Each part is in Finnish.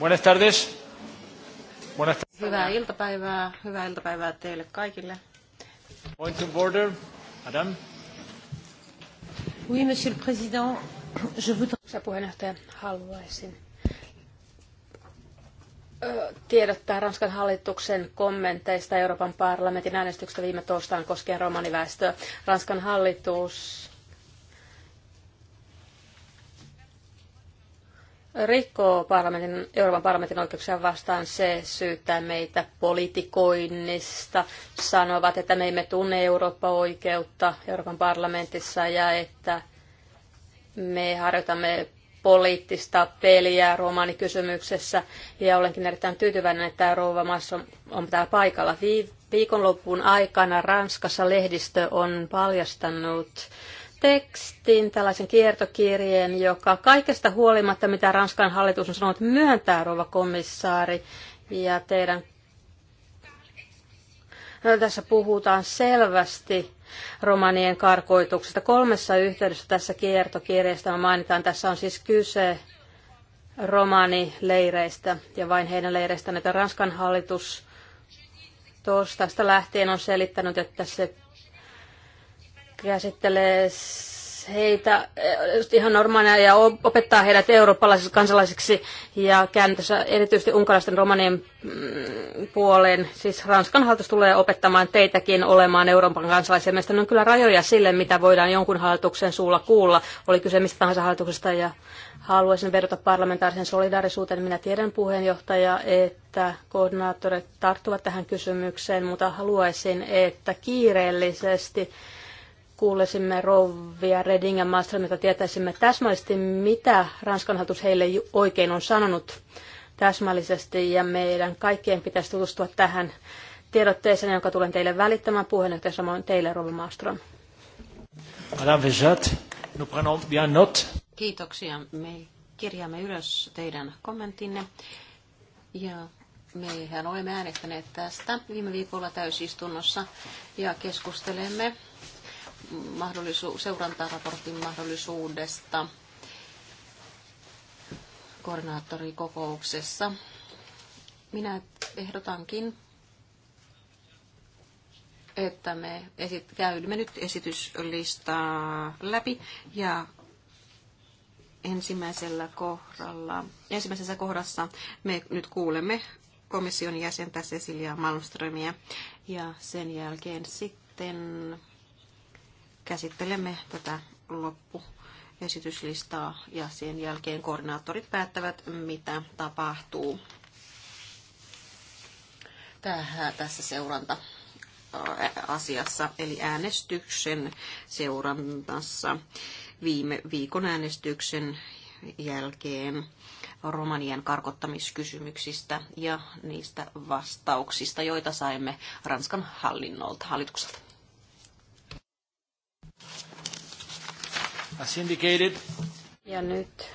Buenas tardes. Buenas tardes. Hyvää iltapäivää. Hyvää iltapäivää teille kaikille. Point of order. Adam. Oui, monsieur le président. Je voudrais... puheenjohtaja, haluaisin tiedottaa Ranskan hallituksen kommenteista Euroopan parlamentin äänestyksestä viime torstaina koskien romaniväestöä. Ranskan hallitus rikkoo parlamentin, Euroopan parlamentin oikeuksia vastaan. Se syyttää meitä politikoinnista, sanovat, että me emme tunne Eurooppa-oikeutta Euroopan parlamentissa ja että me harjoitamme poliittista peliä romaanikysymyksessä. Ja olenkin erittäin tyytyväinen, että Rouva Massa on täällä paikalla. Viikonlopun aikana Ranskassa lehdistö on paljastanut tekstin, tällaisen kiertokirjeen, joka kaikesta huolimatta, mitä Ranskan hallitus on sanonut, myöntää rouva komissaari ja teidän No, tässä puhutaan selvästi romanien karkoituksesta. Kolmessa yhteydessä tässä kiertokirjasta mainitaan, tässä on siis kyse romanileireistä ja vain heidän leireistään, että Ranskan hallitus tuosta lähtien on selittänyt, että se käsittelee heitä eh, ihan normaaleja ja opettaa heidät eurooppalaisiksi kansalaisiksi ja kääntössä erityisesti unkalaisten romanien mm, puoleen. Siis Ranskan hallitus tulee opettamaan teitäkin olemaan Euroopan kansalaisia. Meistä on kyllä rajoja sille, mitä voidaan jonkun hallituksen suulla kuulla. Oli kyse mistä tahansa hallituksesta ja haluaisin vedota parlamentaarisen solidaarisuuteen. Minä tiedän puheenjohtaja, että koordinaattorit tarttuvat tähän kysymykseen, mutta haluaisin, että kiireellisesti kuulisimme Rouvia, Reding ja Malmströmiltä, tietäisimme täsmällisesti, mitä Ranskan hallitus heille oikein on sanonut täsmällisesti, ja meidän kaikkien pitäisi tutustua tähän tiedotteeseen, jonka tulen teille välittämään puheenjohtaja samoin teille, Rouva Malmström. Kiitoksia. Me kirjaamme ylös teidän kommenttinne. Ja mehän olemme äänestäneet tästä viime viikolla täysistunnossa ja keskustelemme mahdollisuus, seurantaraportin mahdollisuudesta koordinaattorikokouksessa. Minä ehdotankin, että me esit- käydymme nyt esityslistaa läpi ja ensimmäisellä kohdalla, ensimmäisessä kohdassa me nyt kuulemme komission jäsentä Cecilia Malmströmiä ja sen jälkeen sitten käsittelemme tätä loppuesityslistaa ja sen jälkeen koordinaattorit päättävät, mitä tapahtuu. Tähän, tässä seuranta asiassa, eli äänestyksen seurannassa viime viikon äänestyksen jälkeen romanien karkottamiskysymyksistä ja niistä vastauksista, joita saimme Ranskan hallinnolta, hallitukselta. as indicated. Ja nyt,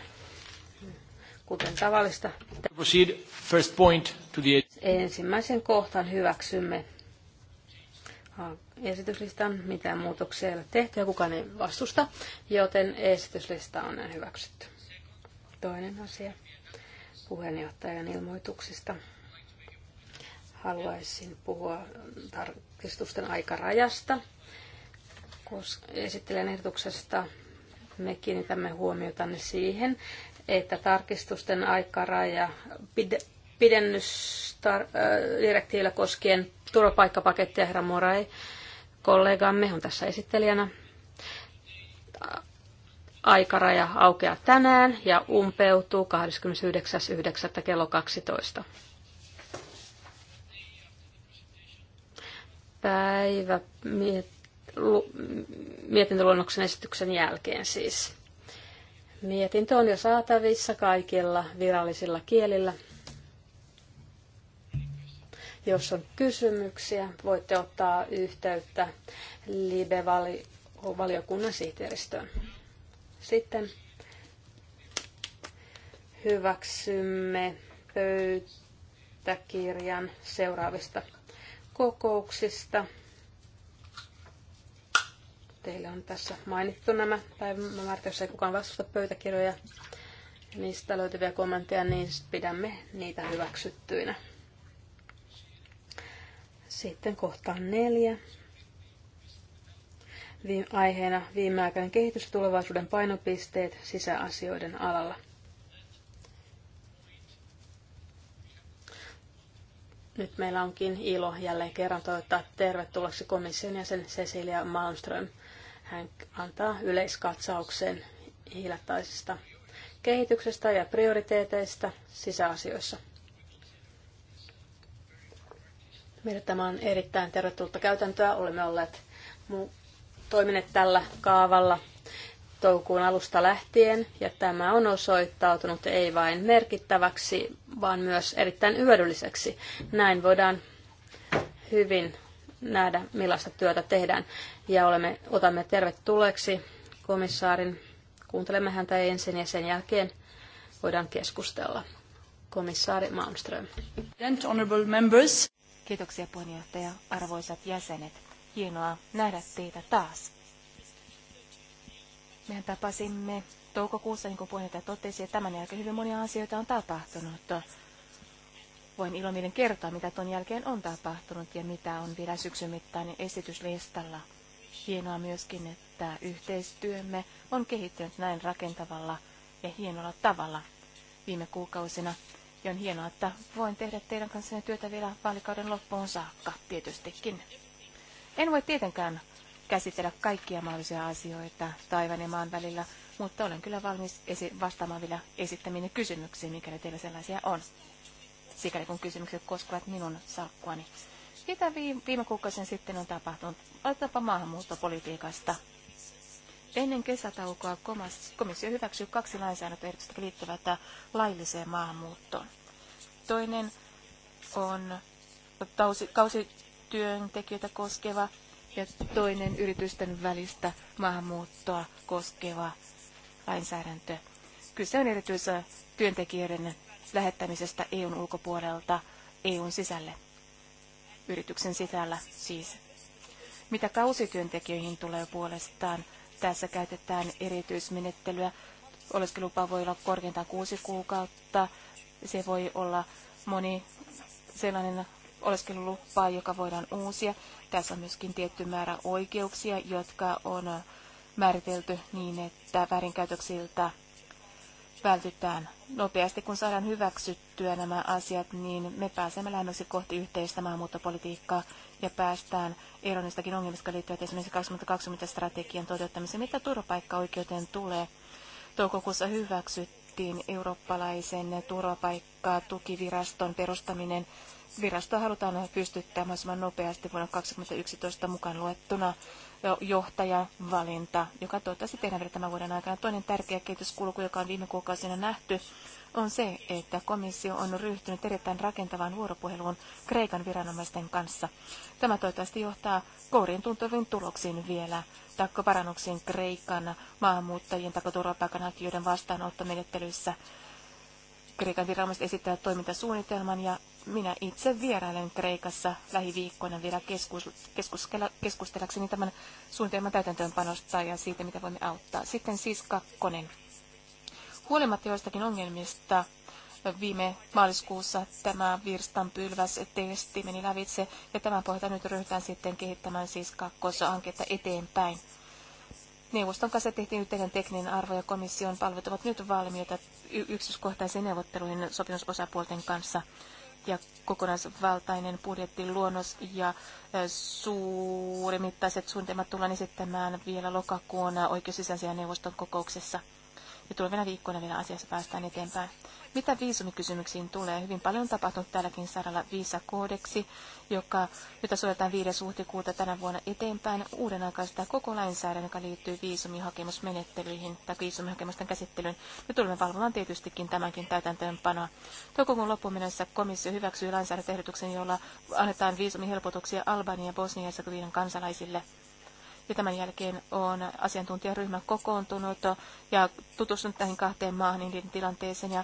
kuten tavallista, proceed first point to the... ensimmäisen kohtaan hyväksymme esityslistan. Mitään muutoksia ei ole tehty ja kukaan ei vastusta, joten esityslista on näin hyväksytty. Toinen asia puheenjohtajan ilmoituksista. Haluaisin puhua tarkistusten aikarajasta, koska esittelen ehdotuksesta me kiinnitämme huomiota siihen, että tarkistusten aikaraja pidennysdirektiivillä koskien turvapaikkapakettia herra Morai, kollegamme on tässä esittelijänä. Aikaraja aukeaa tänään ja umpeutuu 29.9. kello 12. Päivä mietintöluonnoksen esityksen jälkeen siis. Mietintö on jo saatavissa kaikilla virallisilla kielillä. Jos on kysymyksiä, voitte ottaa yhteyttä Libe-valiokunnan sihteeristöön. Sitten hyväksymme pöytäkirjan seuraavista kokouksista. Teille on tässä mainittu nämä päivämäärät, jos ei kukaan vastusta pöytäkirjoja. Niistä löytyviä kommentteja, niin pidämme niitä hyväksyttyinä. Sitten kohtaan neljä. Aiheena viimeaikainen kehitys tulevaisuuden painopisteet sisäasioiden alalla. Nyt meillä onkin ilo jälleen kerran toivottaa tervetulleeksi komission jäsen Cecilia Malmström. Hän antaa yleiskatsauksen hiljattaisesta kehityksestä ja prioriteeteista sisäasioissa. Meille tämä on erittäin tervetullutta käytäntöä. Olemme olleet toimineet tällä kaavalla toukuun alusta lähtien, ja tämä on osoittautunut ei vain merkittäväksi, vaan myös erittäin hyödylliseksi. Näin voidaan hyvin nähdä, millaista työtä tehdään. Ja olemme, otamme tervetulleeksi komissaarin. Kuuntelemme häntä ensin ja sen jälkeen voidaan keskustella. Komissaari Malmström. members. Kiitoksia puheenjohtaja, arvoisat jäsenet. Hienoa nähdä teitä taas. Mehän tapasimme toukokuussa, niin kuin puheenjohtaja totesi, ja tämän jälkeen hyvin monia asioita on tapahtunut voin ilomielin kertoa, mitä tuon jälkeen on tapahtunut ja mitä on vielä syksyn mittainen esityslistalla. Hienoa myöskin, että yhteistyömme on kehittynyt näin rakentavalla ja hienolla tavalla viime kuukausina. Ja on hienoa, että voin tehdä teidän kanssanne työtä vielä vaalikauden loppuun saakka, tietystikin. En voi tietenkään käsitellä kaikkia mahdollisia asioita taivaan ja maan välillä, mutta olen kyllä valmis vastaamaan vielä esittämiin kysymyksiin, mikäli teillä sellaisia on sikäli kun kysymykset koskevat minun salkkuani. Mitä viime kuukausien sitten on tapahtunut? Otetaanpa maahanmuuttopolitiikasta. Ennen kesätaukoa komissio hyväksyi kaksi lainsäädäntöehdotusta, liittyvät lailliseen maahanmuuttoon. Toinen on tausi, kausityöntekijöitä koskeva ja toinen yritysten välistä maahanmuuttoa koskeva lainsäädäntö. Kyse on erityisen työntekijöiden lähettämisestä EUn ulkopuolelta EUn sisälle, yrityksen sisällä siis. Mitä kausityöntekijöihin tulee puolestaan, tässä käytetään erityismenettelyä. Oleskelupa voi olla korkeintaan kuusi kuukautta. Se voi olla moni sellainen oleskelulupa, joka voidaan uusia. Tässä on myöskin tietty määrä oikeuksia, jotka on määritelty niin, että väärinkäytöksiltä vältytään nopeasti, kun saadaan hyväksyttyä nämä asiat, niin me pääsemme lähemmäksi kohti yhteistä maahanmuuttopolitiikkaa ja päästään eronistakin ongelmista, jotka liittyvät esimerkiksi 2020-strategian toteuttamiseen. Mitä turvapaikkaoikeuteen tulee? Toukokuussa hyväksyttiin eurooppalaisen turvapaikkaa tukiviraston perustaminen. Virasto halutaan pystyttää mahdollisimman nopeasti vuonna 2011 mukaan luettuna johtajavalinta, joka toivottavasti tehdään vielä tämän vuoden aikana. Toinen tärkeä kehityskulku, joka on viime kuukausina nähty, on se, että komissio on ryhtynyt erittäin rakentavaan vuoropuheluun Kreikan viranomaisten kanssa. Tämä toivottavasti johtaa kouriin tuntuviin tuloksiin vielä, takkoparannuksiin parannuksiin Kreikan maahanmuuttajien tai turvapaikanhakijoiden vastaanottomenettelyissä. Kreikan viranomaiset esittävät toimintasuunnitelman ja minä itse vierailen Kreikassa lähiviikkoina vielä keskus, keskustella, keskustellakseni tämän suunnitelman täytäntöönpanosta ja siitä, mitä voimme auttaa. Sitten siis kakkonen. Huolimatta joistakin ongelmista viime maaliskuussa tämä virstanpylväs testi meni lävitse ja tämän pohjalta nyt ryhdytään sitten kehittämään siis kakkoshanketta eteenpäin. Neuvoston kanssa tehtiin yhteinen tekninen arvo ja komission palvelut ovat nyt valmiita yksityiskohtaisiin neuvotteluihin sopimusosapuolten kanssa ja kokonaisvaltainen budjettiluonnos ja suurimittaiset suunnitelmat tullaan esittämään vielä lokakuun oikeussisäisen neuvoston kokouksessa. Ja tulevina viikkoina vielä asiassa päästään eteenpäin. Mitä viisumikysymyksiin tulee? Hyvin paljon on tapahtunut tälläkin saralla viisakoodeksi, joka, jota suojataan 5. huhtikuuta tänä vuonna eteenpäin uuden aikaista koko lainsäädännön, joka liittyy viisumihakemusmenettelyihin tai viisumihakemusten käsittelyyn. Me tulemme valvomaan tietystikin tämänkin täytäntöönpanoa. Toukokuun loppuun mennessä komissio hyväksyy lainsäädäntöehdotuksen, jolla annetaan viisumihelpotuksia Albanian ja Bosnia-Herzegovinan kansalaisille ja tämän jälkeen on asiantuntijaryhmä kokoontunut ja tutustunut tähän kahteen maahan, niiden tilanteeseen ja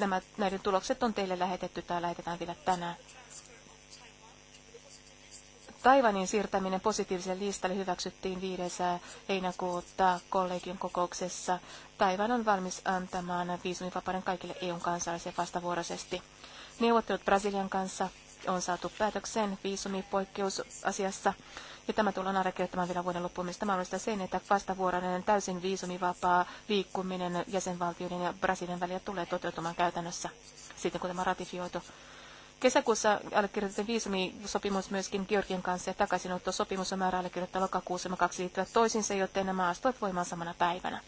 Nämä, näiden tulokset on teille lähetetty tai lähetetään vielä tänään. Taivanin siirtäminen positiiviselle listalle hyväksyttiin 5. heinäkuuta kollegion kokouksessa. Taivan on valmis antamaan viisumivapauden kaikille EUn kansalaisille vastavuoroisesti. Neuvottelut Brasilian kanssa on saatu päätökseen viisumipoikkeusasiassa. asiassa ja tämä tullaan allekirjoittamaan vielä vuoden loppuun mennessä. Tämä mahdollistaa sen, että vastavuoroinen täysin viisumivapaa liikkuminen jäsenvaltioiden ja Brasilian välillä tulee toteutumaan käytännössä sitten, kun tämä on ratifioitu. Kesäkuussa allekirjoitettiin viisumisopimus myöskin Georgian kanssa ja takaisinottosopimus on määrä allekirjoittaa lokakuussa. Nämä kaksi liittyvät toisiinsa, joten nämä astuvat voimaan samana päivänä.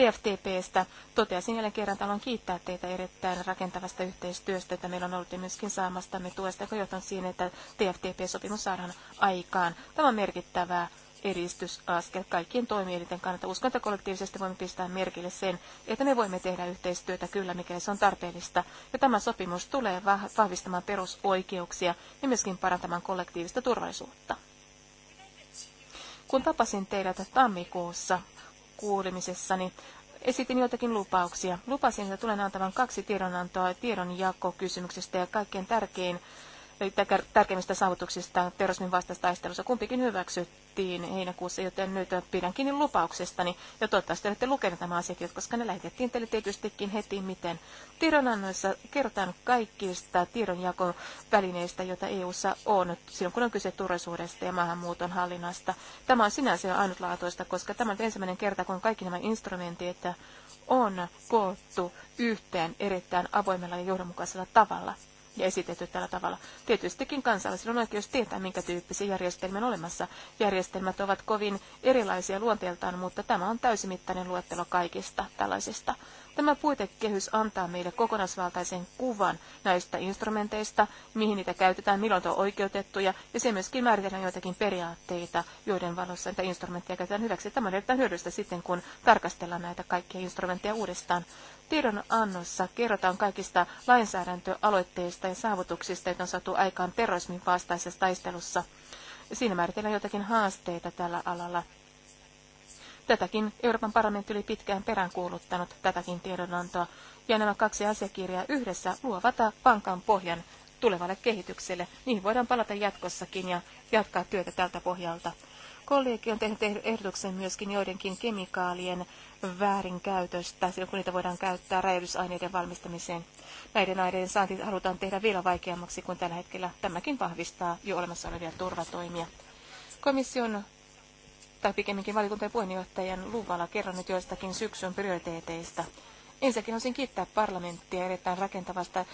TFTPstä. Toteaisin jälleen kerran, että haluan kiittää teitä erittäin rakentavasta yhteistyöstä, että meillä on ollut myöskin saamastamme tuesta, joka johtanut siihen, että TFTP-sopimus saadaan aikaan. Tämä on merkittävää edistysaskel kaikkien toimielinten kannalta. Uskon, että kollektiivisesti voimme pistää merkille sen, että me voimme tehdä yhteistyötä kyllä, mikäli se on tarpeellista. Ja tämä sopimus tulee vahvistamaan perusoikeuksia ja myöskin parantamaan kollektiivista turvallisuutta. Kun tapasin teidät tammikuussa, kuulemisessani esitin joitakin lupauksia. Lupasin, että tulen antamaan kaksi tiedonantoa tiedonjakokysymyksestä ja kaikkein tärkein tärkeimmistä saavutuksista terrorismin vastaista taistelussa. Kumpikin hyväksyttiin heinäkuussa, joten nyt pidän kiinni lupauksestani. Ja toivottavasti olette lukeneet nämä asiakirjat, koska ne lähetettiin teille tietystikin heti miten. Tiedonannoissa kerrotaan kaikista tiedonjakovälineistä, joita EU:ssa on, silloin kun on kyse turvallisuudesta ja maahanmuuton hallinnasta. Tämä on sinänsä jo ainutlaatuista, koska tämä on ensimmäinen kerta, kun kaikki nämä instrumentit on koottu yhteen erittäin avoimella ja johdonmukaisella tavalla ja esitetty tällä tavalla. Tietystikin kansalaisilla on oikeus tietää, minkä tyyppisiä järjestelmiä on olemassa. Järjestelmät ovat kovin erilaisia luonteeltaan, mutta tämä on täysimittainen luettelo kaikista tällaisista. Tämä puitekehys antaa meille kokonaisvaltaisen kuvan näistä instrumenteista, mihin niitä käytetään, milloin on oikeutettuja, ja se myöskin määritellään joitakin periaatteita, joiden valossa näitä instrumentteja käytetään hyväksi. Tämä on erittäin hyödyllistä sitten, kun tarkastellaan näitä kaikkia instrumentteja uudestaan. Tiedonannossa kerrotaan kaikista lainsäädäntöaloitteista ja saavutuksista, joita on saatu aikaan terrorismin vastaisessa taistelussa. Siinä määritellään jotakin haasteita tällä alalla. Tätäkin Euroopan parlamentti oli pitkään peräänkuuluttanut tätäkin tiedonantoa, ja nämä kaksi asiakirjaa yhdessä luovat pankan pohjan tulevalle kehitykselle. Niihin voidaan palata jatkossakin ja jatkaa työtä tältä pohjalta. Kollegi on tehnyt ehdotuksen myöskin joidenkin kemikaalien väärinkäytöstä silloin, kun niitä voidaan käyttää räjähdysaineiden valmistamiseen. Näiden aineiden saanti halutaan tehdä vielä vaikeammaksi kuin tällä hetkellä. Tämäkin vahvistaa jo olemassa olevia turvatoimia. Komission tai pikemminkin puheenjohtajan luvalla kerron nyt joistakin syksyn prioriteeteista – Ensinnäkin haluaisin kiittää parlamenttia erittäin rakentavasta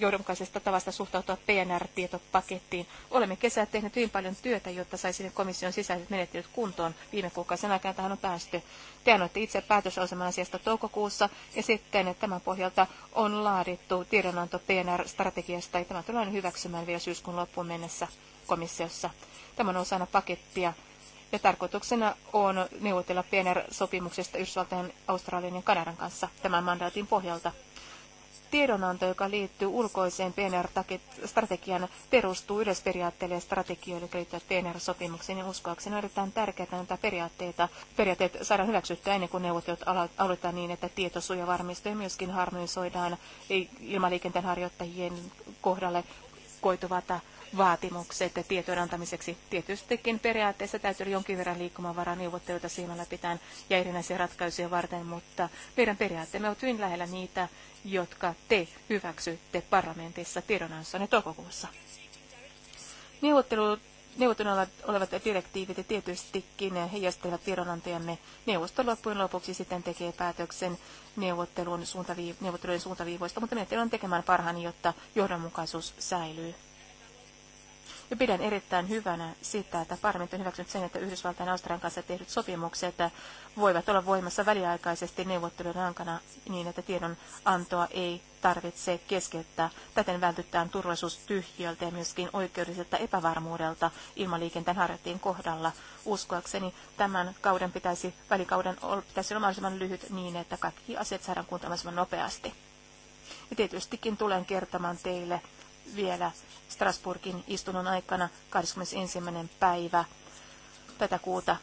johdonmukaisesta tavasta suhtautua PNR-tietopakettiin. Olemme kesää tehneet hyvin paljon työtä, jotta saisimme komission sisäiset menettelyt kuntoon. Viime kuukausien aikana tähän on päästy. Te annoitte itse päätösaseman asiasta toukokuussa ja sitten tämän pohjalta on laadittu tiedonanto PNR-strategiasta ja tämä tullaan hyväksymään vielä syyskuun loppuun mennessä komissiossa. Tämä on osana pakettia, ja tarkoituksena on neuvotella PNR-sopimuksesta Yhdysvaltain, Australian ja Kanadan kanssa tämän mandaatin pohjalta. Tiedonanto, joka liittyy ulkoiseen PNR-strategian, perustuu yleisperiaatteelle ja strategioille, jotka liittyvät PNR-sopimukseen, ja uskoakseni on erittäin tärkeää näitä periaatteita, periaatteet saada hyväksyttyä ennen kuin neuvottelut aloitetaan niin, että tietosuoja varmistuu ja myöskin harmonisoidaan ilmaliikenteen harjoittajien kohdalle koituvata vaatimukset tietojen antamiseksi. Tietystikin periaatteessa täytyy olla jonkin verran liikkumavaraa neuvotteluita silmällä pitäen ja erinäisiä ratkaisuja varten, mutta meidän periaatteemme ovat hyvin lähellä niitä, jotka te hyväksytte parlamentissa nyt toukokuussa. Neuvottelu, neuvottelun olevat direktiivit tietystikin heijastelevat tiedonantajamme. Neuvosto loppujen lopuksi sitten tekee päätöksen neuvottelun suuntaviiv- neuvottelujen suuntaviivoista, mutta meidän on tekemään parhaani, jotta johdonmukaisuus säilyy. Ja pidän erittäin hyvänä sitä, että parlamentti on hyväksynyt sen, että Yhdysvaltain ja Australian kanssa tehdyt sopimukset voivat olla voimassa väliaikaisesti neuvottelujen aikana niin, että tiedon antoa ei tarvitse keskeyttää. Täten vältytään turvallisuustyhjiöltä ja myöskin oikeudelliselta epävarmuudelta ilmaliikenteen harjoittajien kohdalla. Uskoakseni tämän kauden pitäisi, välikauden pitäisi olla mahdollisimman lyhyt niin, että kaikki asiat saadaan kuntoon nopeasti. Ja tietystikin tulen kertomaan teille vielä Strasburgin istunnon aikana 21. päivä tätä kuuta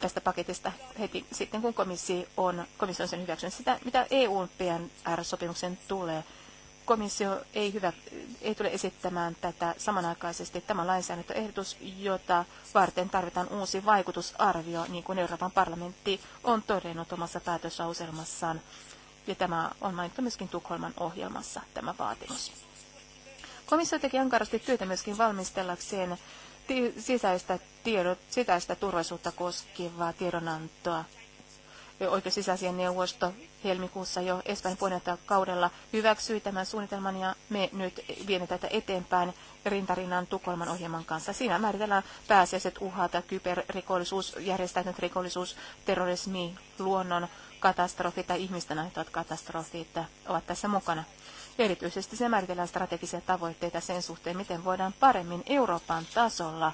tästä paketista heti sitten, kun komissio on, komissio on sen hyväksynyt. Sitä, mitä EUn PNR-sopimuksen tulee, komissio ei, hyvä, ei tule esittämään tätä samanaikaisesti tämä lainsäädäntöehdotus, jota varten tarvitaan uusi vaikutusarvio, niin kuin Euroopan parlamentti on todennut omassa päätöslauselmassaan. Ja tämä on mainittu myöskin Tukholman ohjelmassa, tämä vaatimus. Komissio teki ankarasti työtä myöskin valmistellakseen sisäistä, tiedot, sisäistä turvallisuutta koskevaa tiedonantoa. Oikeus sisäisen neuvosto helmikuussa jo Espanjan kaudella hyväksyi tämän suunnitelman ja me nyt viemme tätä eteenpäin rintarinnan tukolman ohjelman kanssa. Siinä määritellään pääsiäiset uhat, kyberrikollisuus, järjestäytynyt rikollisuus, terrorismi, luonnon katastrofit tai ihmisten aiheuttamat katastrofit ovat tässä mukana. Erityisesti se määritellään strategisia tavoitteita sen suhteen, miten voidaan paremmin Euroopan tasolla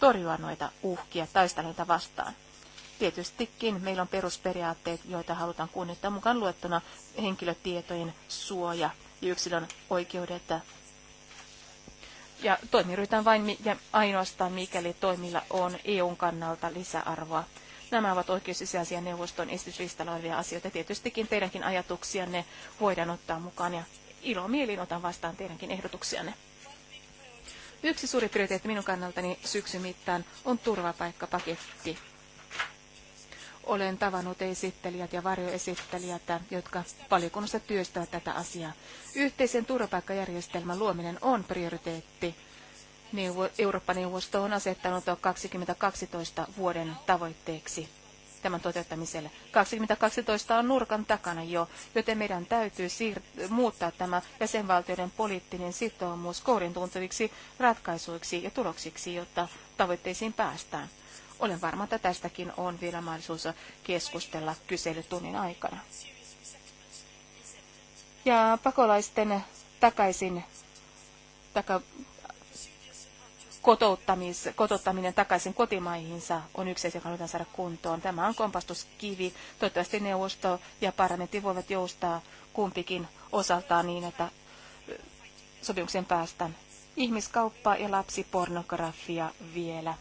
torjua noita uhkia taistelijoita vastaan. Tietystikin meillä on perusperiaatteet, joita halutaan kunnioittaa mukaan luettuna henkilötietojen suoja ja yksilön oikeudet. Ja toimiryhtään vain ja ainoastaan, mikäli toimilla on EUn kannalta lisäarvoa. Nämä ovat oikeussisäisiä neuvoston esityslistalla olevia asioita. Tietystikin teidänkin ajatuksianne voidaan ottaa mukaan ja ilomielin otan vastaan teidänkin ehdotuksianne. Yksi suuri prioriteetti minun kannaltani syksyn mittaan on turvapaikkapaketti. Olen tavannut esittelijät ja varjoesittelijät, jotka valiokunnassa työstävät tätä asiaa. Yhteisen turvapaikkajärjestelmän luominen on prioriteetti. Eurooppa-neuvosto on asettanut 2012 vuoden tavoitteeksi tämän toteuttamiselle. 2012 on nurkan takana jo, joten meidän täytyy siir- muuttaa tämä jäsenvaltioiden poliittinen sitoumus kourin tuntuviksi ratkaisuiksi ja tuloksiksi, jotta tavoitteisiin päästään. Olen varma, että tästäkin on vielä mahdollisuus keskustella kyselytunnin aikana. Ja pakolaisten takaisin taka, kotouttamis, kotouttaminen takaisin kotimaihinsa on yksi asia, joka halutaan saada kuntoon. Tämä on kompastuskivi. Toivottavasti neuvosto ja parlamentti voivat joustaa kumpikin osaltaan niin, että sopimuksen päästään. Ihmiskauppa ja lapsipornografia vielä.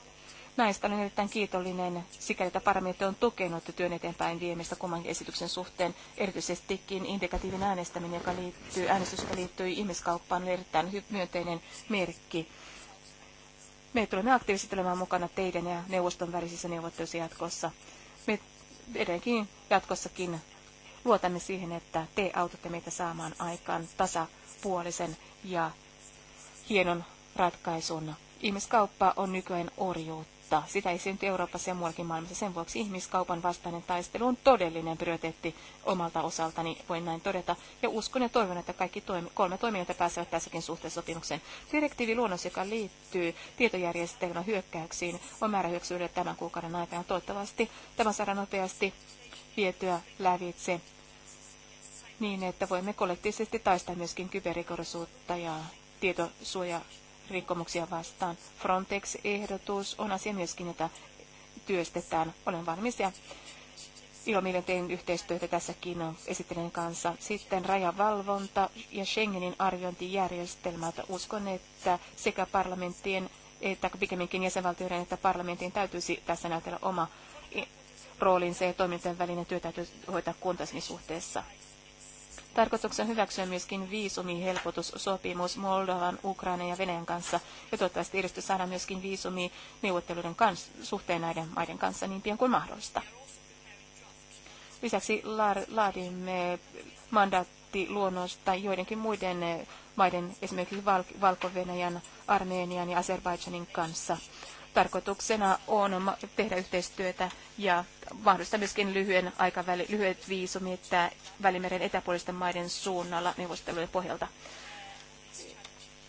Näistä olen erittäin kiitollinen, sikäli että parlamentti on tukenut työn eteenpäin viemistä kumman esityksen suhteen. Erityisestikin indikatiivinen äänestäminen, joka liittyy, äänestys, joka liittyy ihmiskauppaan, on erittäin myönteinen merkki. Me tulemme aktiivisesti olemaan mukana teidän ja neuvoston välisissä neuvotteluissa jatkossa. Me edelleenkin jatkossakin luotamme siihen, että te autatte meitä saamaan aikaan tasapuolisen ja hienon ratkaisun. Ihmiskauppa on nykyään orjuutta mutta sitä ei synty Euroopassa ja muuallakin maailmassa. Sen vuoksi ihmiskaupan vastainen taistelu on todellinen prioriteetti omalta osaltani, voin näin todeta. Ja uskon ja toivon, että kaikki toimi, kolme toimijoita pääsevät tässäkin suhteessa sopimukseen. luonnos, joka liittyy tietojärjestelmän hyökkäyksiin, on määrä hyöksyä tämän kuukauden aikana. Toivottavasti tämä saadaan nopeasti vietyä lävitse niin, että voimme kollektiivisesti taistaa myöskin kyberrikollisuutta ja tietosuoja rikkomuksia vastaan. Frontex-ehdotus on asia myöskin, jota työstetään. Olen valmis ja ilomielen teen yhteistyötä tässäkin esittelen kanssa. Sitten rajavalvonta ja Schengenin arviointijärjestelmät. Uskon, että sekä parlamenttien että pikemminkin jäsenvaltioiden että parlamentin täytyisi tässä näytellä oma roolinsa ja toimintojen välinen työ täytyy hoitaa kuntasmisuhteessa. suhteessa. Tarkoituksen hyväksyä myöskin viisumihelpotussopimus Moldovan, Ukrainan ja Venäjän kanssa, ja toivottavasti edistys saadaan myöskin neuvotteluiden kanssa, suhteen näiden maiden kanssa niin pian kuin mahdollista. Lisäksi laadimme mandaattiluonnosta joidenkin muiden eh, maiden, esimerkiksi Valko-Venäjän, Armenian ja Azerbaidžanin kanssa. Tarkoituksena on tehdä yhteistyötä ja mahdollistaa myöskin lyhyen aikavälin, lyhyet viisumit Välimeren etäpuolisten maiden suunnalla neuvostelujen pohjalta.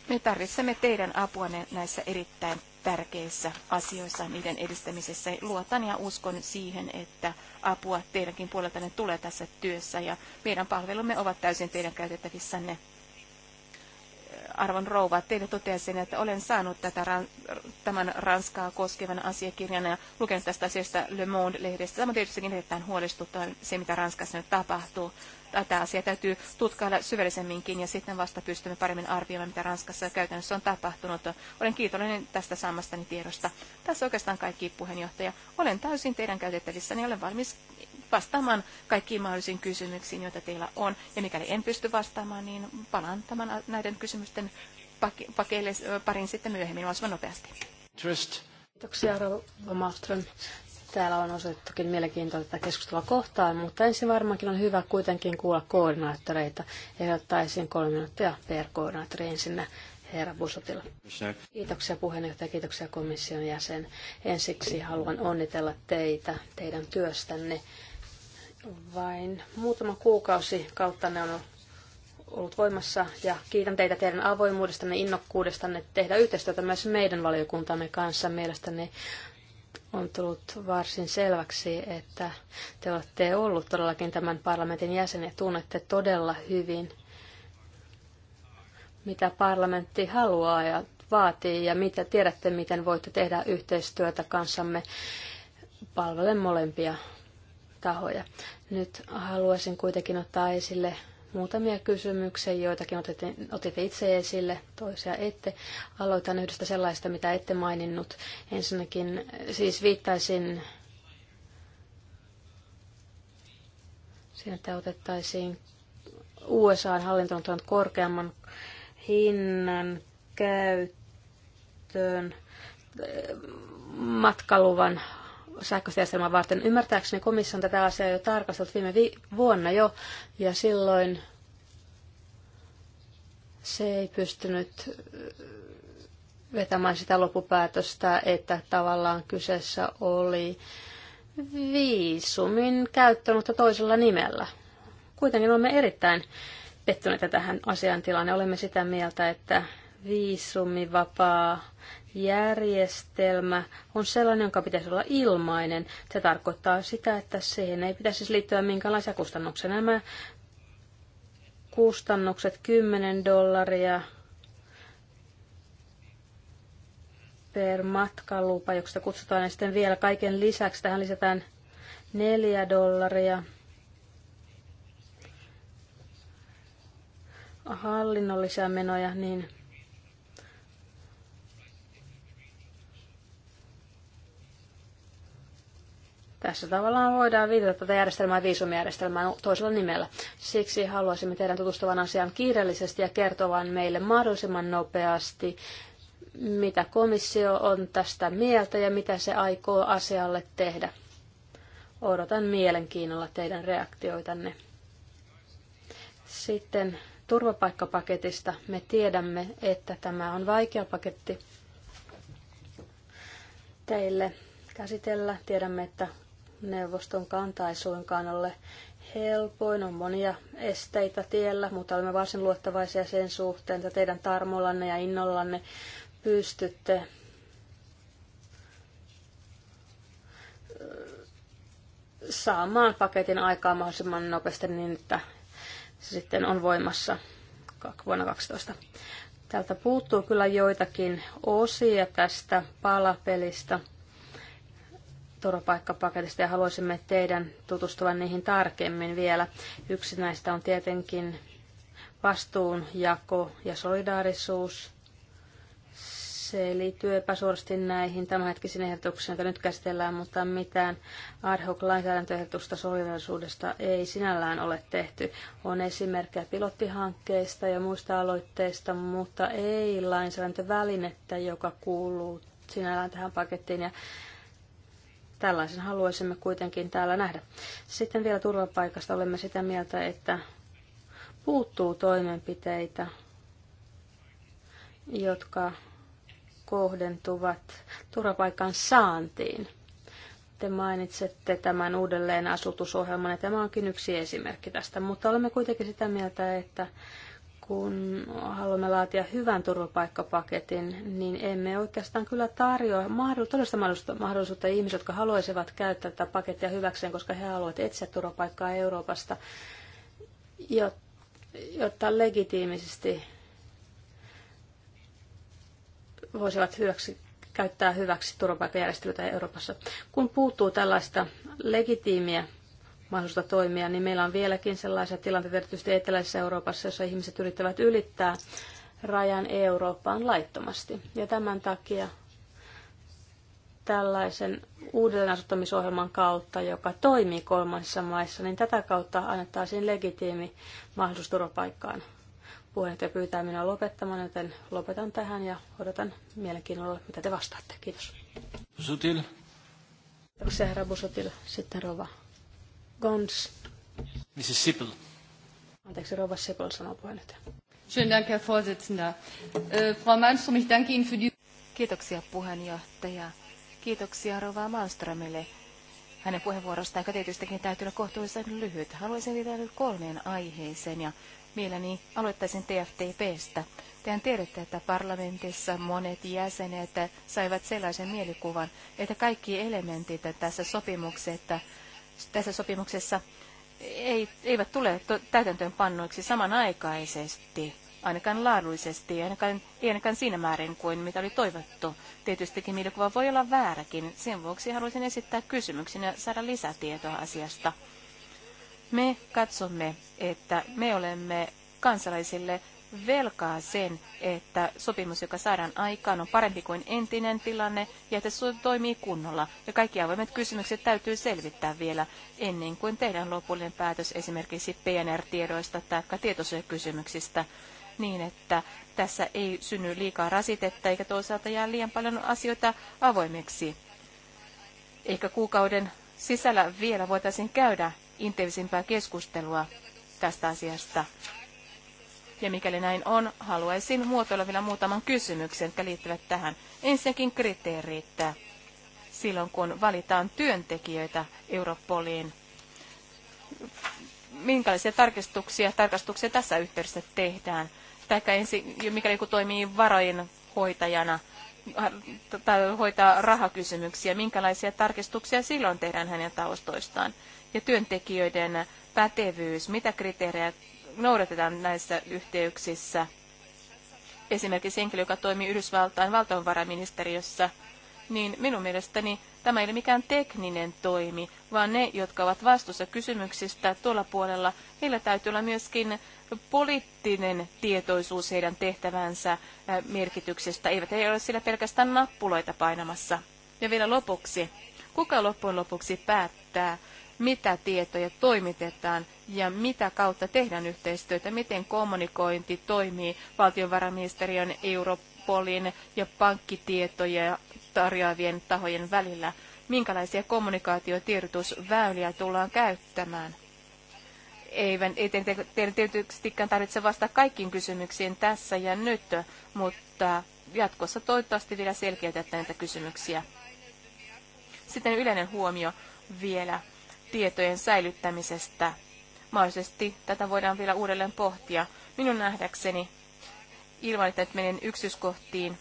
Me tarvitsemme teidän apuanne näissä erittäin tärkeissä asioissa, niiden edistämisessä. Luotan ja uskon siihen, että apua teidänkin puoleltanne tulee tässä työssä ja meidän palvelumme ovat täysin teidän käytettävissänne arvon rouva, teille toteaisin, että olen saanut tätä, tämän Ranskaa koskevan asiakirjan ja lukenut tästä asiasta Le Monde-lehdestä. Tämä on tietystikin erittäin huolestuttavaa se, mitä Ranskassa nyt tapahtuu. Tätä asiaa täytyy tutkailla syvällisemminkin ja sitten vasta pystymme paremmin arvioimaan, mitä Ranskassa käytännössä on tapahtunut. Olen kiitollinen tästä saamastani tiedosta. Tässä oikeastaan kaikki puheenjohtaja. Olen täysin teidän käytettävissänne ja olen valmis vastaamaan kaikkiin mahdollisiin kysymyksiin, joita teillä on. Ja mikäli en pysty vastaamaan, niin palaan tämän näiden kysymysten pakeille, parin sitten myöhemmin mahdollisimman nopeasti. Trist. Kiitoksia Rova Malmström. Täällä on osoitettukin mielenkiintoista tätä keskustelua kohtaan, mutta ensin varmaankin on hyvä kuitenkin kuulla koordinaattoreita. Ehdottaisin kolme minuuttia per koordinaattori ensin herra Busutila. Kiitoksia puheenjohtaja, kiitoksia komission jäsen. Ensiksi haluan onnitella teitä teidän työstänne. Vain muutama kuukausi kautta ne on ollut voimassa ja kiitän teitä teidän avoimuudestanne, innokkuudestanne tehdä yhteistyötä myös meidän valiokuntamme kanssa. Mielestäni on tullut varsin selväksi, että te olette ollut todellakin tämän parlamentin jäsen ja tunnette todella hyvin mitä parlamentti haluaa ja vaatii ja mitä tiedätte, miten voitte tehdä yhteistyötä kanssamme palvelen molempia tahoja. Nyt haluaisin kuitenkin ottaa esille muutamia kysymyksiä, joitakin otitte, otitte itse esille, toisia ette. Aloitan yhdestä sellaista, mitä ette maininnut. Ensinnäkin siis viittaisin siinä, että otettaisiin usa hallinto korkeamman hinnan käyttöön matkaluvan sähköistä varten. Ymmärtääkseni komissio on tätä asiaa jo tarkastellut viime vi- vuonna jo, ja silloin se ei pystynyt äh, vetämään sitä lopupäätöstä, että tavallaan kyseessä oli viisumin käyttö, mutta toisella nimellä. Kuitenkin olemme erittäin pettyneitä tähän asiantilanne. Olemme sitä mieltä, että viisumivapaa järjestelmä on sellainen, jonka pitäisi olla ilmainen. Se tarkoittaa sitä, että siihen ei pitäisi siis liittyä minkälaisia kustannuksia. Nämä kustannukset 10 dollaria per matkalupa, josta kutsutaan, ja sitten vielä kaiken lisäksi tähän lisätään 4 dollaria – hallinnollisia menoja, niin Tässä tavallaan voidaan viitata tätä järjestelmää viisumijärjestelmään toisella nimellä. Siksi haluaisimme teidän tutustuvan asian kiireellisesti ja kertovan meille mahdollisimman nopeasti, mitä komissio on tästä mieltä ja mitä se aikoo asialle tehdä. Odotan mielenkiinnolla teidän reaktioitanne. Sitten turvapaikkapaketista. Me tiedämme, että tämä on vaikea paketti teille käsitellä. Tiedämme, että neuvoston kanta ei suinkaan ole helpoin. On monia esteitä tiellä, mutta olemme varsin luottavaisia sen suhteen, että teidän tarmollanne ja innollanne pystytte saamaan paketin aikaa mahdollisimman nopeasti niin, että se sitten on voimassa vuonna 12. Täältä puuttuu kyllä joitakin osia tästä palapelistä turvapaikkapaketista ja haluaisimme teidän tutustuvan niihin tarkemmin vielä. Yksi näistä on tietenkin vastuunjako ja solidaarisuus – se liittyy epäsuorasti näihin tämänhetkisiin ehdotuksiin, joita nyt käsitellään, mutta mitään ad hoc lainsäädäntöehdotusta solidarisuudesta ei sinällään ole tehty. On esimerkkejä pilottihankkeista ja muista aloitteista, mutta ei lainsäädäntövälinettä, joka kuuluu sinällään tähän pakettiin. Ja tällaisen haluaisimme kuitenkin täällä nähdä. Sitten vielä turvapaikasta olemme sitä mieltä, että puuttuu toimenpiteitä, jotka kohdentuvat turvapaikan saantiin. Te mainitsette tämän uudelleen asutusohjelman ja tämä onkin yksi esimerkki tästä, mutta olemme kuitenkin sitä mieltä, että kun haluamme laatia hyvän turvapaikkapaketin, niin emme oikeastaan kyllä tarjoa todellista mahdollisuutta ihmisille, jotka haluaisivat käyttää tätä pakettia hyväkseen, koska he haluavat etsiä turvapaikkaa Euroopasta, jotta legitiimisesti voisivat hyväksi, käyttää hyväksi turvapaikkajärjestelyitä Euroopassa. Kun puuttuu tällaista legitiimiä mahdollisuutta toimia, niin meillä on vieläkin sellaisia tilanteita erityisesti Eteläisessä Euroopassa, jossa ihmiset yrittävät ylittää rajan Eurooppaan laittomasti. Ja tämän takia tällaisen uudelleenasuttamisohjelman kautta, joka toimii kolmansissa maissa, niin tätä kautta annettaisiin legitiimi mahdollisuus turvapaikkaan Puheenjohtaja pyytää minua lopettamaan, joten lopetan tähän ja odotan mielenkiinnolla, mitä te vastaatte. Kiitos. Sutil. Kiitoksia, herra Busotil. Sitten Rova Gons. Mrs. Sippel. Anteeksi, Rova Sippel sanoo puheenjohtaja. Schönen Dank, Herr Vorsitzender. Äh, Frau Malmström, ich danke Ihnen für die... Kiitoksia puheenjohtaja. Kiitoksia Rova Malmströmille hänen puheenvuorostaan, joka tietystikin täytyy olla kohtuullisen lyhyt. Haluaisin viitata nyt kolmeen aiheeseen ja Mielelläni aloittaisin TFTPstä. Tehän tiedätte, että parlamentissa monet jäsenet saivat sellaisen mielikuvan, että kaikki elementit tässä sopimuksessa, tässä sopimuksessa ei, eivät tule täytäntöönpannoiksi samanaikaisesti, ainakaan laadullisesti, ainakaan, ei ainakaan siinä määrin kuin mitä oli toivottu. Tietystikin mielikuva voi olla vääräkin. Sen vuoksi haluaisin esittää kysymyksen ja saada lisätietoa asiasta. Me katsomme, että me olemme kansalaisille velkaa sen, että sopimus, joka saadaan aikaan, on parempi kuin entinen tilanne ja että se toimii kunnolla. Ja kaikki avoimet kysymykset täytyy selvittää vielä ennen kuin tehdään lopullinen päätös esimerkiksi PNR-tiedoista tai tietosuojakysymyksistä niin, että tässä ei synny liikaa rasitetta eikä toisaalta jää liian paljon asioita avoimeksi. Ehkä kuukauden sisällä vielä voitaisiin käydä intensiivisempää keskustelua tästä asiasta. Ja mikäli näin on, haluaisin muotoilla vielä muutaman kysymyksen, jotka liittyvät tähän. Ensinnäkin kriteerit silloin, kun valitaan työntekijöitä Europoliin. Minkälaisia tarkistuksia, tarkastuksia tässä yhteydessä tehdään? Tai ensin, mikäli kun toimii varojen hoitajana tai hoitaa rahakysymyksiä, minkälaisia tarkistuksia silloin tehdään hänen taustoistaan? ja työntekijöiden pätevyys, mitä kriteerejä noudatetaan näissä yhteyksissä. Esimerkiksi henkilö, joka toimii Yhdysvaltain valtionvarainministeriössä, niin minun mielestäni tämä ei ole mikään tekninen toimi, vaan ne, jotka ovat vastuussa kysymyksistä tuolla puolella, heillä täytyy olla myöskin poliittinen tietoisuus heidän tehtävänsä äh, merkityksestä. Eivät he ole sillä pelkästään nappuloita painamassa. Ja vielä lopuksi, kuka loppujen lopuksi päättää mitä tietoja toimitetaan ja mitä kautta tehdään yhteistyötä, miten kommunikointi toimii valtiovarainministeriön, Europolin ja pankkitietoja tarjoavien tahojen välillä, minkälaisia kommunikaatiotiedotusväyliä tullaan käyttämään. ei teidän tietystikään tarvitse vastata kaikkiin kysymyksiin tässä ja nyt, mutta jatkossa toivottavasti vielä selkeytetään näitä kysymyksiä. Sitten yleinen huomio vielä tietojen säilyttämisestä. Mahdollisesti tätä voidaan vielä uudelleen pohtia. Minun nähdäkseni, ilman että menen yksityiskohtiin,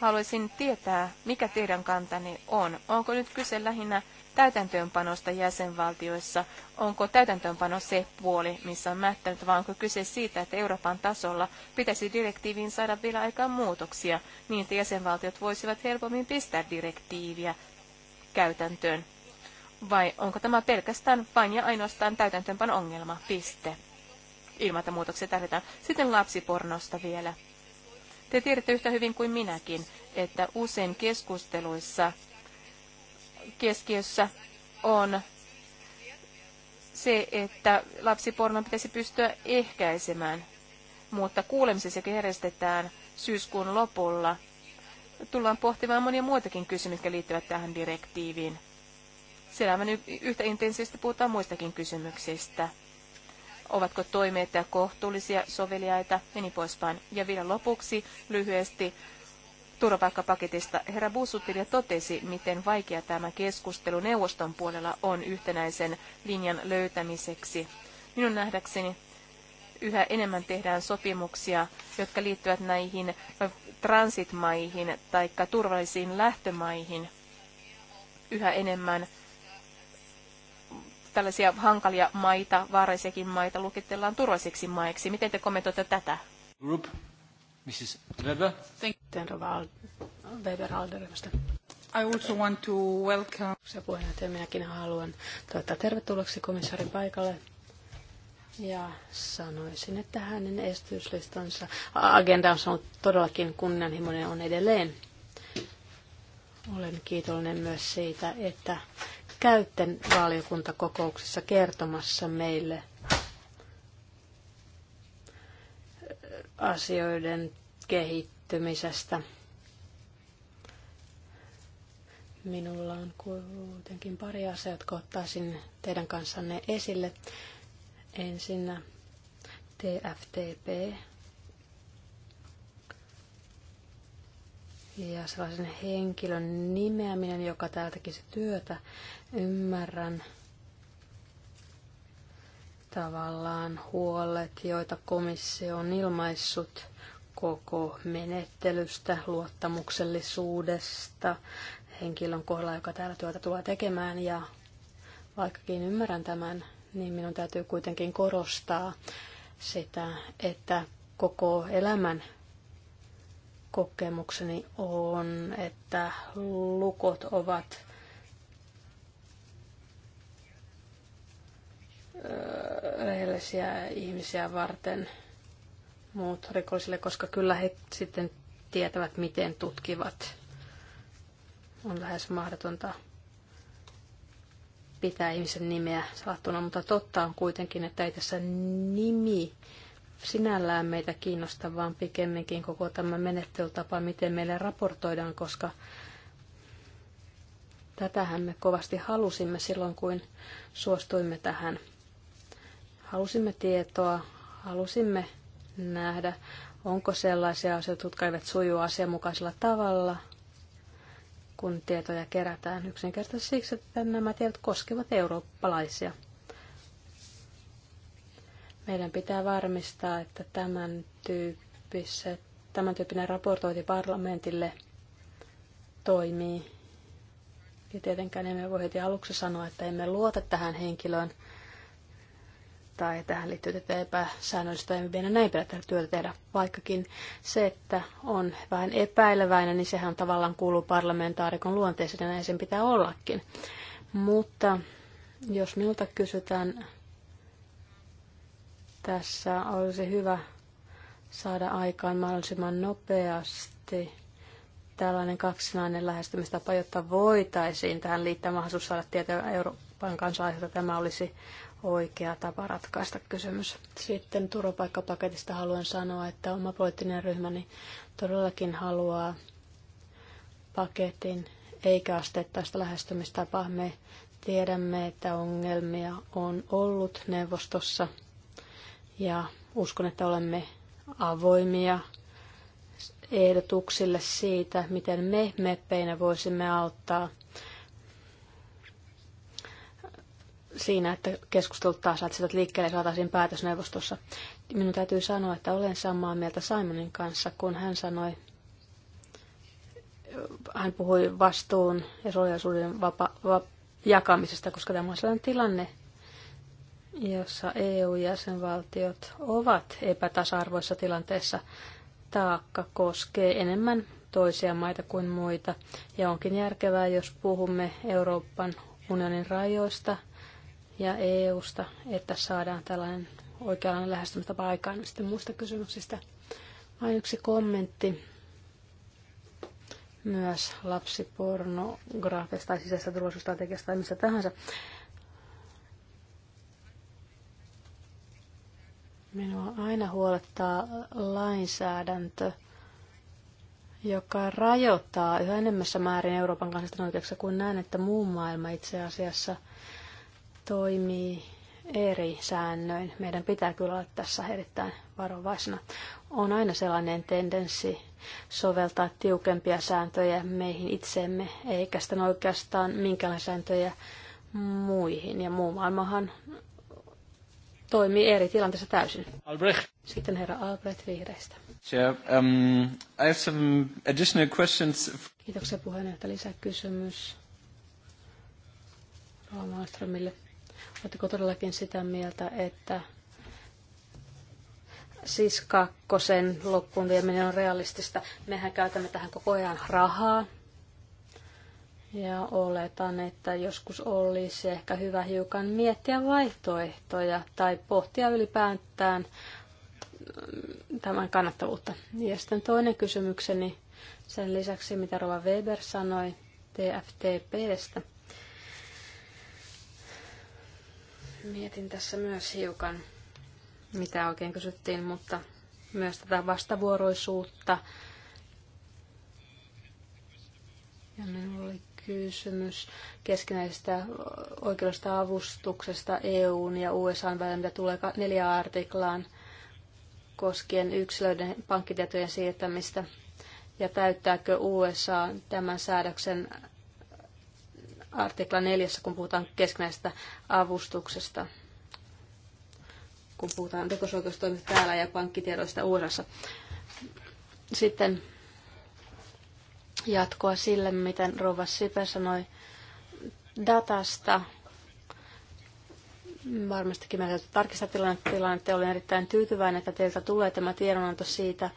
haluaisin tietää, mikä teidän kantani on. Onko nyt kyse lähinnä täytäntöönpanosta jäsenvaltioissa? Onko täytäntöönpano se puoli, missä on mättänyt, vai onko kyse siitä, että Euroopan tasolla pitäisi direktiiviin saada vielä aikaan muutoksia, niin että jäsenvaltiot voisivat helpommin pistää direktiiviä käytäntöön vai onko tämä pelkästään vain ja ainoastaan täytäntöönpan ongelma, piste. Ilman, että muutoksia tarvitaan. Sitten lapsipornosta vielä. Te tiedätte yhtä hyvin kuin minäkin, että usein keskusteluissa keskiössä on se, että lapsipornon pitäisi pystyä ehkäisemään, mutta kuulemisessa järjestetään syyskuun lopulla. Tullaan pohtimaan monia muitakin kysymyksiä, jotka liittyvät tähän direktiiviin. Siellä yhtä intensiivisesti puhutaan muistakin kysymyksistä. Ovatko toimeet ja kohtuullisia, soveliaita ja niin poispäin. Ja vielä lopuksi lyhyesti turvapaikkapaketista. Herra Busuttil totesi, miten vaikea tämä keskustelu neuvoston puolella on yhtenäisen linjan löytämiseksi. Minun nähdäkseni yhä enemmän tehdään sopimuksia, jotka liittyvät näihin transitmaihin tai turvallisiin lähtömaihin. Yhä enemmän tällaisia hankalia maita, vaarallisiakin maita lukitellaan turvallisiksi maiksi. Miten te kommentoitte tätä? Group. Mrs. Weber. Thank Weber Alderymästä. I also want to welcome... Se puheenjohtaja, minäkin haluan toivottaa tervetulleeksi komissaarin paikalle. Ja sanoisin, että hänen esityslistansa agenda on ollut todellakin kunnianhimoinen on edelleen. Olen kiitollinen myös siitä, että käytte valiokuntakokouksessa kertomassa meille asioiden kehittymisestä. Minulla on kuitenkin pari asiaa, jotka ottaisin teidän kanssanne esille. Ensinnä TFTP, ja sellaisen henkilön nimeäminen, joka täältäkin se työtä ymmärrän tavallaan huolet, joita komissio on ilmaissut koko menettelystä, luottamuksellisuudesta henkilön kohdalla, joka täällä työtä tulee tekemään. Ja vaikkakin ymmärrän tämän, niin minun täytyy kuitenkin korostaa sitä, että koko elämän kokemukseni on, että lukot ovat rehellisiä ihmisiä varten muut rikollisille, koska kyllä he sitten tietävät, miten tutkivat. On lähes mahdotonta pitää ihmisen nimeä salattuna, mutta totta on kuitenkin, että ei tässä nimi sinällään meitä kiinnosta, vaan pikemminkin koko tämä menettelytapa, miten meille raportoidaan, koska tätähän me kovasti halusimme silloin, kun suostuimme tähän. Halusimme tietoa, halusimme nähdä, onko sellaisia asioita, jotka eivät suju asianmukaisella tavalla, kun tietoja kerätään yksinkertaisesti siksi, että nämä tiedot koskevat eurooppalaisia – meidän pitää varmistaa, että tämän, tyyppiset, tämän tyyppinen raportointi parlamentille toimii. Ja tietenkään emme voi heti aluksi sanoa, että emme luota tähän henkilöön tai tähän liittyy tätä epäsäännöllistä toimenpideenä näin pidä työtä tehdä. Vaikkakin se, että on vähän epäileväinen, niin sehän tavallaan kuuluu parlamentaarikon luonteeseen ja näin sen pitää ollakin. Mutta jos minulta kysytään, tässä olisi hyvä saada aikaan mahdollisimman nopeasti tällainen kaksinainen lähestymistapa, jotta voitaisiin tähän liittää mahdollisuus saada tietoa Euroopan kansalaisilta. Tämä olisi oikea tapa ratkaista kysymys. Sitten turvapaikkapaketista haluan sanoa, että oma poliittinen ryhmäni todellakin haluaa paketin eikä asteittaista lähestymistapaa. Me tiedämme, että ongelmia on ollut neuvostossa – ja uskon, että olemme avoimia ehdotuksille siitä, miten me meppeinä voisimme auttaa siinä, että keskustelut taas saataisiin liikkeelle ja saataisiin päätösneuvostossa. Minun täytyy sanoa, että olen samaa mieltä Simonin kanssa, kun hän sanoi, hän puhui vastuun ja solidaisuuden vapa- va- jakamisesta, koska tämä on sellainen tilanne, jossa EU-jäsenvaltiot ovat epätasa-arvoissa tilanteessa, taakka koskee enemmän toisia maita kuin muita. Ja onkin järkevää, jos puhumme Euroopan unionin rajoista ja EUsta, että saadaan tällainen oikeanlainen lähestymistapa aikaan. Sitten muista kysymyksistä vain yksi kommentti myös lapsipornografista tai sisäisestä turvallisuusstrategiasta tai missä tahansa. Minua aina huolettaa lainsäädäntö, joka rajoittaa yhä enemmässä määrin Euroopan kansallisten oikeuksia, kun näen, että muu maailma itse asiassa toimii eri säännöin. Meidän pitää kyllä olla tässä erittäin varovaisena. On aina sellainen tendenssi soveltaa tiukempia sääntöjä meihin itsemme, eikä sitä oikeastaan minkälaisia sääntöjä muihin. Ja muu maailmahan toimii eri tilanteessa täysin. Albrecht. Sitten herra Albrecht vihreistä. Yeah, um, I have some additional questions. Kiitoksia puheenjohtaja. Lisäkysymys Rova Oletteko todellakin sitä mieltä, että siis kakkosen loppuun vieminen on realistista? Mehän käytämme tähän koko ajan rahaa, ja oletan, että joskus olisi ehkä hyvä hiukan miettiä vaihtoehtoja tai pohtia ylipäätään mm, tämän kannattavuutta. Ja sitten toinen kysymykseni sen lisäksi, mitä Rova Weber sanoi TFTPstä. Mietin tässä myös hiukan, mitä oikein kysyttiin, mutta myös tätä vastavuoroisuutta. Ja minulla oli kysymys keskinäisestä oikeudesta avustuksesta EUn ja USAn välillä, mitä tulee neljä artiklaan koskien yksilöiden pankkitietojen siirtämistä ja täyttääkö USA tämän säädöksen artikla neljässä kun puhutaan keskinäisestä avustuksesta, kun puhutaan rikosoikeustoimista täällä ja pankkitiedoista USAssa. Sitten jatkoa sille, miten Rova Sipe sanoi datasta. Varmastikin meidän täytyy tarkistaa tilannetta. Olen erittäin tyytyväinen, että teiltä tulee tämä tiedonanto siitä,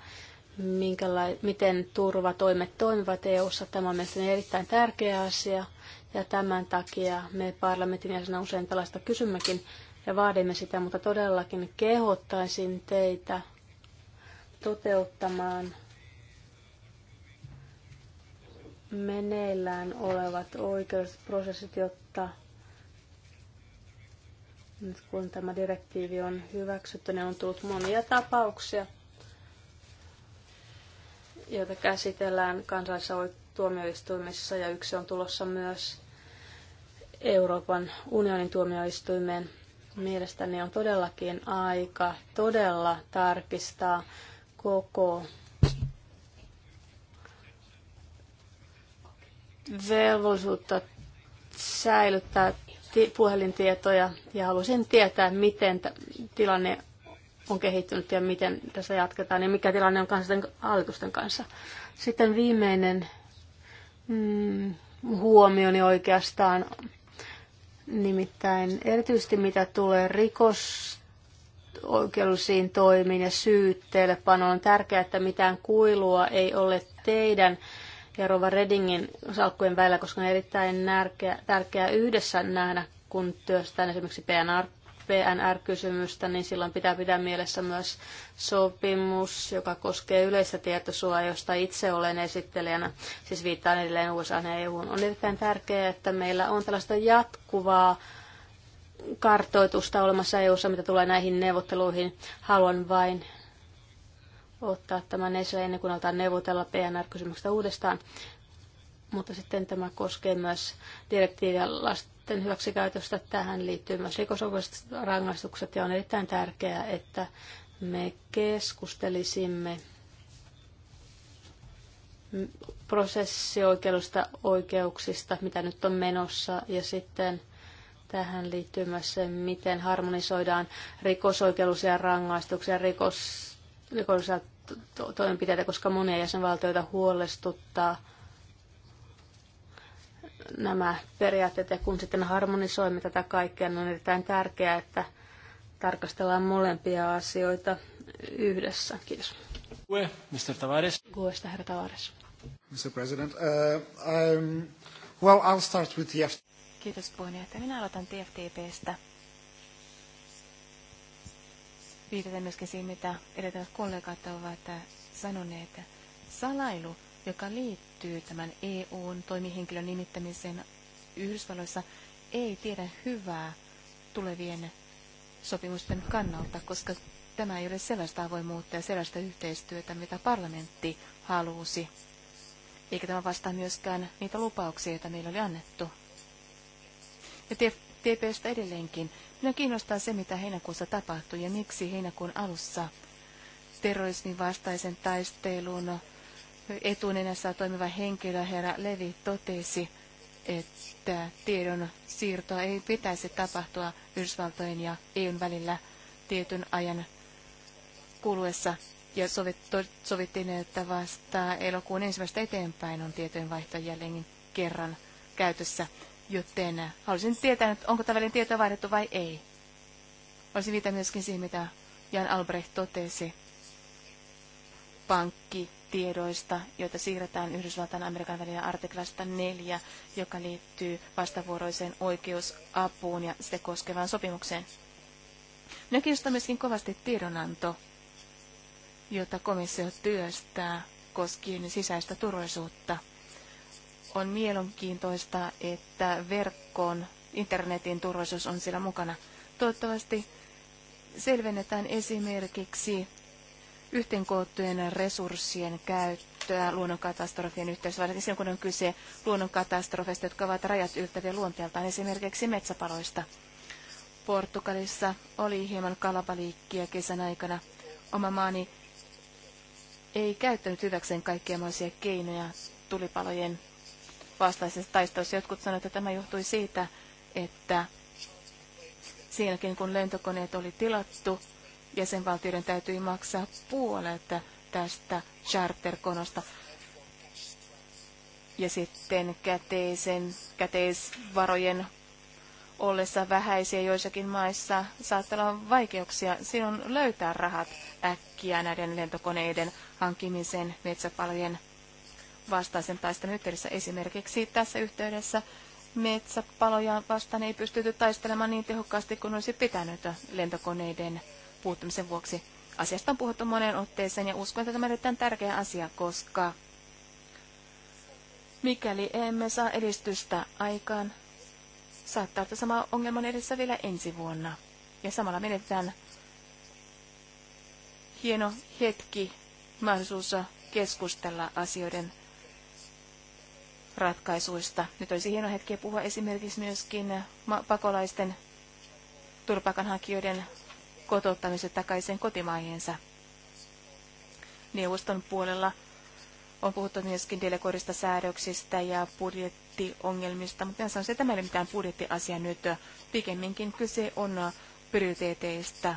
minkäla- miten turvatoimet toimivat EU-ssa. Tämä on mielestäni erittäin tärkeä asia ja tämän takia me parlamentin jäsenä usein tällaista kysymmekin ja vaadimme sitä, mutta todellakin kehottaisin teitä toteuttamaan meneillään olevat oikeusprosessit, jotta nyt kun tämä direktiivi on hyväksytty, niin on tullut monia tapauksia, joita käsitellään kansallisissa tuomioistuimissa ja yksi on tulossa myös Euroopan unionin tuomioistuimeen. Mielestäni on todellakin aika todella tarkistaa koko velvollisuutta säilyttää puhelintietoja ja halusin tietää, miten tilanne on kehittynyt ja miten tässä jatketaan ja mikä tilanne on kansallisten hallitusten kanssa. Sitten viimeinen mm, huomioni oikeastaan, nimittäin erityisesti mitä tulee rikos oikeudellisiin toimiin ja syytteelle panoon. On tärkeää, että mitään kuilua ei ole teidän ja Rova Reddingin salkkujen välillä, koska on erittäin närkeä, tärkeää yhdessä nähdä, kun työstään esimerkiksi PNR, PNR-kysymystä, niin silloin pitää pitää mielessä myös sopimus, joka koskee yleistä tietosuojaa, josta itse olen esittelijänä, siis viittaan edelleen USA ja EU. On erittäin tärkeää, että meillä on tällaista jatkuvaa kartoitusta olemassa EU-ssa, mitä tulee näihin neuvotteluihin. Haluan vain ottaa tämän esille ennen kuin aletaan neuvotella PNR-kysymyksestä uudestaan. Mutta sitten tämä koskee myös direktiiviä lasten hyväksikäytöstä. Tähän liittyy myös rikosoikeudelliset rangaistukset ja on erittäin tärkeää, että me keskustelisimme prosessioikeudellisista oikeuksista, mitä nyt on menossa, ja sitten tähän liittyy myös se, miten harmonisoidaan rikosoikeudellisia rangaistuksia rikos rikollisia toimenpiteitä, koska monia jäsenvaltioita huolestuttaa nämä periaatteet. Ja kun sitten harmonisoimme tätä kaikkea, niin on erittäin tärkeää, että tarkastellaan molempia asioita yhdessä. Kiitos. Mr. Tavares. Guesta, herra Tavares. Mr. President, uh, I'm, well, I'll start with the Kiitos puheenjohtaja. Minä aloitan TFTPstä viitata myöskin siihen, mitä edeltävät kollegat ovat äh, sanoneet. Salailu, joka liittyy tämän EUn toimihenkilön nimittämiseen Yhdysvalloissa, ei tiedä hyvää tulevien sopimusten kannalta, koska tämä ei ole sellaista avoimuutta ja sellaista yhteistyötä, mitä parlamentti halusi. Eikä tämä vastaa myöskään niitä lupauksia, joita meillä oli annettu. Ja TPstä edelleenkin. Minä kiinnostaa se, mitä heinäkuussa tapahtui ja miksi heinäkuun alussa terrorismin vastaisen taistelun etunenässä toimiva henkilö herra Levi totesi, että tiedon siirtoa ei pitäisi tapahtua Yhdysvaltojen ja EUn välillä tietyn ajan kuluessa. Ja sovittiin, että vasta elokuun ensimmäistä eteenpäin on tietojenvaihto jälleen kerran käytössä joten haluaisin tietää, onko tämä välin tietoa vaihdettu vai ei. Olisin viitannut myöskin siihen, mitä Jan Albrecht totesi pankkitiedoista, joita siirretään Yhdysvaltain Amerikan välillä artiklasta 4, joka liittyy vastavuoroiseen oikeusapuun ja sitä koskevaan sopimukseen. Minä kiinnostaa myöskin kovasti tiedonanto, jota komissio työstää koskien sisäistä turvallisuutta – on mielenkiintoista, että verkkoon, internetin turvallisuus on siellä mukana. Toivottavasti selvennetään esimerkiksi yhteenkoottujen resurssien käyttöä luonnonkatastrofien yhteydessä, varsinkin silloin kun on kyse luonnonkatastrofeista, jotka ovat rajat yltäviä luonteeltaan, esimerkiksi metsäpaloista. Portugalissa oli hieman kalabaliikkia kesän aikana. Oma maani ei käyttänyt hyväkseen kaikkia keinoja tulipalojen vastaisessa taistelussa. Jotkut sanoivat, että tämä johtui siitä, että siinäkin kun lentokoneet oli tilattu, jäsenvaltioiden täytyi maksaa puolet tästä charterkonosta. Ja sitten käteisen, käteisvarojen ollessa vähäisiä joissakin maissa saattaa olla vaikeuksia silloin löytää rahat äkkiä näiden lentokoneiden hankkimisen, metsäpalojen vastaisen taistelun yhteydessä. Esimerkiksi tässä yhteydessä metsäpaloja vastaan ei pystytty taistelemaan niin tehokkaasti kuin olisi pitänyt lentokoneiden puuttumisen vuoksi. Asiasta on puhuttu moneen otteeseen ja uskon, että tämä on erittäin tärkeä asia, koska mikäli emme saa edistystä aikaan, saattaa olla sama ongelma edessä vielä ensi vuonna. Ja samalla menetetään hieno hetki, mahdollisuus keskustella asioiden ratkaisuista. Nyt olisi hieno hetki puhua esimerkiksi myöskin pakolaisten turvapaikanhakijoiden kotouttamisen takaisin kotimaihinsa. Neuvoston puolella on puhuttu myöskin delegoidista säädöksistä ja budjettiongelmista, mutta se on se, että meillä ei ole mitään budjettiasia nyt. Pikemminkin kyse on prioriteeteista,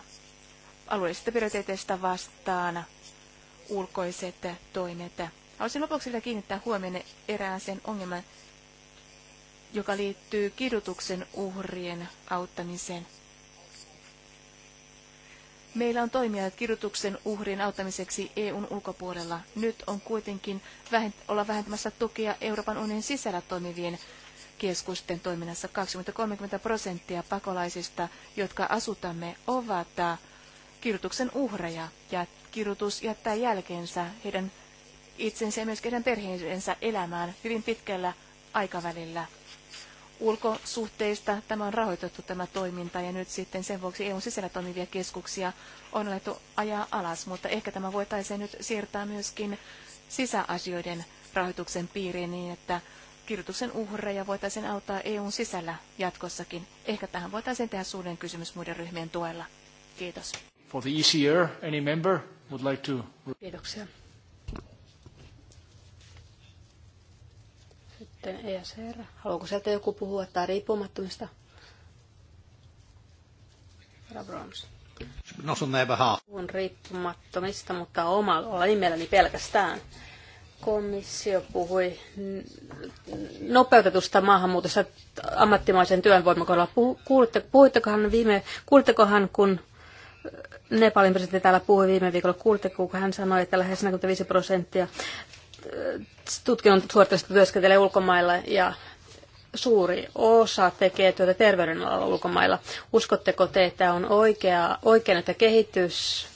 alueellisista prioriteeteista vastaan ulkoiset toimet Haluaisin lopuksi vielä kiinnittää huomioon erään sen ongelman, joka liittyy kidutuksen uhrien auttamiseen. Meillä on toimia kidutuksen uhrien auttamiseksi EUn ulkopuolella. Nyt on kuitenkin vähent- olla vähentämässä tukea Euroopan unionin sisällä toimivien keskusten toiminnassa. 20-30 prosenttia pakolaisista, jotka asutamme, ovat äh, kidutuksen uhreja ja kidutus jättää jälkeensä heidän itsensä ja myöskin heidän perheensä elämään hyvin pitkällä aikavälillä. Ulkosuhteista tämä on rahoitettu tämä toiminta ja nyt sitten sen vuoksi EUn sisällä toimivia keskuksia on alettu ajaa alas, mutta ehkä tämä voitaisiin nyt siirtää myöskin sisäasioiden rahoituksen piiriin niin, että kirjoituksen uhreja voitaisiin auttaa EUn sisällä jatkossakin. Ehkä tähän voitaisiin tehdä suuren kysymys muiden ryhmien tuella. Kiitos. For the ECR, any member would like to... Kiitoksia. Sitten ESR. Haluaako sieltä joku puhua tai riippumattomista? Rabrons. No sun ei vähän. Puhun riippumattomista, mutta omalla nimelläni pelkästään. Komissio puhui nopeutetusta maahanmuutosta ammattimaisen työvoimakohdalla. Kuulitte, puhuittekohan viime, kuulittekohan kun Nepalin presidentti täällä puhui viime viikolla, kuulitteko, kun hän sanoi, että lähes 45 prosenttia tutkinnon suorittajista työskentelee ulkomailla ja suuri osa tekee työtä terveydenalalla ulkomailla. Uskotteko te, että on oikea, oikein, että kehitys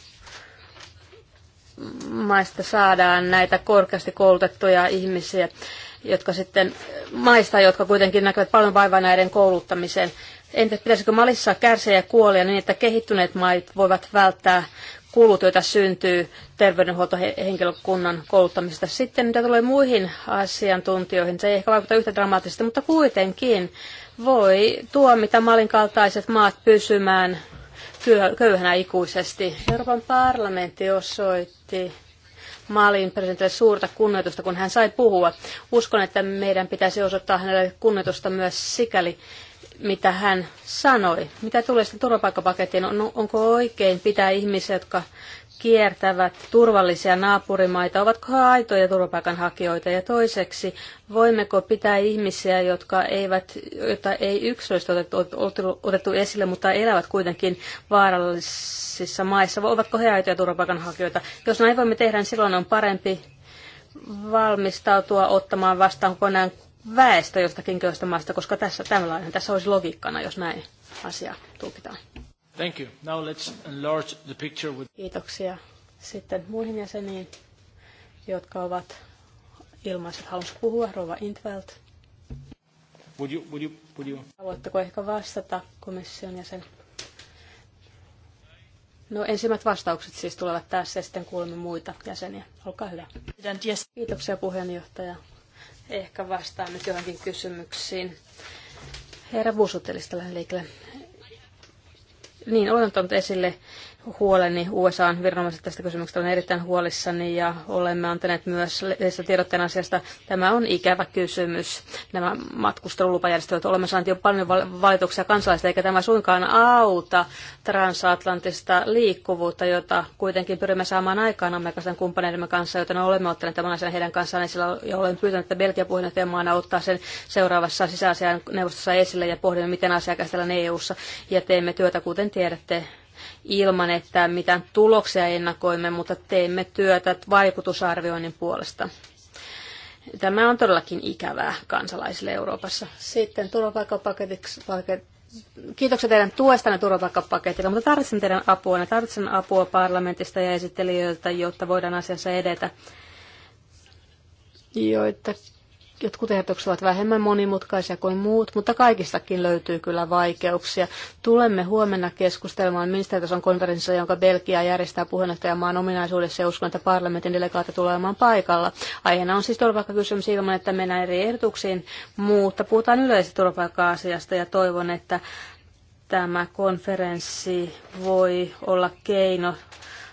maista saadaan näitä korkeasti koulutettuja ihmisiä, jotka sitten maista, jotka kuitenkin näkevät paljon vaivaa näiden kouluttamiseen. Entä pitäisikö Malissa kärsiä ja kuolia niin, että kehittyneet maat voivat välttää kulut, joita syntyy terveydenhuoltohenkilökunnan kouluttamisesta. Sitten mitä tulee muihin asiantuntijoihin, se ei ehkä vaikuta yhtä dramaattisesti, mutta kuitenkin voi tuomita Malin kaltaiset maat pysymään köyhänä ikuisesti. Euroopan parlamentti osoitti Malin presidentille suurta kunnioitusta, kun hän sai puhua. Uskon, että meidän pitäisi osoittaa hänelle kunnioitusta myös sikäli, mitä hän sanoi. Mitä tulee sitten turvapaikkapakettiin, on, no, no, onko oikein pitää ihmisiä, jotka kiertävät turvallisia naapurimaita, ovatko he aitoja turvapaikanhakijoita? Ja toiseksi, voimmeko pitää ihmisiä, jotka eivät, joita ei yksilöistä otettu, otettu esille, mutta elävät kuitenkin vaarallisissa maissa, ovatko he aitoja turvapaikanhakijoita? Jos näin voimme tehdä, niin silloin on parempi valmistautua ottamaan vastaan koneen väestä jostakin köyhästä maasta, koska tässä, tämmöinen, tässä olisi logiikkana, jos näin asia tulkitaan. Thank you. Now let's enlarge the picture with... Kiitoksia sitten muihin jäseniin, jotka ovat ilmaiset halunsa puhua. Rova Intveld. Would you, would you, would you... Haluatteko ehkä vastata komission jäsen? No ensimmäiset vastaukset siis tulevat tässä ja sitten kuulemme muita jäseniä. Olkaa hyvä. Kiitoksia puheenjohtaja. Ehkä vastaan nyt johonkin kysymyksiin. Herra Busutelista lähden liikkeelle. Niin, olen ottanut esille huoleni USAn viranomaiset tästä kysymyksestä on erittäin huolissani ja olemme antaneet myös tiedotteen asiasta. Tämä on ikävä kysymys. Nämä matkustelulupajärjestelmät olemme saaneet jo paljon valituksia kansalaisista, eikä tämä suinkaan auta transatlanttista liikkuvuutta, jota kuitenkin pyrimme saamaan aikaan amerikkalaisten kumppaneidemme kanssa, joten olemme ottaneet tämän asian heidän kanssaan esillä ja olen pyytänyt, että Belgia puheenjohtajamaana ottaa sen seuraavassa sisäasian neuvostossa esille ja pohdimme, miten asiaa käsitellään EU-ssa ja teemme työtä, kuten tiedätte, ilman, että mitään tuloksia ennakoimme, mutta teemme työtä vaikutusarvioinnin puolesta. Tämä on todellakin ikävää kansalaisille Euroopassa. Sitten turvapaikkapaketiksi paket, kiitoksia teidän tuestanne turvapaikkapaketilla, mutta tarvitsen teidän apua. Tarvitsen apua parlamentista ja esittelijöiltä, jotta voidaan asiassa edetä. Joita Jotkut ehdotukset ovat vähemmän monimutkaisia kuin muut, mutta kaikistakin löytyy kyllä vaikeuksia. Tulemme huomenna keskustelemaan ministeritason konferenssissa, jonka Belgia järjestää puheenjohtajamaan ominaisuudessa ja uskon, että parlamentin delegaatio tulee olemaan paikalla. Aiheena on siis turvapaikkakysymys ilman, että mennään eri ehdotuksiin, mutta puhutaan yleisestä turvapaikka-asiasta ja toivon, että tämä konferenssi voi olla keino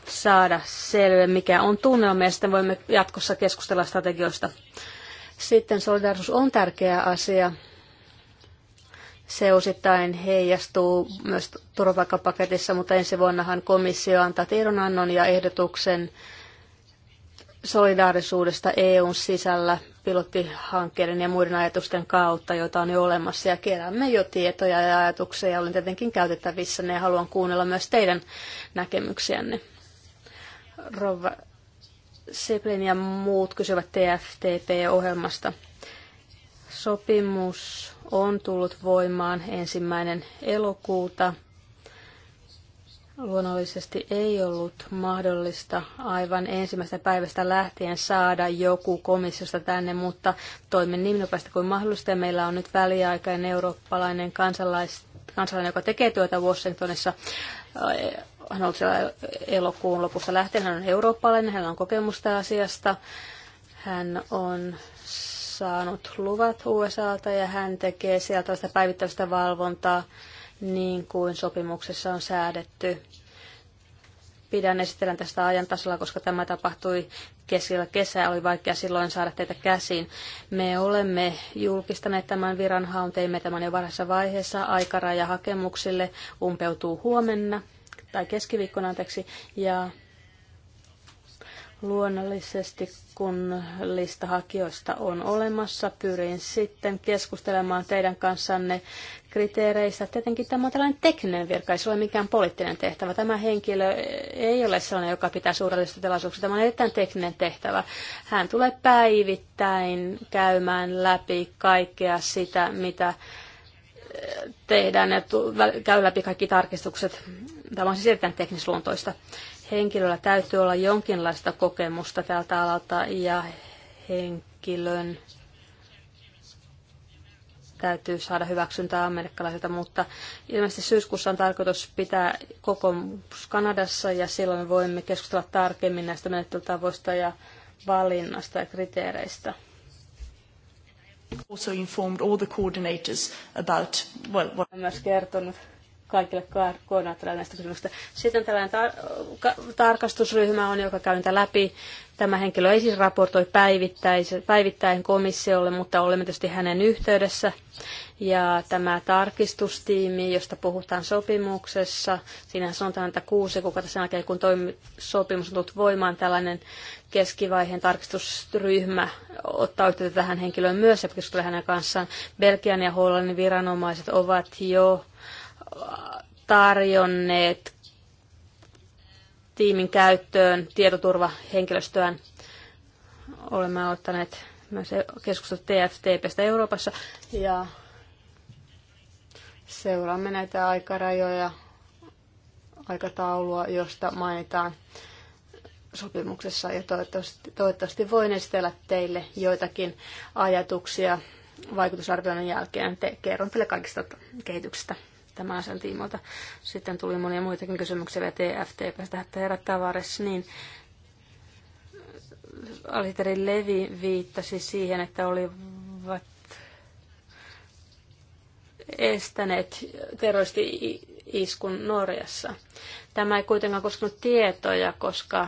saada selville, mikä on tunnelma, ja sitten voimme jatkossa keskustella strategioista. Sitten solidaarisuus on tärkeä asia. Se osittain heijastuu myös turvapaikkapaketissa, mutta ensi vuonnahan komissio antaa tiedonannon ja ehdotuksen solidaarisuudesta EUn sisällä pilottihankkeiden ja muiden ajatusten kautta, joita on jo olemassa. Ja keräämme jo tietoja ja ajatuksia ja olen tietenkin käytettävissä ja haluan kuunnella myös teidän näkemyksiänne. Rova Seplin ja muut kysyvät TFTP-ohjelmasta. Sopimus on tullut voimaan ensimmäinen elokuuta. Luonnollisesti ei ollut mahdollista aivan ensimmäistä päivästä lähtien saada joku komissiosta tänne, mutta toimen niin nopeasti kuin mahdollista. Ja meillä on nyt väliaikainen eurooppalainen kansalais, kansalainen, joka tekee työtä Washingtonissa hän on siellä elokuun lopussa lähtenyt, hän on eurooppalainen, hänellä on kokemusta asiasta, hän on saanut luvat USAlta ja hän tekee sieltä tällaista päivittäistä valvontaa niin kuin sopimuksessa on säädetty. Pidän esittelen tästä ajan tasolla, koska tämä tapahtui keskellä kesää, oli vaikea silloin saada teitä käsiin. Me olemme julkistaneet tämän viranhaun, teimme tämän jo varhaisessa vaiheessa, aikaraja hakemuksille umpeutuu huomenna tai keskiviikkona anteeksi, ja luonnollisesti kun lista hakijoista on olemassa, pyrin sitten keskustelemaan teidän kanssanne kriteereistä. Tietenkin tämä on tällainen tekninen virka, ei se ole mikään poliittinen tehtävä. Tämä henkilö ei ole sellainen, joka pitää suurellista tilaisuuksia. Tämä on erittäin tekninen tehtävä. Hän tulee päivittäin käymään läpi kaikkea sitä, mitä tehdään ja käy läpi kaikki tarkistukset tämä on siis erittäin teknisluontoista. Henkilöllä täytyy olla jonkinlaista kokemusta tältä alalta ja henkilön täytyy saada hyväksyntää amerikkalaisilta, mutta ilmeisesti syyskuussa on tarkoitus pitää kokous Kanadassa ja silloin me voimme keskustella tarkemmin näistä menettelytavoista ja valinnasta ja kriteereistä. Also informed all the coordinators about, well, what... Olen myös kertonut kaikille koordinaattoreille näistä kysymyksistä. Sitten tällainen tar- tarkastusryhmä on, joka käy läpi. Tämä henkilö ei siis raportoi päivittäin, päivittäin komissiolle, mutta olemme tietysti hänen yhteydessä. Ja tämä tarkistustiimi, josta puhutaan sopimuksessa, siinä sanotaan, että kuusi kuukautta sen jälkeen, kun toimi, sopimus on tullut voimaan, tällainen keskivaiheen tarkistusryhmä ottaa yhteyttä tähän henkilöön myös ja keskustelee hänen kanssaan. Belgian ja Hollannin viranomaiset ovat jo tarjonneet tiimin käyttöön tietoturvahenkilöstöään. Olemme ottaneet myös keskustelut TFTPstä Euroopassa ja seuraamme näitä aikarajoja, aikataulua, josta mainitaan sopimuksessa ja toivottavasti, toivottavasti voin esitellä teille joitakin ajatuksia vaikutusarvioinnin jälkeen. Te kerron teille kaikista kehityksistä tämän asian tiimoilta. Sitten tuli monia muitakin kysymyksiä vielä TFTPstä, että herättää vaarissa, niin Aliteri Levi viittasi siihen, että olivat estäneet terroristi-iskun Norjassa. Tämä ei kuitenkaan koskenut tietoja, koska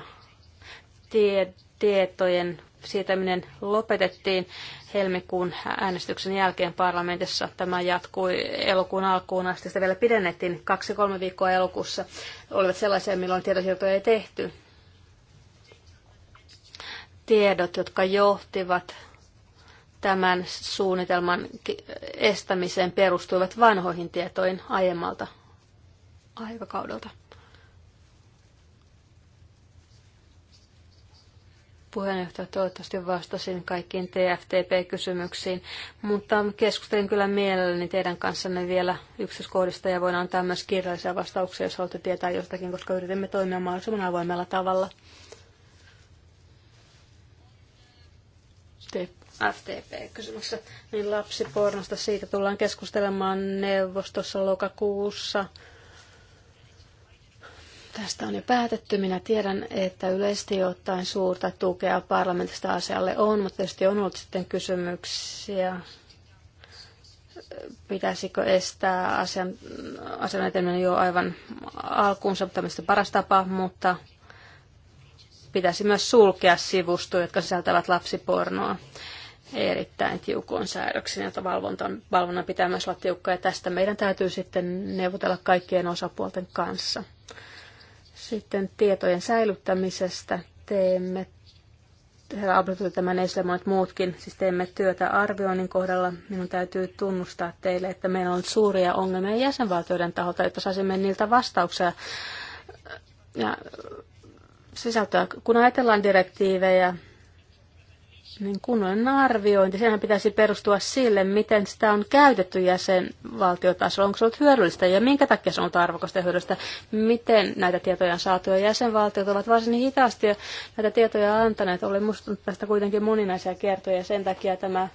tie, tietojen siirtäminen lopetettiin helmikuun äänestyksen jälkeen parlamentissa. Tämä jatkui elokuun alkuun asti. Sitä vielä pidennettiin kaksi-kolme viikkoa elokuussa. Olivat sellaisia, milloin tietosiirtoja ei tehty. Tiedot, jotka johtivat tämän suunnitelman estämiseen, perustuivat vanhoihin tietoihin aiemmalta aikakaudelta. Puheenjohtaja, toivottavasti vastasin kaikkiin TFTP-kysymyksiin, mutta keskustelin kyllä mielelläni teidän kanssanne vielä yksityiskohdista ja voidaan antaa myös kirjallisia vastauksia, jos haluatte tietää jostakin, koska yritämme toimia mahdollisimman avoimella tavalla. FTP-kysymyksessä, niin lapsipornosta siitä tullaan keskustelemaan neuvostossa lokakuussa – Tästä on jo päätetty. Minä tiedän, että yleisesti ottaen suurta tukea parlamentista asialle on, mutta tietysti on ollut sitten kysymyksiä, pitäisikö estää asian, asian eteneminen jo aivan alkuunsa, tämmöistä paras tapa, mutta pitäisi myös sulkea sivustoja, jotka sisältävät lapsipornoa erittäin tiukoon säädöksiin, jota valvonnan, valvonnan pitää myös olla tiukka, ja tästä meidän täytyy sitten neuvotella kaikkien osapuolten kanssa. Sitten tietojen säilyttämisestä teemme, herra Albert tämän esille, monet muutkin, siis teemme työtä arvioinnin kohdalla. Minun täytyy tunnustaa teille, että meillä on suuria ongelmia jäsenvaltioiden taholta, että saisimme niiltä vastauksia ja sisältöä. Kun ajatellaan direktiivejä, niin kunnollinen arviointi, sehän pitäisi perustua sille, miten sitä on käytetty jäsenvaltiotasolla, onko se ollut hyödyllistä ja minkä takia se on arvokasta ja hyödyllistä, miten näitä tietoja on saatu. Ja jäsenvaltiot ovat varsin hitaasti näitä tietoja antaneet. Olen muistuttanut tästä kuitenkin moninaisia kertoja ja sen takia tämä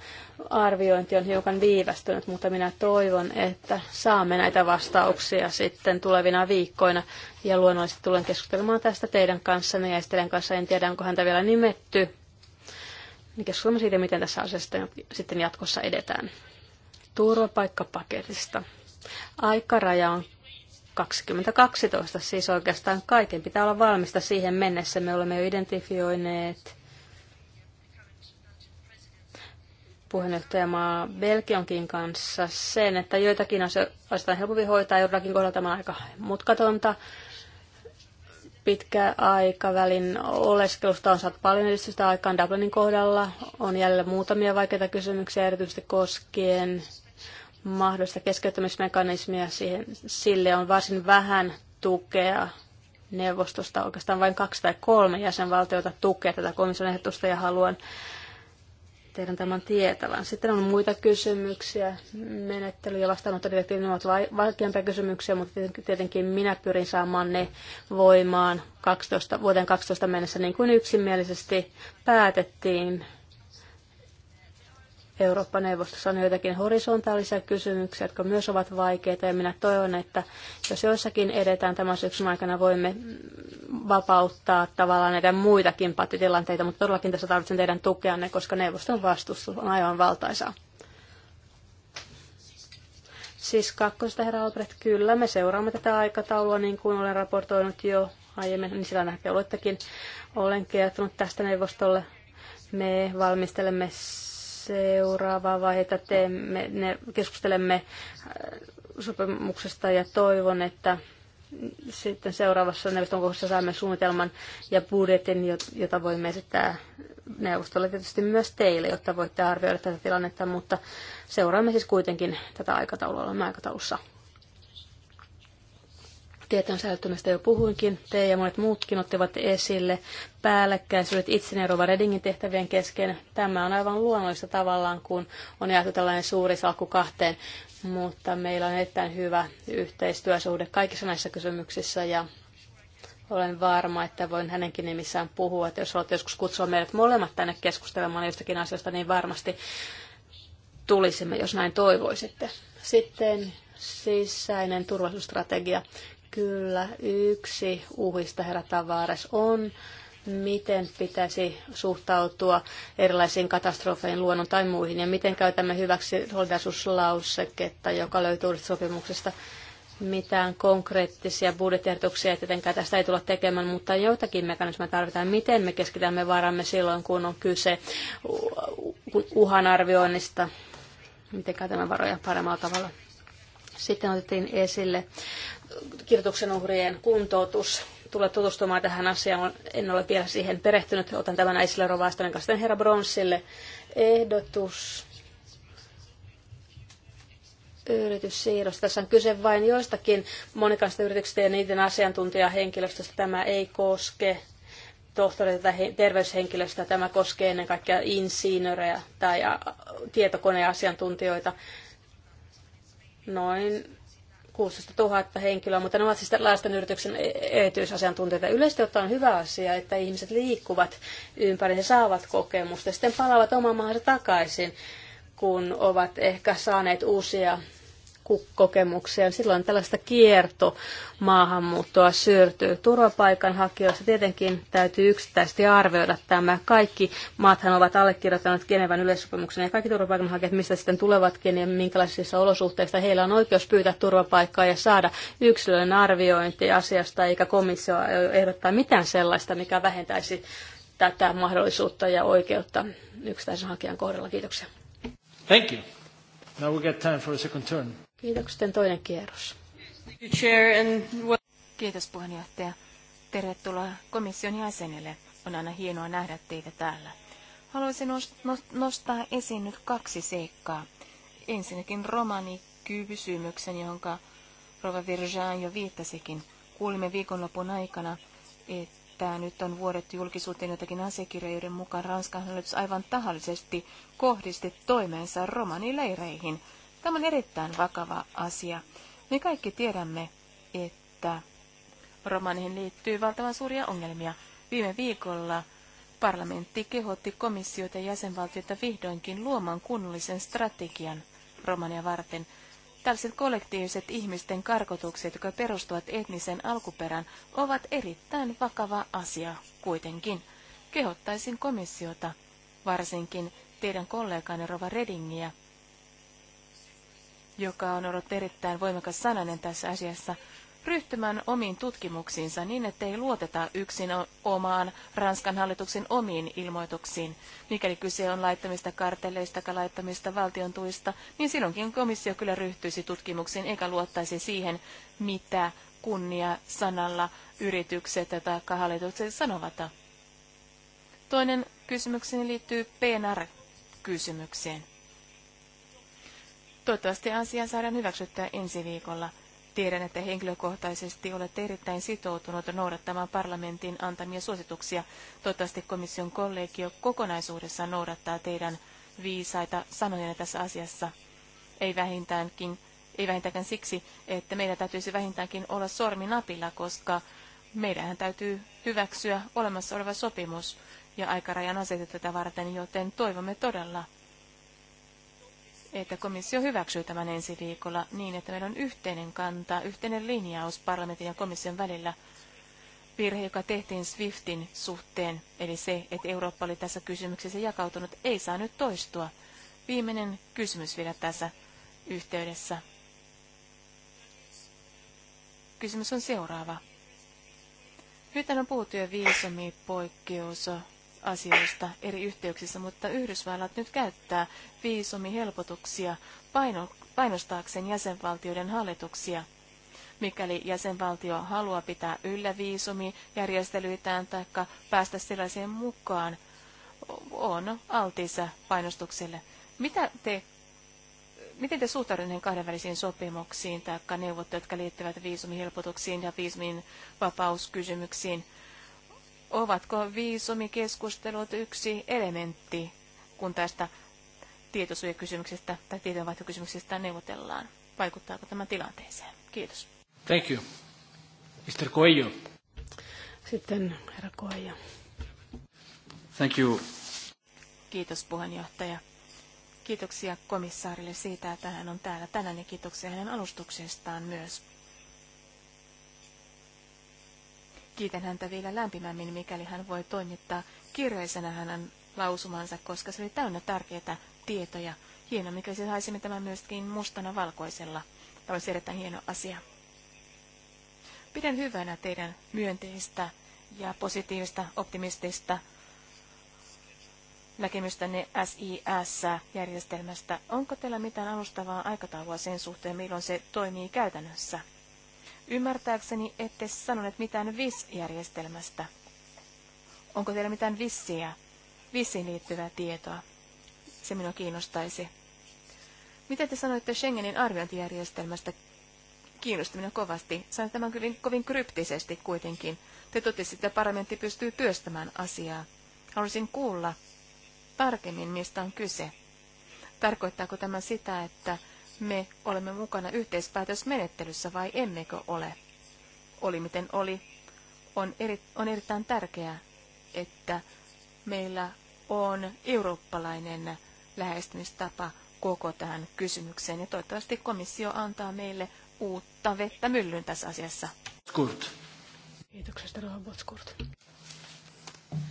arviointi on hiukan viivästynyt, mutta minä toivon, että saamme näitä vastauksia sitten tulevina viikkoina. Ja luonnollisesti tulen keskustelemaan tästä teidän kanssanne ja Estelen kanssa. En tiedä, onko häntä vielä nimetty niin keskustelemme siitä, miten tässä asiassa sitten jatkossa edetään. Turvapaikkapaketista. Aikaraja on 2012, siis oikeastaan kaiken pitää olla valmista siihen mennessä. Me olemme jo identifioineet puheenjohtajamaa Belgionkin kanssa sen, että joitakin asioita on helpompi hoitaa, joillakin kohdalla tämä on aika mutkatonta pitkä aikavälin oleskelusta on saatu paljon edistystä aikaan Dublinin kohdalla. On jäljellä muutamia vaikeita kysymyksiä erityisesti koskien mahdollista keskeyttämismekanismia. Siihen, sille on varsin vähän tukea neuvostosta. Oikeastaan vain kaksi tai kolme jäsenvaltiota tukee tätä komission ehdotusta ja haluan teidän tämän tietävän. Sitten on muita kysymyksiä. Menettely- ja vastaanottodirektiivit ovat vaikeampia kysymyksiä, mutta tietenkin minä pyrin saamaan ne voimaan 12, vuoden 12 mennessä, niin kuin yksimielisesti päätettiin Eurooppa-neuvostossa on joitakin horisontaalisia kysymyksiä, jotka myös ovat vaikeita, ja minä toivon, että jos joissakin edetään tämän syksyn aikana, voimme vapauttaa tavallaan näitä muitakin pattitilanteita, mutta todellakin tässä tarvitsen teidän tukeanne, koska neuvoston vastustus on aivan valtaisaa. Siis kakkosta, herra Albrecht, kyllä, me seuraamme tätä aikataulua, niin kuin olen raportoinut jo aiemmin, niin sillä näkee olettekin. Olen kertonut tästä neuvostolle. Me valmistelemme seuraavaa että teemme, ne keskustelemme äh, sopimuksesta ja toivon, että sitten seuraavassa neuvoston kohdassa saamme suunnitelman ja budjetin, jota voimme esittää neuvostolle tietysti myös teille, jotta voitte arvioida tätä tilannetta, mutta seuraamme siis kuitenkin tätä aikataulua olemme aikataulussa Tietojen säilyttämistä jo puhuinkin. Te ja monet muutkin ottivat esille päällekkäisyydet itseneerova Redingin tehtävien kesken. Tämä on aivan luonnollista tavallaan, kun on jaettu tällainen suuri salkku kahteen, mutta meillä on erittäin hyvä yhteistyösuhde kaikissa näissä kysymyksissä ja olen varma, että voin hänenkin nimissään puhua, että jos olet joskus kutsua meidät molemmat tänne keskustelemaan jostakin asioista, niin varmasti tulisimme, jos näin toivoisitte. Sitten sisäinen turvallisuusstrategia. Kyllä, yksi uhista herra Tavares on, miten pitäisi suhtautua erilaisiin katastrofeihin, luonnon tai muihin, ja miten käytämme hyväksi solidarisuuslauseketta, joka löytyy uudesta sopimuksesta. Mitään konkreettisia budjettiehdotuksia tietenkään tästä ei tulla tekemään, mutta joitakin mekanismeja tarvitaan. Miten me keskitämme varamme silloin, kun on kyse uhan arvioinnista? Miten käytämme varoja paremmalla tavalla? Sitten otettiin esille kirjoituksen uhrien kuntoutus. Tule tutustumaan tähän asiaan. En ole vielä siihen perehtynyt. Otan tämän esille Rovastonen kanssa herra Bronssille. Ehdotus yrityssiirrosta. Tässä on kyse vain joistakin monikansallista yrityksistä ja niiden asiantuntijahenkilöstöstä. Tämä ei koske tohtoreita tai terveyshenkilöstöä. Tämä koskee ennen kaikkea insinöörejä tai tietokoneasiantuntijoita. Noin 16 000 henkilöä, mutta ne ovat siis lasten yrityksen e- erityisasiantuntijoita. Yleisesti ottaen on hyvä asia, että ihmiset liikkuvat ympäri, he saavat kokemusta ja sitten palaavat omaan maahansa takaisin, kun ovat ehkä saaneet uusia kokemuksia. Silloin tällaista kierto maahanmuuttoa syörtyy turvapaikanhakijoissa. Tietenkin täytyy yksittäisesti arvioida tämä. Kaikki maathan ovat allekirjoittaneet Genevan yleissopimuksen ja kaikki turvapaikanhakijat, mistä sitten tulevatkin ja minkälaisissa olosuhteissa heillä on oikeus pyytää turvapaikkaa ja saada yksilöllinen arviointi asiasta, eikä komissio ehdottaa mitään sellaista, mikä vähentäisi tätä mahdollisuutta ja oikeutta yksittäisen hakijan kohdalla. Kiitoksia. Thank you. Now we get time for a second turn. Toinen kierros. Kiitos puheenjohtaja. Tervetuloa komission jäsenille. On aina hienoa nähdä teitä täällä. Haluaisin nostaa esiin nyt kaksi seikkaa. Ensinnäkin romanikysymyksen, jonka Rova Virjan jo viittasikin. Kuulimme viikonlopun aikana, että nyt on vuodet julkisuuteen jotakin asiakirjojen mukaan Ranskan hallitus aivan tahallisesti kohdisti toimeensa romanileireihin – Tämä on erittäin vakava asia. Me kaikki tiedämme, että romaneihin liittyy valtavan suuria ongelmia. Viime viikolla parlamentti kehotti komissiota ja jäsenvaltioita vihdoinkin luomaan kunnollisen strategian romania varten. Tällaiset kollektiiviset ihmisten karkotukset, jotka perustuvat etnisen alkuperään, ovat erittäin vakava asia kuitenkin. Kehottaisin komissiota, varsinkin teidän kolleganne Rova Redingiä, joka on ollut erittäin voimakas sananen tässä asiassa, ryhtymään omiin tutkimuksiinsa niin, ettei luoteta yksin omaan Ranskan hallituksen omiin ilmoituksiin. Mikäli kyse on laittamista kartelleista tai laittamista valtion tuista, niin silloinkin komissio kyllä ryhtyisi tutkimuksiin eikä luottaisi siihen, mitä kunnia sanalla yritykset tai hallitukset sanovat. Toinen kysymykseni liittyy PNR-kysymykseen. Toivottavasti asia saadaan hyväksyttää ensi viikolla. Tiedän, että henkilökohtaisesti olette erittäin sitoutunut noudattamaan parlamentin antamia suosituksia. Toivottavasti komission kollegio kokonaisuudessaan noudattaa teidän viisaita sanojanne tässä asiassa. Ei vähintäänkin, ei vähintäänkin siksi, että meidän täytyisi vähintäänkin olla sormi napilla, koska meidän täytyy hyväksyä olemassa oleva sopimus ja aikarajan asetettu tätä varten, joten toivomme todella, että komissio hyväksyy tämän ensi viikolla niin, että meillä on yhteinen kanta, yhteinen linjaus parlamentin ja komission välillä. Virhe, joka tehtiin SWIFTin suhteen, eli se, että Eurooppa oli tässä kysymyksessä jakautunut, ei saa nyt toistua. Viimeinen kysymys vielä tässä yhteydessä. Kysymys on seuraava. Nyt on puhuttu jo viisumipoikkeus asioista eri yhteyksissä, mutta Yhdysvallat nyt käyttää viisumihelpotuksia paino, painostaakseen jäsenvaltioiden hallituksia. Mikäli jäsenvaltio haluaa pitää yllä viisumijärjestelyitään tai päästä sellaiseen mukaan, on altissa painostukselle. Mitä te, miten te suhtaudutte kahdenvälisiin sopimuksiin tai neuvottelut, jotka liittyvät viisumihelpotuksiin ja viisumin vapauskysymyksiin? Ovatko viisumikeskustelut yksi elementti, kun tästä tietosuojakysymyksestä tai tietojenvaihtokysymyksestä neuvotellaan? Vaikuttaako tämä tilanteeseen? Kiitos. Thank you. Mr. Coelho. Sitten herra Coelho. Thank you. Kiitos puheenjohtaja. Kiitoksia komissaarille siitä, että hän on täällä tänään ja kiitoksia hänen alustuksestaan myös. Kiitän häntä vielä lämpimämmin, mikäli hän voi toimittaa kirjeisenä hänen lausumansa, koska se oli täynnä tärkeitä tietoja. Hieno, mikä se saisimme tämän myöskin mustana valkoisella. Tämä olisi erittäin hieno asia. Pidän hyvänä teidän myönteistä ja positiivista, optimistista näkemystänne SIS-järjestelmästä. Onko teillä mitään alustavaa aikataulua sen suhteen, milloin se toimii käytännössä? Ymmärtääkseni ette sanoneet mitään VIS-järjestelmästä. Onko teillä mitään vissiä, vissiin liittyvää tietoa? Se minua kiinnostaisi. Mitä te sanoitte Schengenin arviointijärjestelmästä? Kiinnosti minua kovasti. Sain tämän kovin, kovin kryptisesti kuitenkin. Te totesitte, että parlamentti pystyy työstämään asiaa. Haluaisin kuulla tarkemmin, mistä on kyse. Tarkoittaako tämä sitä, että me olemme mukana yhteispäätösmenettelyssä vai emmekö ole. Oli miten oli, on, eri, on erittäin tärkeää, että meillä on eurooppalainen lähestymistapa koko tähän kysymykseen. Ja toivottavasti komissio antaa meille uutta vettä myllyn tässä asiassa. Kurt. Kiitoksesta, Rauha Botskurt.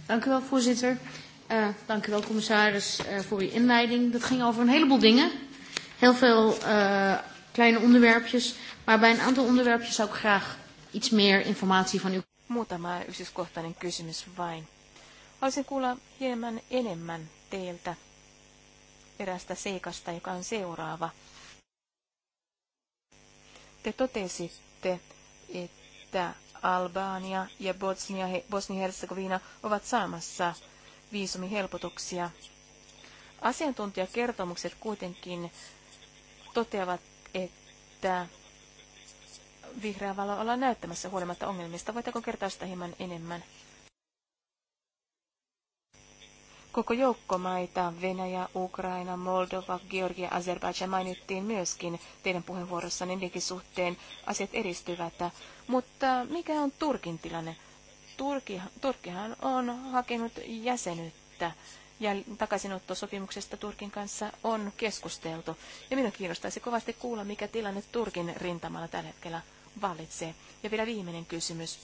Dank u wel, voorzitter. Uh, dank u wel, commissaris, uh, voor uw inleiding. Dat ging over een heleboel dingen heel veel uh, kleine onderwerpjes. Maar bij een aantal onderwerpjes zou ik graag iets meer informatie van u. Muutama yksityiskohtainen kysymys vain. Haluaisin kuulla hieman enemmän teiltä erästä seikasta, joka on seuraava. Te totesitte, että Albania ja Bosnia-Herzegovina ovat saamassa viisumihelpotuksia. Asiantuntijakertomukset kuitenkin toteavat, että vihreä valo ollaan näyttämässä huolimatta ongelmista. Voitteko kertoa sitä hieman enemmän? Koko joukko maita, Venäjä, Ukraina, Moldova, Georgia, Azerbaijan mainittiin myöskin teidän puheenvuorossa niidenkin suhteen asiat edistyvät. Mutta mikä on Turkin tilanne? Turki, Turkihan on hakenut jäsenyyttä takaisinottosopimuksesta Turkin kanssa on keskusteltu. Ja minun kiinnostaisi kovasti kuulla, mikä tilanne Turkin rintamalla tällä hetkellä vallitsee. Ja vielä viimeinen kysymys.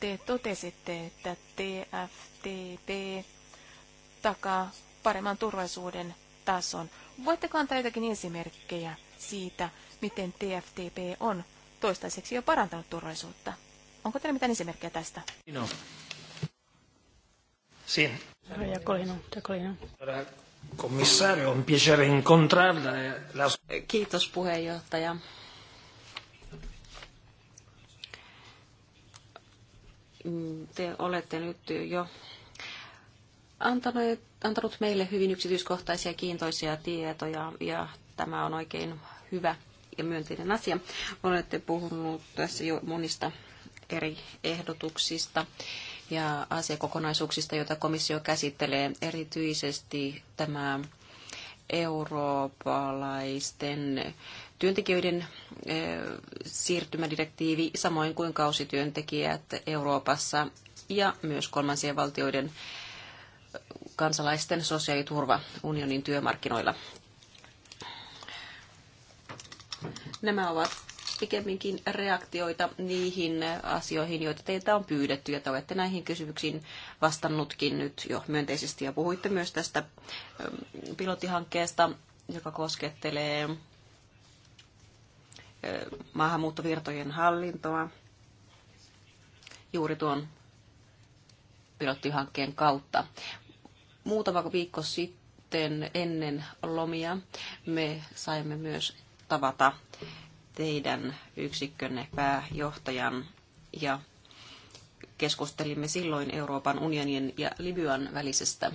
Te totesitte, että TFTP takaa paremman turvallisuuden tason. Voitteko antaa jotakin esimerkkejä siitä, miten TFTP on toistaiseksi jo parantanut turvallisuutta? Onko teillä mitään esimerkkejä tästä? No. Sì. Commissario, un piacere incontrarla. Eh, eh, kiitos puheenjohtaja. Mm, te olette nyt jo antanut, antanut meille hyvin yksityiskohtaisia kiintoisia tietoja ja tämä on oikein hyvä ja myönteinen asia. Olette puhunut tässä jo monista eri ehdotuksista ja asiakokonaisuuksista, joita komissio käsittelee, erityisesti tämä eurooppalaisten työntekijöiden eh, siirtymädirektiivi, samoin kuin kausityöntekijät Euroopassa ja myös kolmansien valtioiden kansalaisten sosiaaliturva unionin työmarkkinoilla. Nämä ovat pikemminkin reaktioita niihin asioihin, joita teiltä on pyydetty, ja te olette näihin kysymyksiin vastannutkin nyt jo myönteisesti, ja puhuitte myös tästä ähm, pilottihankkeesta, joka koskettelee äh, maahanmuuttovirtojen hallintoa juuri tuon pilottihankkeen kautta. Muutama viikko sitten ennen lomia me saimme myös tavata teidän yksikkönne pääjohtajan ja keskustelimme silloin Euroopan unionin ja Libyan välisestä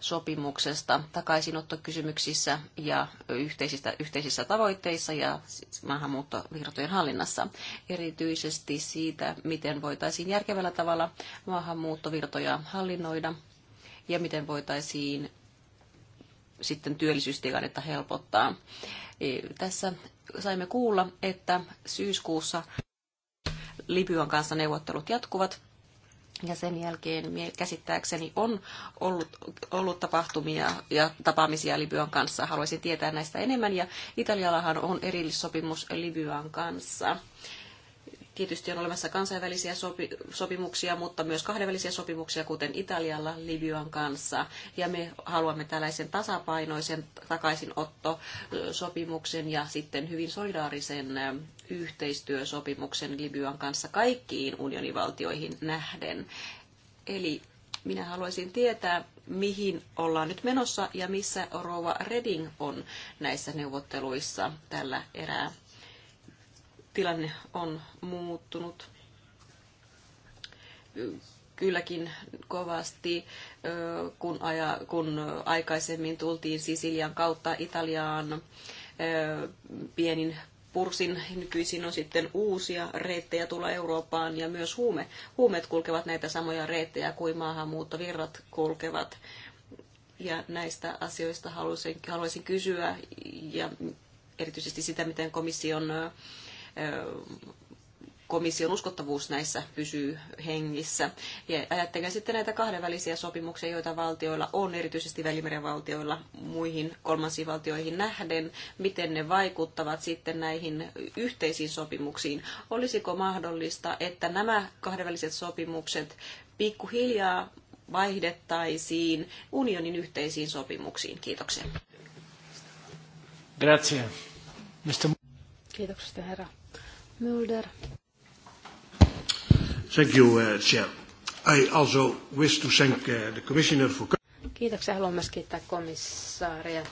sopimuksesta takaisinottokysymyksissä ja yhteisistä, yhteisissä tavoitteissa ja siis maahanmuuttovirtojen hallinnassa. Erityisesti siitä, miten voitaisiin järkevällä tavalla maahanmuuttovirtoja hallinnoida ja miten voitaisiin sitten työllisyystilannetta helpottaa. E, tässä saimme kuulla, että syyskuussa Libyan kanssa neuvottelut jatkuvat ja sen jälkeen käsittääkseni on ollut, ollut tapahtumia ja tapaamisia Libyan kanssa. Haluaisin tietää näistä enemmän. Ja Italiallahan on erillissopimus Libyan kanssa. Tietysti on olemassa kansainvälisiä sopimuksia, mutta myös kahdenvälisiä sopimuksia, kuten Italialla Libyan kanssa. Ja me haluamme tällaisen tasapainoisen takaisinottosopimuksen ja sitten hyvin solidaarisen yhteistyösopimuksen Libyan kanssa kaikkiin unionivaltioihin nähden. Eli minä haluaisin tietää, mihin ollaan nyt menossa ja missä Rova Reding on näissä neuvotteluissa tällä erää tilanne on muuttunut. Kylläkin kovasti, kun, aja, kun aikaisemmin tultiin Sisilian kautta Italiaan pienin pursin. Nykyisin on sitten uusia reittejä tulla Eurooppaan ja myös huume. huumeet kulkevat näitä samoja reittejä kuin maahanmuuttovirrat kulkevat. Ja näistä asioista haluaisin, haluaisin kysyä ja erityisesti sitä, miten komission komission uskottavuus näissä pysyy hengissä. Ja ajattelen sitten näitä kahdenvälisiä sopimuksia, joita valtioilla on, erityisesti Välimeren valtioilla muihin kolmansiin valtioihin nähden, miten ne vaikuttavat sitten näihin yhteisiin sopimuksiin. Olisiko mahdollista, että nämä kahdenväliset sopimukset pikkuhiljaa vaihdettaisiin unionin yhteisiin sopimuksiin? Kiitoksia. Grazie. Mr. Kiitoksia, herra Mulder. Thank you, uh, Chair. I also wish to thank uh, the Commissioner for... Kiitoksia. Haluan myös kiittää komissaaria.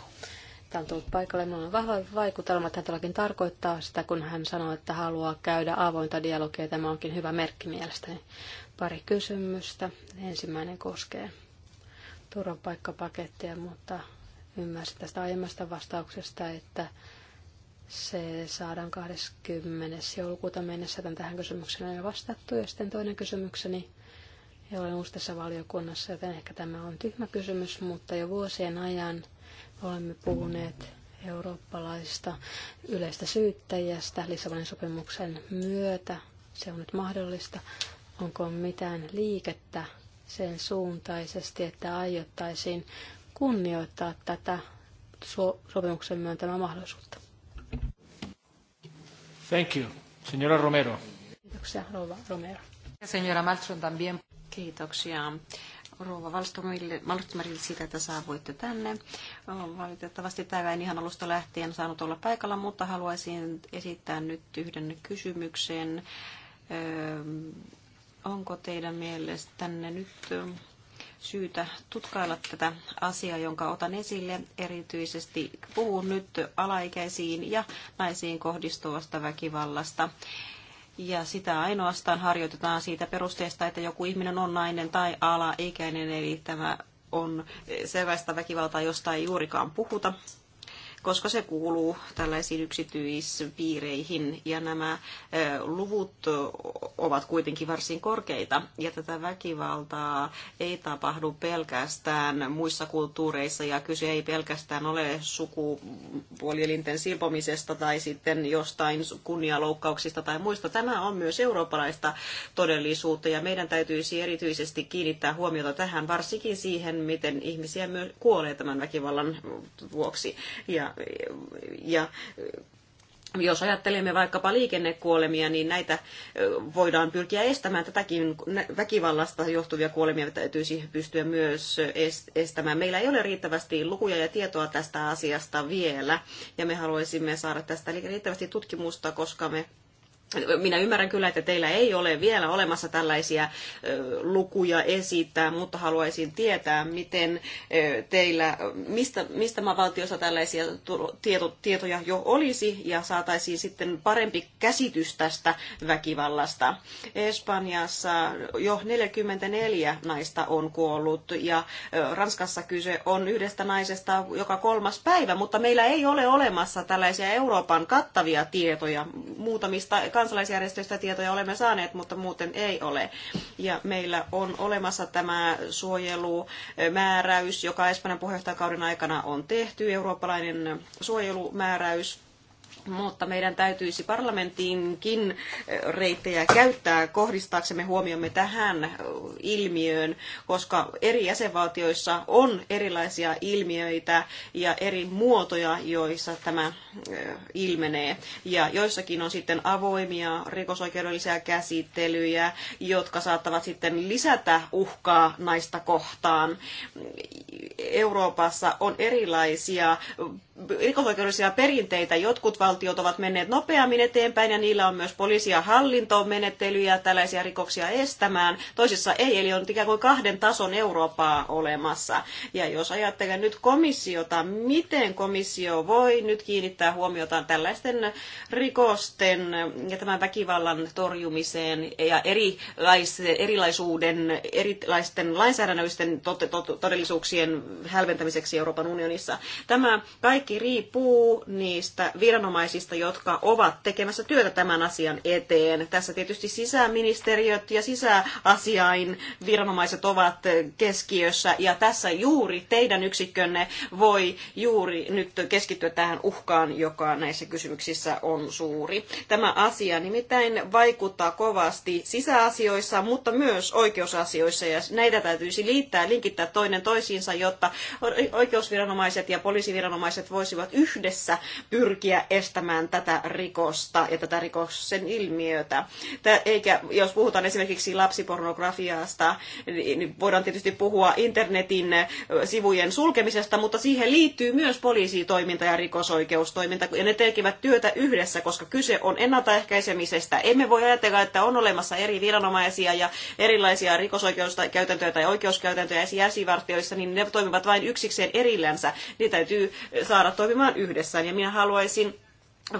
Tämä on tullut paikalle. Minulla on vahva vaikutelma, Tämä todellakin tarkoittaa sitä, kun hän sanoo, että haluaa käydä avointa dialogia. Tämä onkin hyvä merkki mielestäni. Pari kysymystä. Ensimmäinen koskee turvapaikkapakettia, mutta ymmärsin tästä aiemmasta vastauksesta, että se saadaan 20. joulukuuta mennessä, tämän tähän kysymykseen on jo vastattu. Ja sitten toinen kysymykseni, ja olen uusi tässä valiokunnassa, joten ehkä tämä on tyhmä kysymys, mutta jo vuosien ajan olemme puhuneet eurooppalaista yleistä syyttäjästä Lissabonin sopimuksen myötä. Se on nyt mahdollista. Onko mitään liikettä sen suuntaisesti, että aiottaisiin kunnioittaa tätä sopimuksen myöntämää mahdollisuutta? Thank you. Señora Romero. Kiitoksia, Rova Romero. Ja señora Malmström también. Kiitoksia. Rouva Malmströmille siitä, että saavuitte tänne. Valitettavasti tämä ei ihan alusta lähtien saanut olla paikalla, mutta haluaisin esittää nyt yhden kysymyksen. Öö, onko teidän mielestänne nyt syytä tutkailla tätä asiaa, jonka otan esille. Erityisesti puhun nyt alaikäisiin ja naisiin kohdistuvasta väkivallasta. Ja sitä ainoastaan harjoitetaan siitä perusteesta, että joku ihminen on nainen tai alaikäinen, eli tämä on sellaista väkivaltaa, josta ei juurikaan puhuta koska se kuuluu tällaisiin yksityispiireihin ja nämä luvut ovat kuitenkin varsin korkeita ja tätä väkivaltaa ei tapahdu pelkästään muissa kulttuureissa ja kyse ei pelkästään ole sukupuolielinten silpomisesta tai sitten jostain kunnialoukkauksista tai muista. Tämä on myös eurooppalaista todellisuutta ja meidän täytyisi erityisesti kiinnittää huomiota tähän, varsinkin siihen, miten ihmisiä myös kuolee tämän väkivallan vuoksi. Ja ja jos ajattelemme vaikkapa liikennekuolemia, niin näitä voidaan pyrkiä estämään. Tätäkin väkivallasta johtuvia kuolemia täytyisi pystyä myös estämään. Meillä ei ole riittävästi lukuja ja tietoa tästä asiasta vielä, ja me haluaisimme saada tästä riittävästi tutkimusta, koska me minä ymmärrän kyllä, että teillä ei ole vielä olemassa tällaisia lukuja esittää, mutta haluaisin tietää, miten teillä, mistä, mistä valtiossa tällaisia tieto, tietoja jo olisi ja saataisiin sitten parempi käsitys tästä väkivallasta. Espanjassa jo 44 naista on kuollut ja Ranskassa kyse on yhdestä naisesta joka kolmas päivä, mutta meillä ei ole olemassa tällaisia Euroopan kattavia tietoja muutamista kansalaisjärjestöistä tietoja olemme saaneet, mutta muuten ei ole. Ja meillä on olemassa tämä suojelumääräys, joka Espanjan puheenjohtajakauden aikana on tehty, eurooppalainen suojelumääräys, mutta meidän täytyisi parlamenttiinkin eh, reittejä käyttää kohdistaaksemme huomiomme tähän eh, ilmiöön, koska eri jäsenvaltioissa on erilaisia ilmiöitä ja eri muotoja, joissa tämä eh, ilmenee. Ja joissakin on sitten avoimia rikosoikeudellisia käsittelyjä, jotka saattavat sitten lisätä uhkaa naista kohtaan. Euroopassa on erilaisia rikosoikeudellisia perinteitä. Jotkut valtiot ovat menneet nopeammin eteenpäin ja niillä on myös poliisi- ja hallintomenettelyjä tällaisia rikoksia estämään. Toisissa ei, eli on ikään kuin kahden tason Eurooppaa olemassa. Ja jos ajattelen nyt komissiota, miten komissio voi nyt kiinnittää huomiota tällaisten rikosten ja tämän väkivallan torjumiseen ja erilaisuuden, erilaisten lainsäädännöllisten todellisuuksien hälventämiseksi Euroopan unionissa. Tämä kaikki kaikki riippuu niistä viranomaisista, jotka ovat tekemässä työtä tämän asian eteen. Tässä tietysti sisäministeriöt ja sisäasiain viranomaiset ovat keskiössä ja tässä juuri teidän yksikkönne voi juuri nyt keskittyä tähän uhkaan, joka näissä kysymyksissä on suuri. Tämä asia nimittäin vaikuttaa kovasti sisäasioissa, mutta myös oikeusasioissa ja näitä täytyisi liittää, linkittää toinen toisiinsa, jotta oikeusviranomaiset ja poliisiviranomaiset voisivat yhdessä pyrkiä estämään tätä rikosta ja tätä rikoksen ilmiötä. Eikä, jos puhutaan esimerkiksi lapsipornografiasta, niin, niin voidaan tietysti puhua internetin äh, sivujen sulkemisesta, mutta siihen liittyy myös poliisitoiminta ja rikosoikeustoiminta, ja ne tekevät työtä yhdessä, koska kyse on ennaltaehkäisemisestä. Emme voi ajatella, että on olemassa eri viranomaisia ja erilaisia rikosoikeuskäytäntöjä tai oikeuskäytäntöjä esi- niin ne toimivat vain yksikseen erillänsä. Niitä täytyy saada saada toimimaan yhdessä. Ja minä haluaisin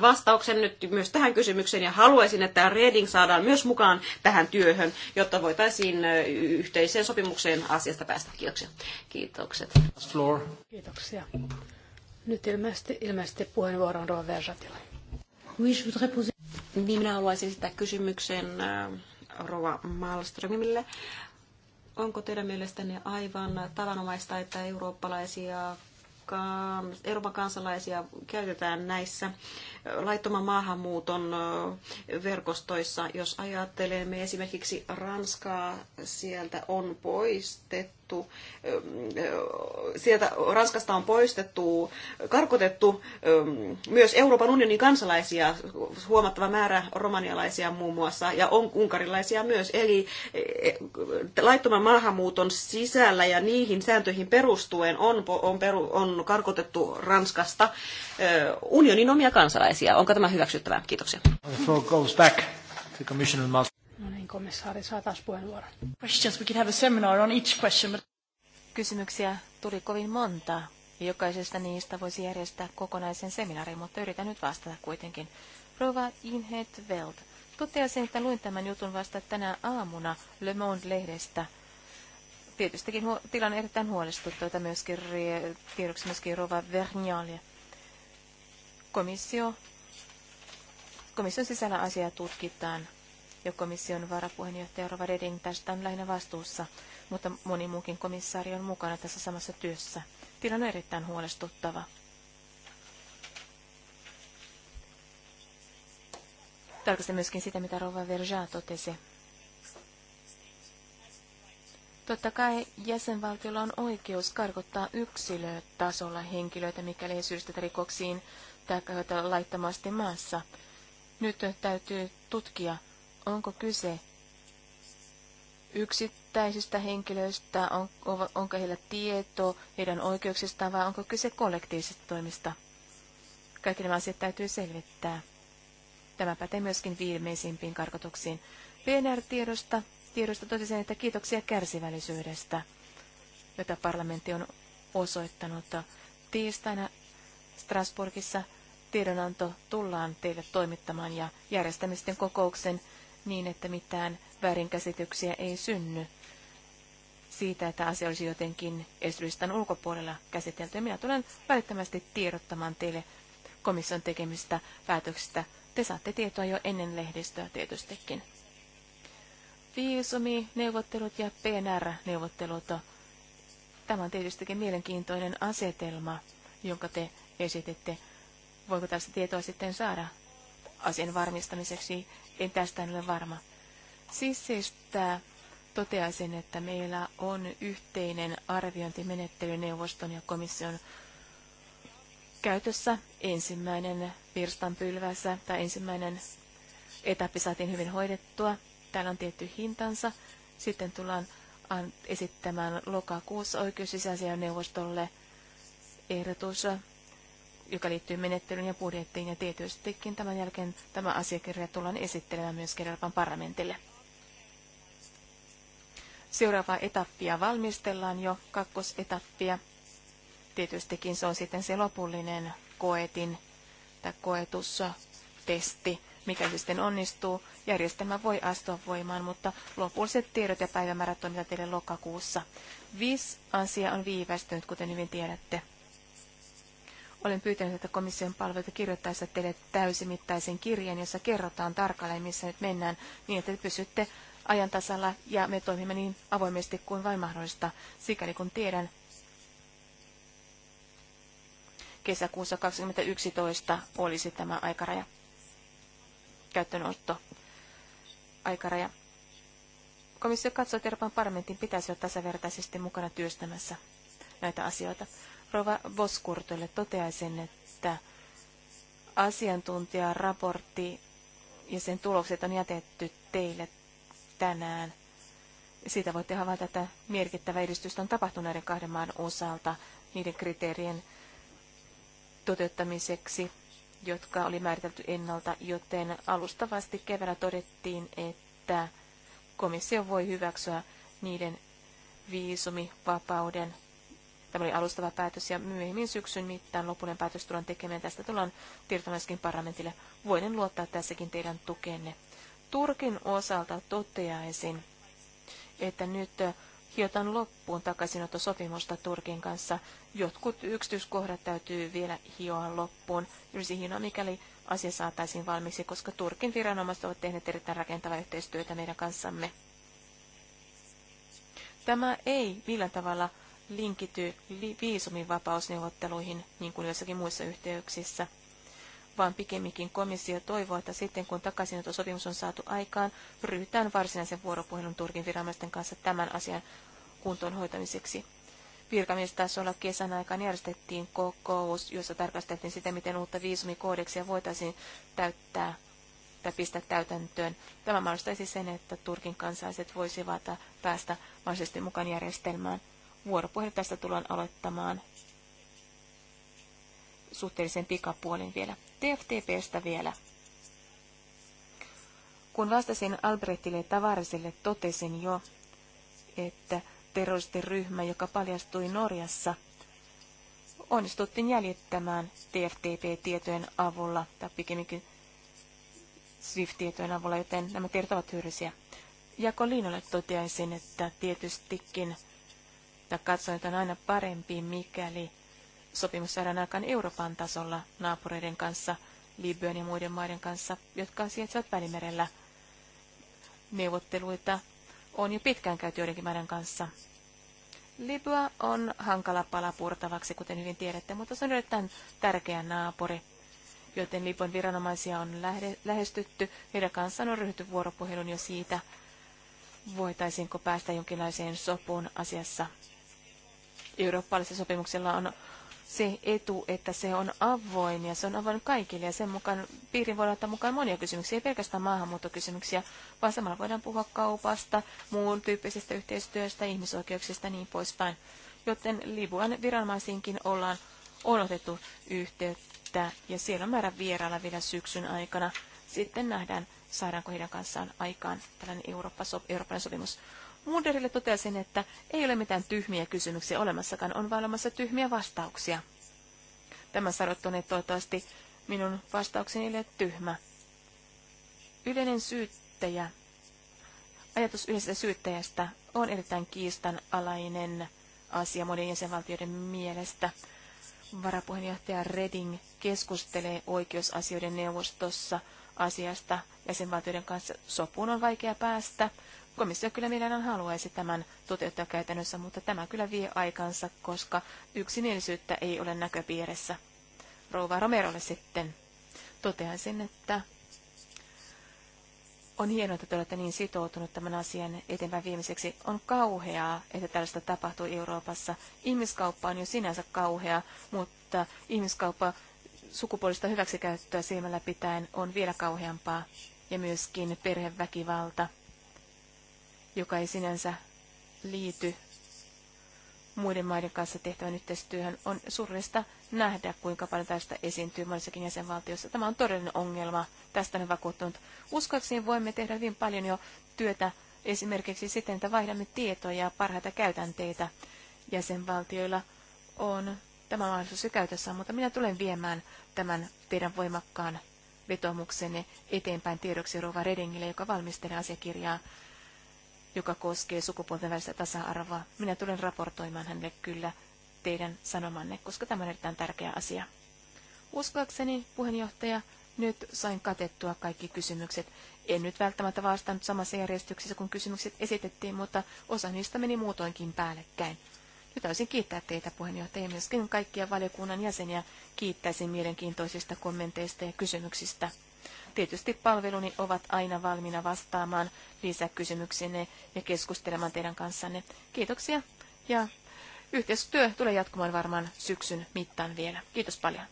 vastauksen nyt myös tähän kysymykseen ja haluaisin, että Reding saadaan myös mukaan tähän työhön, jotta voitaisiin yhteiseen sopimukseen asiasta päästä. Kiitoksia. Kiitokset. Floor. Kiitoksia. Nyt ilmeisesti, ilmeisesti puheenvuoro on Rova Versatille. Niin minä haluaisin sitä kysymyksen Rova Malströmille. Onko teidän mielestänne aivan tavanomaista, että eurooppalaisia Euroopan kansalaisia käytetään näissä laittoman maahanmuuton verkostoissa. Jos ajattelemme esimerkiksi Ranskaa, sieltä on poistettu, sieltä Ranskasta on poistettu, karkotettu myös Euroopan unionin kansalaisia, huomattava määrä romanialaisia muun muassa, ja on unkarilaisia myös. Eli e, e, laittoman maahanmuuton sisällä ja niihin sääntöihin perustuen on, on, on karkotettu Ranskasta unionin omia kansalaisia tyytyväisiä. Onko tämä hyväksyttävää? Kiitoksia. The floor goes back to Commissioner no niin, komissaari saa taas puheenvuoron. Kysymyksiä tuli kovin monta. Jokaisesta niistä voisi järjestää kokonaisen seminaarin, mutta yritän nyt vastata kuitenkin. Rova Inhet Welt. Toteasin, että luin tämän jutun vasta tänä aamuna Le Monde-lehdestä. Tietystikin tilanne erittäin huolestuttava, tuota myöskin tiedoksi myöskin Rova Vernjalia Komissio, komission sisällä asiaa tutkitaan ja komission varapuheenjohtaja Rova Reding tästä on lähinnä vastuussa, mutta moni muukin komissaari on mukana tässä samassa työssä. Tilanne on erittäin huolestuttava. Tarkastan myöskin sitä, mitä Rova Verja totesi. Totta kai jäsenvaltiolla on oikeus karkottaa yksilötasolla henkilöitä, mikäli he syystetä rikoksiin tai hoitaa laittomasti maassa. Nyt täytyy tutkia, onko kyse yksittäisistä henkilöistä, on, onko heillä tieto heidän oikeuksistaan vai onko kyse kollektiivisista toimista. Kaikki nämä asiat täytyy selvittää. Tämä pätee myöskin viimeisimpiin karkotuksiin. PNR-tiedosta tiedosta totesin, että kiitoksia kärsivällisyydestä, jota parlamentti on osoittanut. Tiistaina Strasbourgissa tiedonanto tullaan teille toimittamaan ja järjestämisten kokouksen niin, että mitään väärinkäsityksiä ei synny siitä, että asia olisi jotenkin esityslistan ulkopuolella käsitelty. Minä tulen välittömästi tiedottamaan teille komission tekemistä päätöksistä. Te saatte tietoa jo ennen lehdistöä tietystikin. Viisumi, neuvottelut ja PNR-neuvottelut. Tämä on tietystikin mielenkiintoinen asetelma, jonka te esititte. Voiko tästä tietoa sitten saada asian varmistamiseksi? En tästä en ole varma. tämä toteaisin, että meillä on yhteinen arviointimenettely neuvoston ja komission käytössä. Ensimmäinen virstanpylvässä tai ensimmäinen etappi saatiin hyvin hoidettua. Täällä on tietty hintansa. Sitten tullaan esittämään lokakuussa sisäisiä neuvostolle ehdotus joka liittyy menettelyyn ja budjettiin, ja tietystikin tämän jälkeen tämä asiakirja tullaan esittelemään myös Euroopan parlamentille. Seuraavaa etappia valmistellaan jo, kakkosetappia. Tietystikin se on sitten se lopullinen koetin tai koetussa testi, mikä sitten onnistuu. Järjestelmä voi astua voimaan, mutta lopulliset tiedot ja päivämäärät toimitetaan teille lokakuussa. Viisi asia on viivästynyt, kuten hyvin tiedätte. Olen pyytänyt, että komission palveluita kirjoittaessa teille täysimittaisen kirjeen, jossa kerrotaan tarkalleen, missä nyt mennään, niin että te pysytte ajan tasalla ja me toimimme niin avoimesti kuin vain mahdollista, sikäli kun tiedän. Kesäkuussa 2011 olisi tämä aikaraja, käyttöönotto aikaraja. Komissio katsoo, että Euroopan parlamentin pitäisi olla tasavertaisesti mukana työstämässä näitä asioita. Rova Boskurtolle toteaisin, että asiantuntijaraportti ja sen tulokset on jätetty teille tänään. Siitä voitte havaita, että merkittävä edistystä on tapahtunut näiden kahden maan osalta niiden kriteerien toteuttamiseksi, jotka oli määritelty ennalta, joten alustavasti keväällä todettiin, että komissio voi hyväksyä niiden viisumivapauden Tämä oli alustava päätös ja myöhemmin syksyn mittaan lopullinen päätös tullaan tekemään. Tästä tullaan tiedottamaan parlamentille. Voinen luottaa tässäkin teidän tukenne. Turkin osalta toteaisin, että nyt äh, hiotan loppuun takaisinottosopimusta Turkin kanssa. Jotkut yksityiskohdat täytyy vielä hioa loppuun. Yrsi hinoa, mikäli asia saataisiin valmiiksi, koska Turkin viranomaiset ovat tehneet erittäin rakentavaa yhteistyötä meidän kanssamme. Tämä ei millään tavalla linkity viisumivapausneuvotteluihin, niin kuin joissakin muissa yhteyksissä, vaan pikemminkin komissio toivoo, että sitten kun takaisinottosopimus on saatu aikaan, ryhdytään varsinaisen vuoropuhelun Turkin viranomaisten kanssa tämän asian kuntoon hoitamiseksi. Virkamiestasolla kesän aikana järjestettiin kokous, jossa tarkasteltiin sitä, miten uutta viisumikoodeksia voitaisiin täyttää tai pistää täytäntöön. Tämä mahdollistaisi sen, että Turkin kansalaiset voisivat päästä mahdollisesti mukaan järjestelmään. Vuoropuhelu tästä tullaan aloittamaan suhteellisen pikapuolin vielä. TFTPstä vielä. Kun vastasin Albrechtille Tavariselle, totesin jo, että terroristiryhmä, joka paljastui Norjassa, onnistuttiin jäljittämään TFTP-tietojen avulla, tai pikemminkin SWIFT-tietojen avulla, joten nämä tiedot ovat hyödyllisiä. Jako Liinalle toteaisin, että tietystikin että katson, että on aina parempi, mikäli sopimus saadaan aikaan Euroopan tasolla naapureiden kanssa, Libyan ja muiden maiden kanssa, jotka sijaitsevat välimerellä. Neuvotteluita on jo pitkään käyty joidenkin maiden kanssa. Libya on hankala pala purtavaksi, kuten hyvin tiedätte, mutta se on erittäin tärkeä naapuri, joten Libyan viranomaisia on lähde, lähestytty. Heidän kanssaan on ryhdytty vuoropuhelun jo siitä, voitaisiinko päästä jonkinlaiseen sopuun asiassa eurooppalaisilla sopimuksilla on se etu, että se on avoin ja se on avoin kaikille ja sen mukaan piirin voidaan ottaa mukaan monia kysymyksiä, ei pelkästään maahanmuuttokysymyksiä, vaan samalla voidaan puhua kaupasta, muun tyyppisestä yhteistyöstä, ihmisoikeuksista ja niin poispäin. Joten Libuan viranomaisiinkin ollaan on otettu yhteyttä ja siellä on määrä vierailla vielä syksyn aikana. Sitten nähdään, saadaanko heidän kanssaan aikaan tällainen Eurooppa, Euroopan sopimus. Munderille totesin, että ei ole mitään tyhmiä kysymyksiä olemassakaan, on vain olemassa tyhmiä vastauksia. Tämä sanottuna, niin että toivottavasti minun vastaukseni ei ole tyhmä. Yleinen syyttäjä, ajatus yleisestä syyttäjästä on erittäin kiistanalainen asia monien jäsenvaltioiden mielestä. Varapuheenjohtaja Reding keskustelee oikeusasioiden neuvostossa asiasta jäsenvaltioiden kanssa. Sopuun on vaikea päästä, Komissio kyllä mielellään haluaisi tämän toteuttaa käytännössä, mutta tämä kyllä vie aikansa, koska yksimielisyyttä ei ole näköpiirissä. Rouva Romerolle sitten toteaisin, että on hienoa, että te olette niin sitoutunut tämän asian eteenpäin viimeiseksi. On kauheaa, että tällaista tapahtuu Euroopassa. Ihmiskauppa on jo sinänsä kauhea, mutta ihmiskauppa sukupuolista hyväksikäyttöä silmällä pitäen on vielä kauheampaa. Ja myöskin perheväkivalta joka ei sinänsä liity muiden maiden kanssa tehtävän yhteistyöhön, on surullista nähdä, kuinka paljon tästä esiintyy monissakin jäsenvaltioissa. Tämä on todellinen ongelma. Tästä on vakuuttunut. Uskoakseni voimme tehdä hyvin paljon jo työtä esimerkiksi siten, että vaihdamme tietoja ja parhaita käytänteitä jäsenvaltioilla on tämä mahdollisuus jo käytössä, mutta minä tulen viemään tämän teidän voimakkaan vetomuksenne eteenpäin tiedoksi Rova Redingille, joka valmistelee asiakirjaa joka koskee sukupuolten välistä tasa-arvoa. Minä tulen raportoimaan hänelle kyllä teidän sanomanne, koska tämä on erittäin tärkeä asia. Uskoakseni, puheenjohtaja, nyt sain katettua kaikki kysymykset. En nyt välttämättä vastannut samassa järjestyksessä, kun kysymykset esitettiin, mutta osa niistä meni muutoinkin päällekkäin. Nyt olisin kiittää teitä puheenjohtaja ja myöskin kaikkia valiokunnan jäseniä. Kiittäisin mielenkiintoisista kommenteista ja kysymyksistä. Tietysti palveluni ovat aina valmiina vastaamaan lisäkysymyksiinne ja keskustelemaan teidän kanssanne. Kiitoksia ja yhteistyö tulee jatkumaan varmaan syksyn mittaan vielä. Kiitos paljon.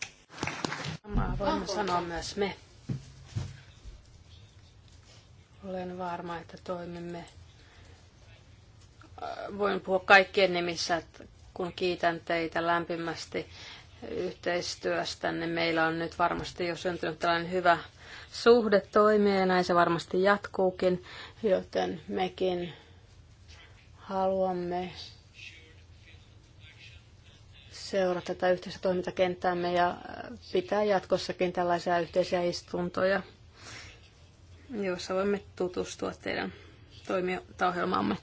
Samaa voimme sanoa myös me. Olen varma, että toimimme. Voin puhua kaikkien nimissä, kun kiitän teitä lämpimästi yhteistyöstänne. Meillä on nyt varmasti jo syntynyt tällainen hyvä suhde toimii ja näin se varmasti jatkuukin, joten mekin haluamme seurata tätä yhteistä toimintakenttäämme ja äh, pitää jatkossakin tällaisia yhteisiä istuntoja, joissa voimme tutustua teidän toimintaohjelmaamme.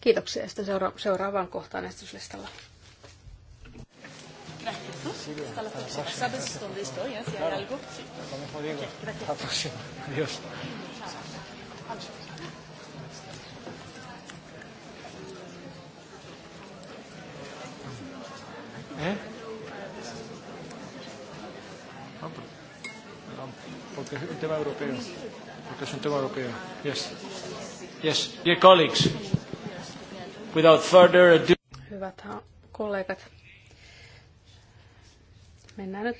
Kiitoksia ja sitten seuraavaan kohtaan esityslistalla. Sabes dónde estoy, hay algo. Sí. gracias. Hasta la próxima. Adiós. ¿Eh? No, porque es un tema europeo. Porque es un tema europeo. Yes. Yes. Dear colleagues, without further ado. Hyvät kollegat, Mennään nyt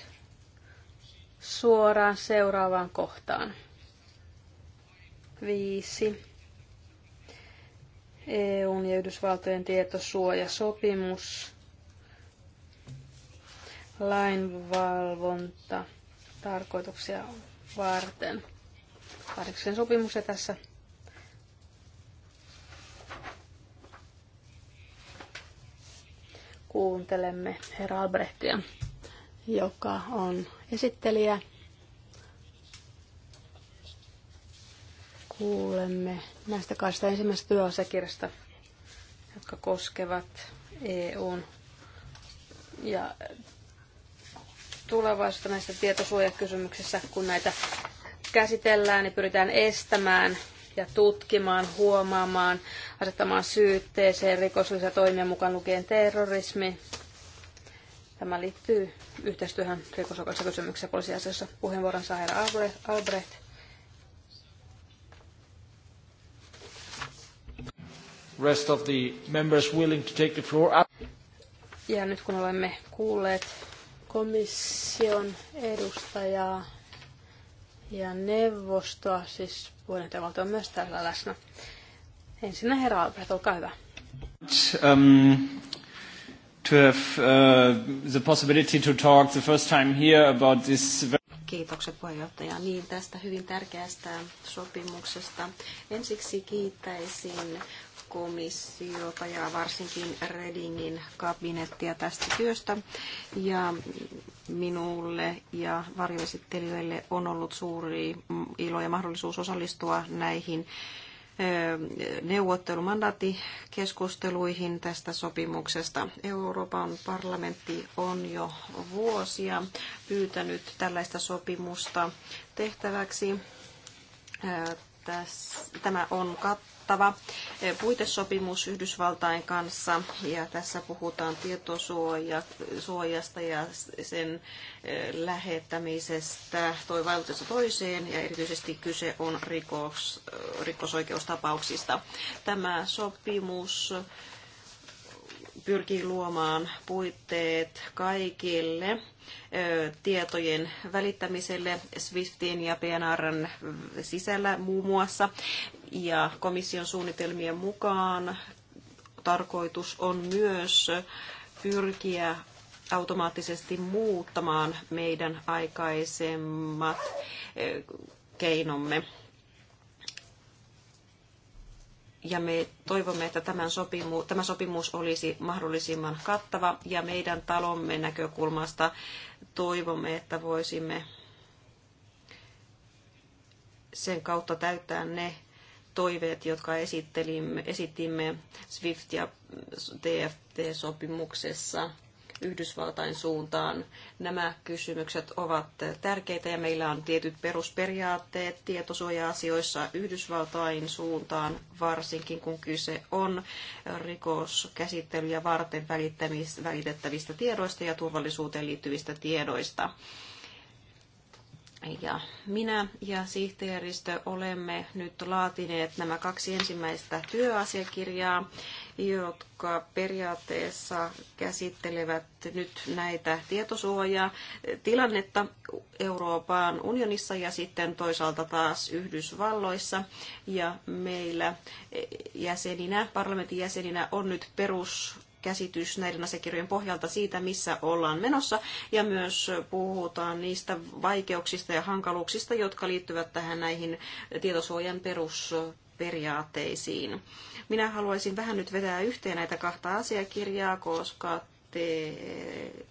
suoraan seuraavaan kohtaan. Viisi. EUn ja Yhdysvaltojen tietosuojasopimus. Lainvalvonta tarkoituksia varten. Kahdeksan sopimus ja tässä kuuntelemme herra Albrehtia joka on esittelijä. Kuulemme näistä kahdesta ensimmäisestä työasiakirjasta, jotka koskevat EUn ja tulevaisuutta näissä tietosuojakysymyksissä, kun näitä käsitellään, niin pyritään estämään ja tutkimaan, huomaamaan, asettamaan syytteeseen rikollisia toimia mukaan lukien terrorismi, Tämä liittyy yhteistyöhön rikosokaisessa kysymyksessä poliisiasiassa. Puheenvuoron saa herra Albrecht. Rest of the members willing to take the floor. Ja nyt kun olemme kuulleet komission edustajaa ja neuvostoa, siis puheenjohtajavaltio on myös täällä läsnä. Ensinnä herra Albrecht, olkaa hyvä. Um, to have uh, the possibility to talk the first time here about this. Kiitokset puheenjohtaja niin tästä hyvin tärkeästä sopimuksesta. Ensiksi kiittäisin komissiota ja varsinkin Redingin kabinettia tästä työstä. Ja minulle ja varjoesittelijöille on ollut suuri ilo ja mahdollisuus osallistua näihin neuvottelumandaattikeskusteluihin tästä sopimuksesta. Euroopan parlamentti on jo vuosia pyytänyt tällaista sopimusta tehtäväksi. Äh, tämä on kattava kattava puitesopimus Yhdysvaltain kanssa ja tässä puhutaan tietosuojasta ja sen eh, lähettämisestä toivaltiosta toiseen ja erityisesti kyse on rikos, eh, rikosoikeustapauksista. Tämä sopimus pyrkii luomaan puitteet kaikille tietojen välittämiselle SWIFTin ja PNRn sisällä muun muassa. Ja komission suunnitelmien mukaan tarkoitus on myös pyrkiä automaattisesti muuttamaan meidän aikaisemmat keinomme ja me toivomme, että tämän sopimu, tämä sopimus olisi mahdollisimman kattava ja meidän talomme näkökulmasta toivomme, että voisimme sen kautta täyttää ne toiveet, jotka esittelimme, esitimme SWIFT- ja TFT-sopimuksessa Yhdysvaltain suuntaan. Nämä kysymykset ovat tärkeitä ja meillä on tietyt perusperiaatteet tietosuoja-asioissa Yhdysvaltain suuntaan, varsinkin kun kyse on rikoskäsittelyjä varten välitettävistä tiedoista ja turvallisuuteen liittyvistä tiedoista. Ja minä ja sihteeristö olemme nyt laatineet nämä kaksi ensimmäistä työasiakirjaa jotka periaatteessa käsittelevät nyt näitä tietosuojatilannetta Euroopan unionissa ja sitten toisaalta taas Yhdysvalloissa. Ja meillä jäseninä, parlamentin jäseninä on nyt perus käsitys näiden asiakirjojen pohjalta siitä, missä ollaan menossa, ja myös puhutaan niistä vaikeuksista ja hankaluuksista, jotka liittyvät tähän näihin tietosuojan perus periaatteisiin. Minä haluaisin vähän nyt vetää yhteen näitä kahta asiakirjaa, koska te,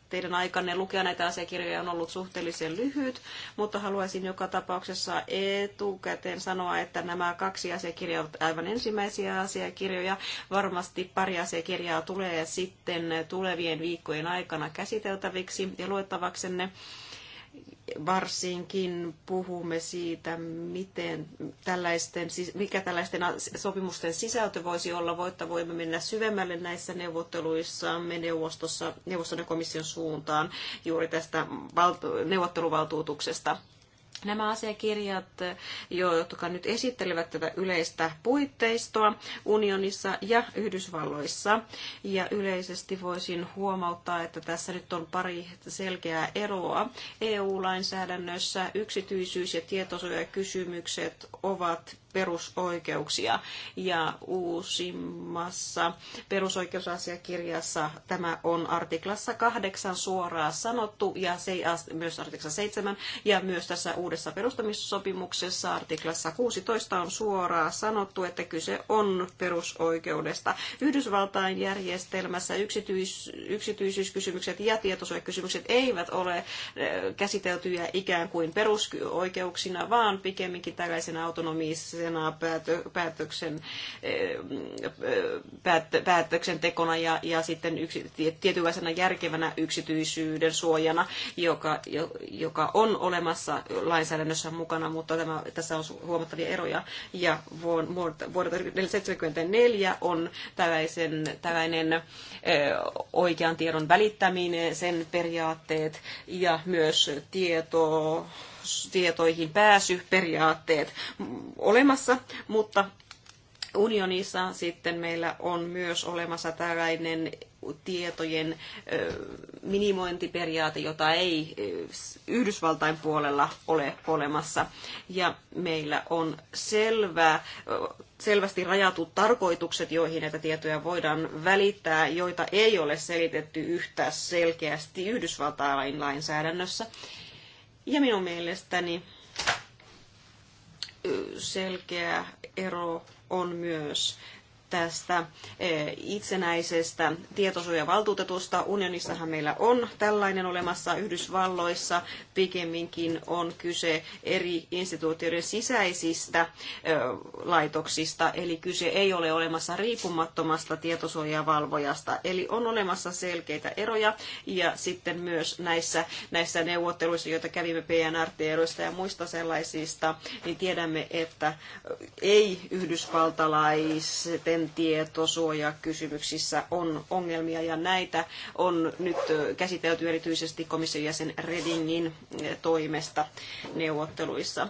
teidän aikanne lukea näitä asiakirjoja on ollut suhteellisen lyhyt, mutta haluaisin joka tapauksessa etukäteen sanoa, että nämä kaksi asiakirjaa ovat aivan ensimmäisiä asiakirjoja. Varmasti pari asiakirjaa tulee sitten tulevien viikkojen aikana käsiteltäviksi ja luettavaksenne varsinkin puhumme siitä, miten tällaisten, mikä tällaisten sopimusten sisältö voisi olla, voitta voimme mennä syvemmälle näissä neuvotteluissamme neuvostossa, neuvoston ja komission suuntaan juuri tästä neuvotteluvaltuutuksesta. Nämä asiakirjat, jotka nyt esittelevät tätä yleistä puitteistoa unionissa ja Yhdysvalloissa. Ja yleisesti voisin huomauttaa, että tässä nyt on pari selkeää eroa. EU-lainsäädännössä yksityisyys- ja tietosuojakysymykset ovat perusoikeuksia. Ja uusimmassa perusoikeusasiakirjassa tämä on artiklassa kahdeksan suoraan sanottu ja se, myös artikla 7 ja myös tässä uudessa perustamissopimuksessa artiklassa 16 on suoraan sanottu, että kyse on perusoikeudesta. Yhdysvaltain järjestelmässä yksityis, yksityisyyskysymykset ja tietosuojakysymykset eivät ole eh, käsiteltyjä ikään kuin perusoikeuksina, vaan pikemminkin tällaisena autonomisena poliittisena päätöksen, eh, päätöksentekona ja, ja sitten yksi, tietynlaisena järkevänä yksityisyyden suojana, joka, joka on olemassa lainsäädännössä mukana, mutta tämä, tässä on huomattavia eroja. Ja vuodelta 1974 on tällaisen, tällainen eh, oikean tiedon välittäminen, sen periaatteet ja myös tieto tietoihin pääsyperiaatteet olemassa, mutta unionissa sitten meillä on myös olemassa tällainen tietojen minimointiperiaate, jota ei Yhdysvaltain puolella ole olemassa. Ja meillä on selvä, selvästi rajatut tarkoitukset, joihin näitä tietoja voidaan välittää, joita ei ole selitetty yhtä selkeästi Yhdysvaltain lainsäädännössä. Ja minun mielestäni selkeä ero on myös tästä eh, itsenäisestä tietosuojavaltuutetusta. Unionissahan meillä on tällainen olemassa Yhdysvalloissa. Pikemminkin on kyse eri instituutioiden sisäisistä eh, laitoksista, eli kyse ei ole olemassa riippumattomasta tietosuojavalvojasta. Eli on olemassa selkeitä eroja ja sitten myös näissä, näissä neuvotteluissa, joita kävimme PNR-tiedoista ja muista sellaisista, niin tiedämme, että ei yhdysvaltalaisten sitten tietosuojakysymyksissä on ongelmia ja näitä on nyt käsitelty erityisesti komission jäsen Redingin toimesta neuvotteluissa.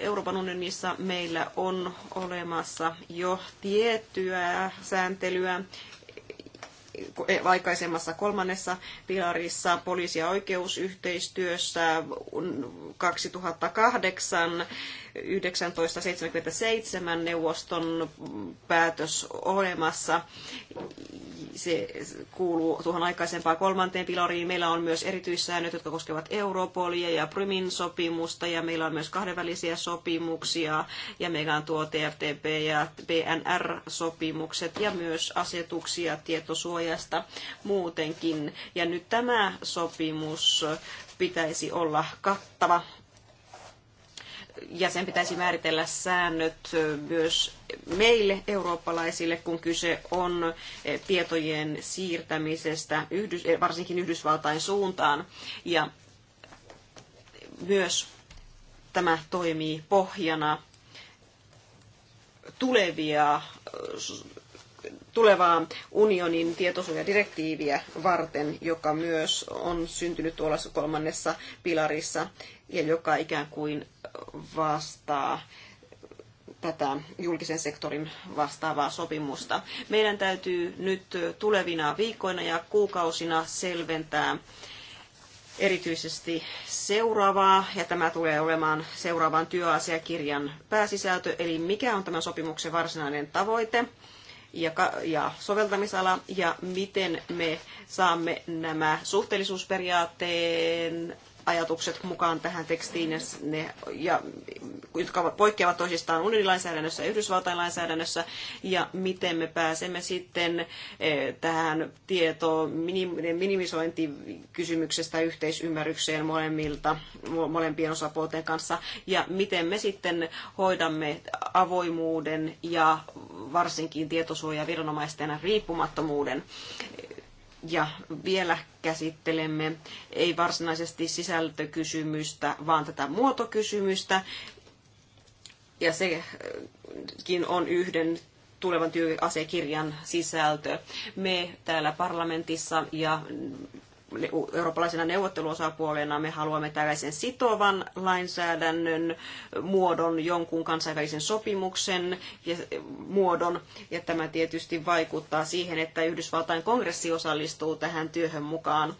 Euroopan unionissa meillä on olemassa jo tiettyä sääntelyä, e, aikaisemmassa kolmannessa pilarissa poliisi- ja oikeusyhteistyössä 2008 1977 neuvoston päätös olemassa. Se kuuluu tuohon aikaisempaan kolmanteen pilariin. Meillä on myös erityissäännöt, jotka koskevat Europolia ja Prymin sopimusta, ja meillä on myös kahdenvälisiä sopimuksia, ja meillä on tuo TFTP ja PNR-sopimukset, ja myös asetuksia tietosuojasta muutenkin. Ja nyt tämä sopimus pitäisi olla kattava ja sen pitäisi määritellä säännöt myös meille eurooppalaisille, kun kyse on eh, tietojen siirtämisestä eh, varsinkin Yhdysvaltain suuntaan. Ja myös tämä toimii pohjana tulevia, tulevaa unionin tietosuojadirektiiviä varten, joka myös on syntynyt tuolla kolmannessa pilarissa ja joka ikään kuin vastaa tätä julkisen sektorin vastaavaa sopimusta. Meidän täytyy nyt tulevina viikkoina ja kuukausina selventää erityisesti seuraavaa, ja tämä tulee olemaan seuraavan työasiakirjan pääsisältö, eli mikä on tämän sopimuksen varsinainen tavoite ja, ja soveltamisala, ja miten me saamme nämä suhteellisuusperiaatteen ajatukset mukaan tähän tekstiin, ja ne, ja, jotka poikkeavat toisistaan unionilainsäädännössä ja Yhdysvaltain lainsäädännössä, ja miten me pääsemme sitten eh, tähän tietoon minimisointikysymyksestä yhteisymmärrykseen molemmilta, molempien osapuolten kanssa, ja miten me sitten hoidamme avoimuuden ja varsinkin tietosuojaviranomaisten riippumattomuuden. Ja vielä käsittelemme ei varsinaisesti sisältökysymystä, vaan tätä muotokysymystä. Ja sekin on yhden tulevan työasiakirjan sisältö. Me täällä parlamentissa ja eurooppalaisena neuvotteluosapuolena me haluamme tällaisen sitovan lainsäädännön muodon, jonkun kansainvälisen sopimuksen ja e, muodon. Ja tämä tietysti vaikuttaa siihen, että Yhdysvaltain kongressi osallistuu tähän työhön mukaan.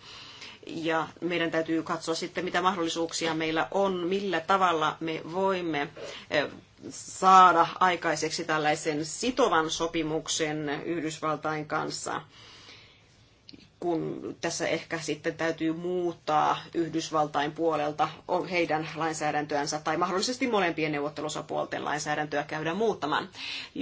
Ja meidän täytyy katsoa sitten, mitä mahdollisuuksia meillä on, millä tavalla me voimme e, saada aikaiseksi tällaisen sitovan sopimuksen Yhdysvaltain kanssa kun tässä ehkä sitten täytyy muuttaa Yhdysvaltain puolelta heidän lainsäädäntöänsä tai mahdollisesti molempien neuvottelusapuolten lainsäädäntöä käydä muuttamaan.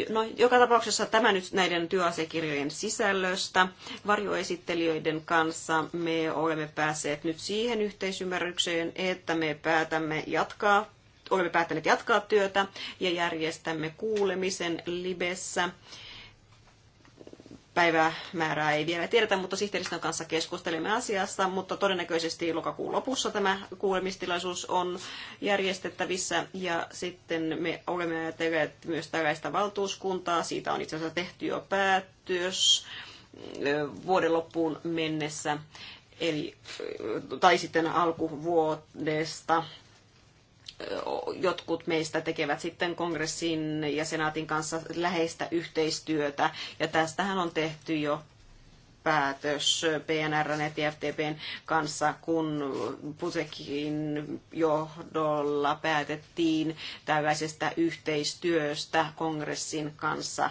No, joka tapauksessa tämä nyt näiden työasiakirjojen sisällöstä. Varjoesittelijöiden kanssa me olemme päässeet nyt siihen yhteisymmärrykseen, että me päätämme jatkaa olemme päättäneet jatkaa työtä ja järjestämme kuulemisen Libessä päivämäärää ei vielä tiedetä, mutta sihteeristön kanssa keskustelemme asiasta, mutta todennäköisesti lokakuun lopussa tämä kuulemistilaisuus on järjestettävissä ja sitten me olemme ajatelleet myös tällaista valtuuskuntaa, siitä on itse asiassa tehty jo päätös vuoden loppuun mennessä, eli, tai sitten alkuvuodesta jotkut meistä tekevät sitten kongressin ja senaatin kanssa läheistä yhteistyötä. Ja tästähän on tehty jo päätös PNRn ja TFTPn kanssa, kun Pusekin johdolla päätettiin tällaisesta yhteistyöstä kongressin kanssa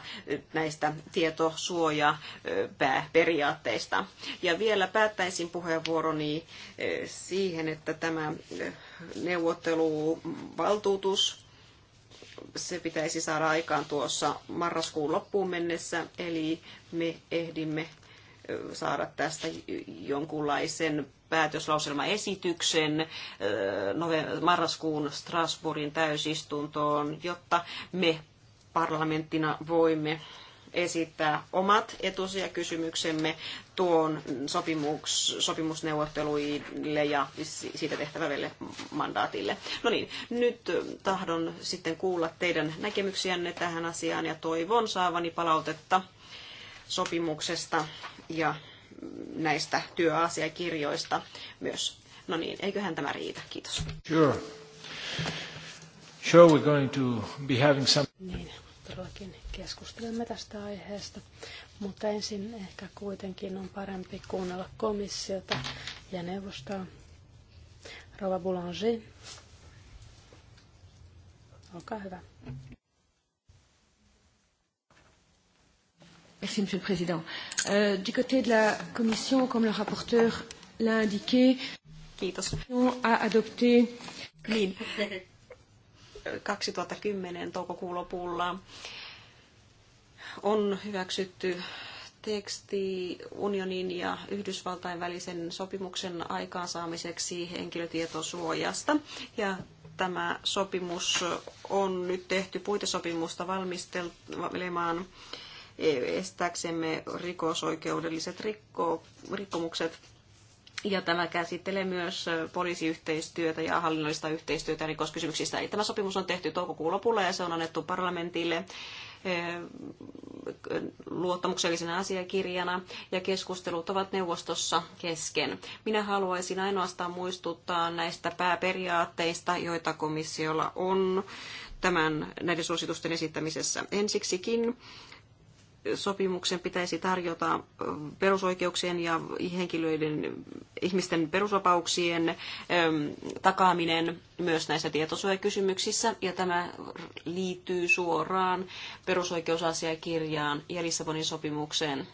näistä tietosuojaperiaatteista. Ja vielä päättäisin puheenvuoroni siihen, että tämä neuvotteluvaltuutus se pitäisi saada aikaan tuossa marraskuun loppuun mennessä, eli me ehdimme saada tästä jonkunlaisen päätöslauselmaesityksen marraskuun Strasbourgin täysistuntoon, jotta me parlamenttina voimme esittää omat etusia kysymyksemme tuon sopimuks, sopimusneuvotteluille ja siitä tehtävälle mandaatille. No niin, nyt tahdon sitten kuulla teidän näkemyksiänne tähän asiaan ja toivon saavani palautetta sopimuksesta ja näistä työasiakirjoista myös. No niin, eiköhän tämä riitä. Kiitos. Sure. Sure, we're going to be having some... Niin, todellakin keskustelemme tästä aiheesta, mutta ensin ehkä kuitenkin on parempi kuunnella komissiota ja neuvostoa. Rova Boulanger, olkaa hyvä. Merci, Monsieur le Président. Euh, du côté de la Commission, comme le rapporteur l'a indiqué, Kiitos. a adopté... Niin. 2010 toukokuun lopulla on hyväksytty teksti unionin ja Yhdysvaltain välisen sopimuksen aikaansaamiseksi henkilötietosuojasta. Ja tämä sopimus on nyt tehty puitesopimusta valmistelemaan estääksemme rikosoikeudelliset rikko, rikkomukset. Ja tämä käsittelee myös poliisiyhteistyötä ja hallinnollista yhteistyötä rikoskysymyksistä. Tämä sopimus on tehty toukokuun lopulla ja se on annettu parlamentille eh, luottamuksellisena asiakirjana ja keskustelut ovat neuvostossa kesken. Minä haluaisin ainoastaan muistuttaa näistä pääperiaatteista, joita komissiolla on tämän, näiden suositusten esittämisessä. Ensiksikin sopimuksen pitäisi tarjota perusoikeuksien ja henkilöiden, ihmisten perusvapauksien ähm, takaaminen myös näissä tietosuojakysymyksissä, ja tämä liittyy suoraan perusoikeusasiakirjaan ja Lissabonin sopimukseen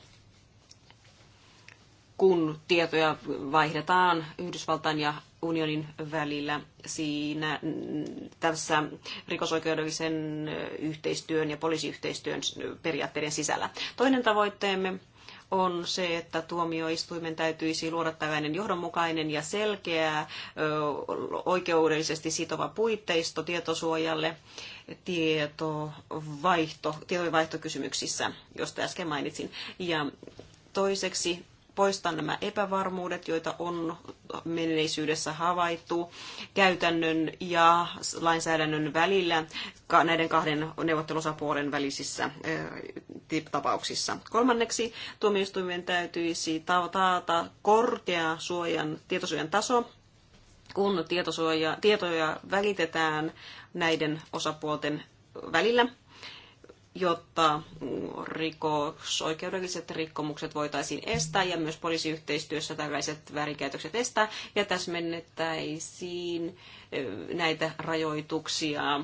kun tietoja vaihdetaan Yhdysvaltain ja unionin välillä siinä mm, tässä rikosoikeudellisen yhteistyön ja poliisiyhteistyön periaatteiden sisällä. Toinen tavoitteemme on se, että tuomioistuimen täytyisi luoda tällainen johdonmukainen ja selkeä oikeudellisesti sitova puitteisto tietosuojalle tietovaihto, tietojenvaihtokysymyksissä, josta äsken mainitsin. Ja toiseksi poistaa nämä epävarmuudet, joita on menneisyydessä havaittu käytännön ja lainsäädännön välillä näiden kahden neuvottelusapuolen välisissä tapauksissa. Kolmanneksi tuomioistuimen täytyisi taata korkea suojan, tietosuojan taso, kun tietosuoja, tietoja välitetään näiden osapuolten välillä jotta rikosoikeudelliset rikkomukset voitaisiin estää ja myös poliisiyhteistyössä tällaiset väärinkäytökset estää ja täsmennettäisiin näitä rajoituksia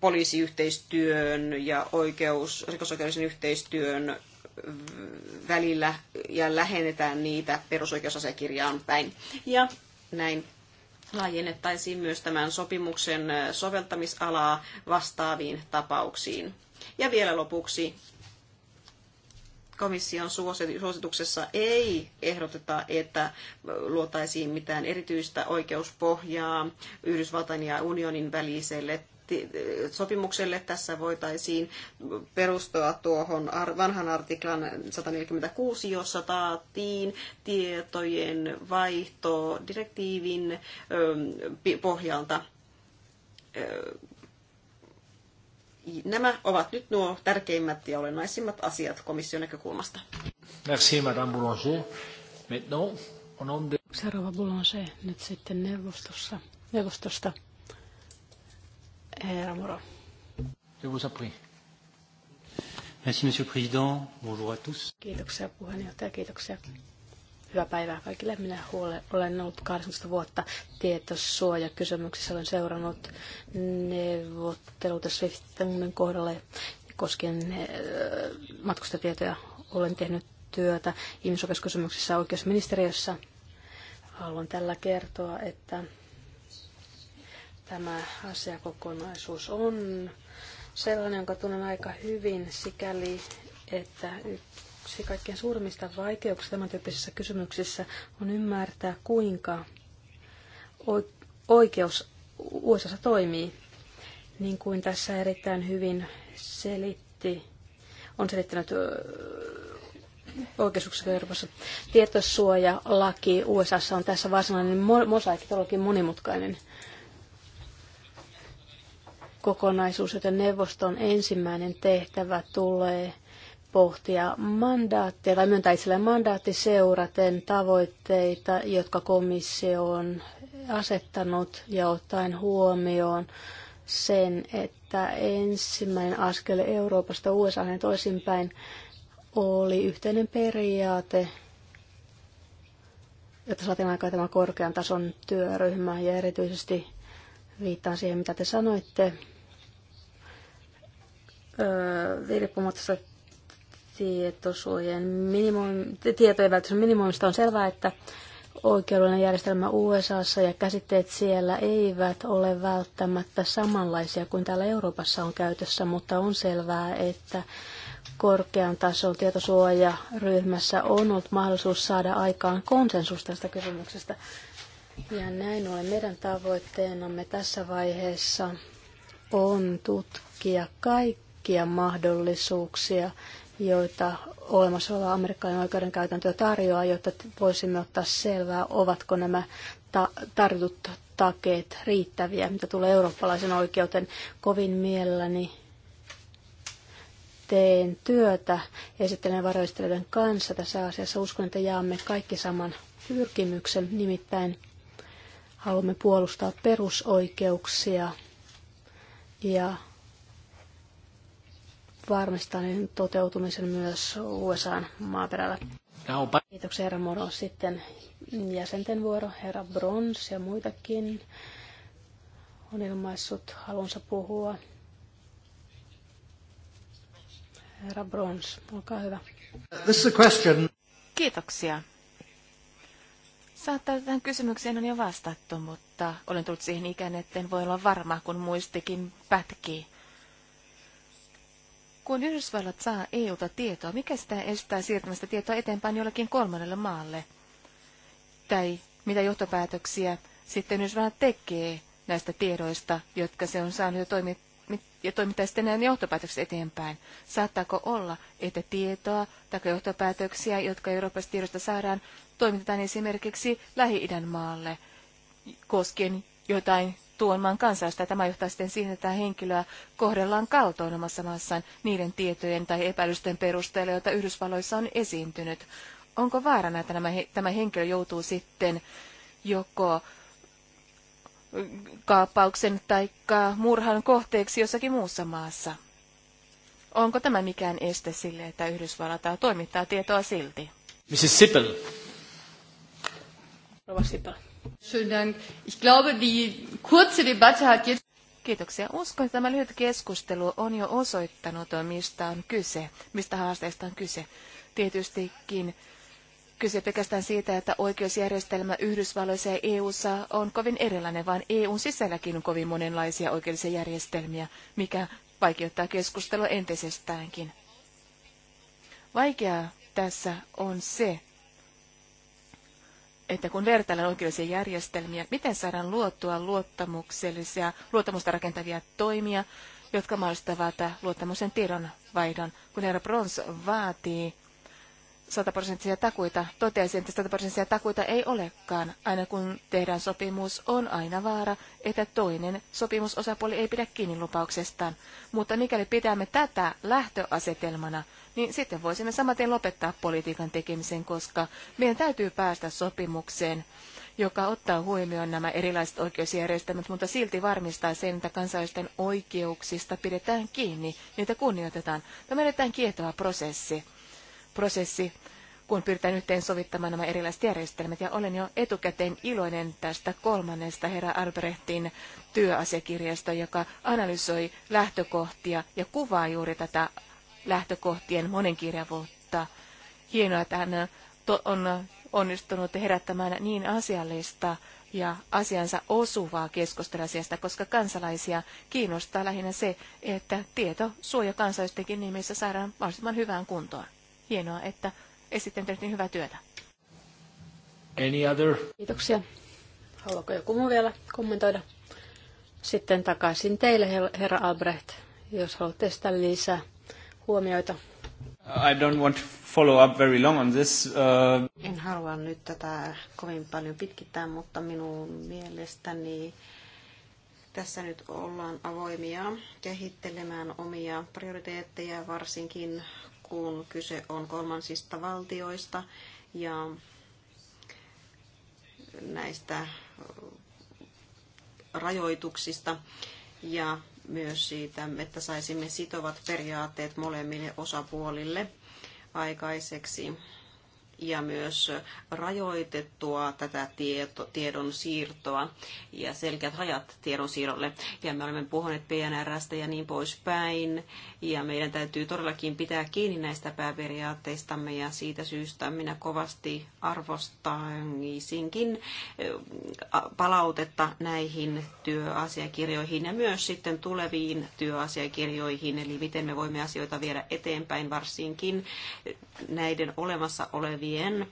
poliisiyhteistyön ja oikeus, rikosoikeudellisen yhteistyön välillä ja lähennetään niitä perusoikeusasiakirjaan päin. Ja näin laajennettaisiin myös tämän sopimuksen soveltamisalaa vastaaviin tapauksiin. Ja vielä lopuksi komission suosituksessa ei ehdoteta, että luotaisiin mitään erityistä oikeuspohjaa Yhdysvaltain ja unionin väliselle sopimukselle. Tässä voitaisiin perustua tuohon vanhan artiklan 146, jossa taattiin tietojen vaihto direktiivin pohjalta nämä ovat nyt nuo tärkeimmät ja olennaisimmat asiat komission näkökulmasta. Merci, Madame Boulanger. Maintenant, on on de... Seuraava Boulanger nyt sitten neuvostossa, neuvostosta herra Je vous appris. Merci, monsieur le président. Bonjour à tous. Kiitoksia puheenjohtaja, kiitoksia. Hyvää päivää kaikille. Minä olen ollut 18 vuotta tietosuojakysymyksissä. Olen seurannut neuvotteluita Swiftin kohdalla koskien eh, matkustatietoja. Olen tehnyt työtä ihmisoikeuskysymyksissä oikeusministeriössä. Haluan tällä kertoa, että Tämä asiakokonaisuus on sellainen, jonka tunnen aika hyvin sikäli, että yksi kaikkein suurimmista vaikeuksista tämän tyyppisissä kysymyksissä on ymmärtää, kuinka oikeus USA toimii. Niin kuin tässä erittäin hyvin selitti, on selittänyt oikeuksiksi Euroopassa. Tietosuojalaki USA on tässä varsinainen mosaikki, todellakin monimutkainen kokonaisuus, joten neuvoston ensimmäinen tehtävä tulee pohtia mandaattia tai myöntää itselleen mandaatti seuraten tavoitteita, jotka komissio on asettanut ja ottaen huomioon sen, että ensimmäinen askel Euroopasta USA ja toisinpäin oli yhteinen periaate, jotta saatiin aikaan tämä korkean tason työryhmä ja erityisesti viittaan siihen, mitä te sanoitte riippumatta tietosuojien minimoim, tietojen välityksen minimoimista on selvää, että oikeudellinen järjestelmä USAssa ja käsitteet siellä eivät ole välttämättä samanlaisia kuin täällä Euroopassa on käytössä, mutta on selvää, että korkean tason tietosuojaryhmässä on ollut mahdollisuus saada aikaan konsensus tästä kysymyksestä. Ja näin ollen meidän tavoitteenamme tässä vaiheessa on tutkia kaikki kaikkia mahdollisuuksia, joita olemassa oleva amerikkalainen oikeudenkäytäntö tarjoaa, jotta voisimme ottaa selvää, ovatko nämä ta- tarjotut takeet riittäviä, mitä tulee eurooppalaisen oikeuteen. Kovin mielelläni teen työtä esittelen varoistelijoiden kanssa tässä asiassa. Uskon, että jaamme kaikki saman pyrkimyksen, nimittäin haluamme puolustaa perusoikeuksia ja varmistaa niiden toteutumisen myös USAn maaperällä. Kiitoksia herra Moro. Sitten jäsenten vuoro, herra Brons ja muitakin on ilmaissut halunsa puhua. Herra Brons, olkaa hyvä. This is a question. Kiitoksia. Saattaa tähän kysymykseen on jo vastattu, mutta olen tullut siihen ikään, etten voi olla varma, kun muistikin pätkii. Kun Yhdysvallat saa euta tietoa, mikä sitä estää siirtämästä tietoa eteenpäin jollekin kolmannelle maalle? Tai mitä johtopäätöksiä sitten Yhdysvallat tekee näistä tiedoista, jotka se on saanut jo toimi, ja toimittaa sitten näin johtopäätöksiä eteenpäin. Saattaako olla, että tietoa tai johtopäätöksiä, jotka Euroopassa tiedosta saadaan, toimitetaan esimerkiksi Lähi-idän maalle koskien jotain tuon maan kansalaista. Tämä johtaa sitten siihen, että henkilöä kohdellaan kaltoin omassa maassaan niiden tietojen tai epäilysten perusteella, joita Yhdysvalloissa on esiintynyt. Onko vaarana, että nämä, tämä henkilö joutuu sitten joko kaappauksen tai murhan kohteeksi jossakin muussa maassa? Onko tämä mikään este sille, että Yhdysvallat toimittaa tietoa silti? Mrs. Sippel. Rova Sippel. Kiitoksia. Uskon, että tämä lyhyt keskustelu on jo osoittanut, mistä on kyse, mistä haasteista on kyse. Tietystikin kyse pelkästään siitä, että oikeusjärjestelmä Yhdysvalloissa ja EU:ssa on kovin erilainen, vaan EUn sisälläkin on kovin monenlaisia oikeudellisia järjestelmiä, mikä vaikeuttaa keskustelua entisestäänkin. Vaikeaa tässä on se, että kun vertaillaan oikeudellisia järjestelmiä, miten saadaan luotua luottamuksellisia, luottamusta rakentavia toimia, jotka mahdollistavat luottamuksen tiedonvaihdon. Kun herra Brons vaatii sataprosenttisia takuita, toteaisin, että sataprosenttisia takuita ei olekaan. Aina kun tehdään sopimus, on aina vaara, että toinen sopimusosapuoli ei pidä kiinni lupauksestaan. Mutta mikäli pidämme tätä lähtöasetelmana, niin sitten voisimme samaten lopettaa politiikan tekemisen, koska meidän täytyy päästä sopimukseen joka ottaa huomioon nämä erilaiset oikeusjärjestelmät, mutta silti varmistaa sen, että kansalaisten oikeuksista pidetään kiinni, niitä kunnioitetaan. Tämä on erittäin kietova prosessi, prosessi kun pyritään yhteen sovittamaan nämä erilaiset järjestelmät. Ja olen jo etukäteen iloinen tästä kolmannesta herra Albrechtin työasiakirjasta, joka analysoi lähtökohtia ja kuvaa juuri tätä lähtökohtien monenkirjavuutta. Hienoa, että hän äh, on äh, onnistunut herättämään niin asiallista ja asiansa osuvaa keskustelua koska kansalaisia kiinnostaa lähinnä se, että tieto suoja kansalaistenkin nimissä saadaan mahdollisimman hyvään kuntoon. Hienoa, että esitten tehtiin hyvää työtä. Any other? Kiitoksia. Haluaako joku muu vielä kommentoida? Sitten takaisin teille, herra Albrecht, jos haluatte sitä lisää huomioita. I don't want to follow up very long on this. Uh... En halua nyt tätä kovin paljon pitkittää, mutta minun mielestäni tässä nyt ollaan avoimia kehittelemään omia prioriteetteja, varsinkin kun kyse on kolmansista valtioista ja näistä rajoituksista. Ja myös siitä, että saisimme sitovat periaatteet molemmille osapuolille aikaiseksi ja myös rajoitettua tätä tieto, tiedon siirtoa ja selkeät rajat tiedon siirrolle. Ja me olemme puhuneet PNRstä ja niin poispäin. Ja meidän täytyy todellakin pitää kiinni näistä pääperiaatteistamme ja siitä syystä minä kovasti arvostaisinkin palautetta näihin työasiakirjoihin ja myös sitten tuleviin työasiakirjoihin, eli miten me voimme asioita viedä eteenpäin varsinkin näiden olemassa olevien omien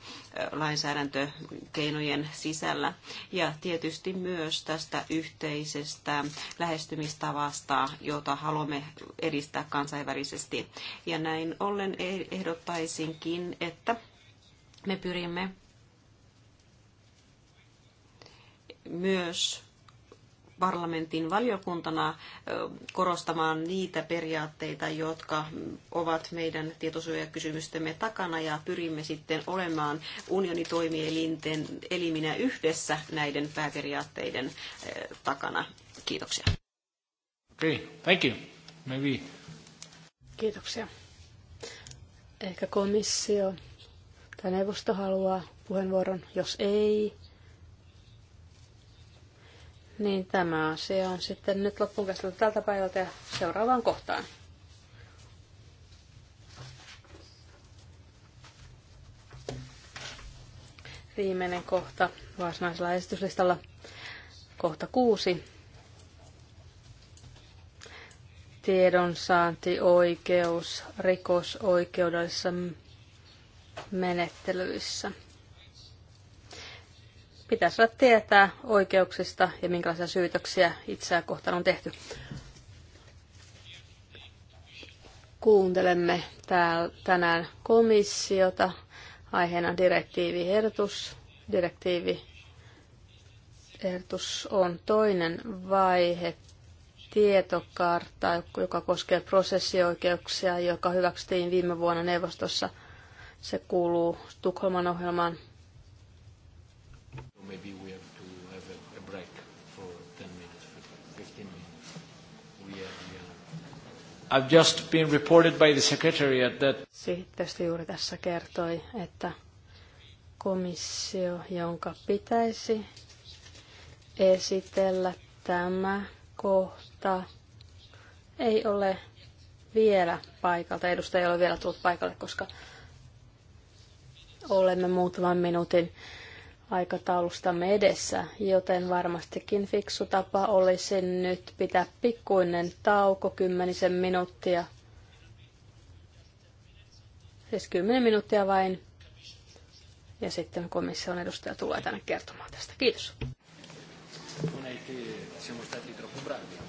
lainsäädäntökeinojen sisällä. Ja tietysti myös tästä yhteisestä lähestymistavasta, jota haluamme edistää kansainvälisesti. Ja näin ollen eh, ehdottaisinkin, että me pyrimme myös parlamentin valiokuntana korostamaan niitä periaatteita, jotka ovat meidän tietosuojakysymystemme takana ja pyrimme sitten olemaan unionitoimielinten eliminä yhdessä näiden pääperiaatteiden takana. Kiitoksia. Okay, thank you. Maybe. Kiitoksia. Ehkä komissio tai neuvosto haluaa puheenvuoron. Jos ei, niin tämä asia on sitten nyt loppuun käsitelty tältä päivältä ja seuraavaan kohtaan. Viimeinen kohta varsinaisella esityslistalla, kohta kuusi. Tiedonsaantioikeus rikosoikeudellisissa menettelyissä. Pitäisi olla tietää oikeuksista ja minkälaisia syytöksiä itseä kohtaan on tehty. Kuuntelemme täällä tänään komissiota aiheena direktiiviehdotus. Direktiiviehdotus on toinen vaihe tietokartta, joka koskee prosessioikeuksia, joka hyväksyttiin viime vuonna neuvostossa. Se kuuluu Tukholman ohjelmaan I've just been reported by the secretariat that... juuri tässä kertoi, että komissio, jonka pitäisi esitellä tämä kohta, ei ole vielä paikalta. Edustaja ei ole vielä tullut paikalle, koska olemme muutaman minuutin aikataulustamme edessä, joten varmastikin fiksu tapa olisi nyt pitää pikkuinen tauko kymmenisen minuuttia. Siis kymmenen minuuttia vain. Ja sitten komission edustaja tulee tänne kertomaan tästä. Kiitos. Siamo stati troppo bravi.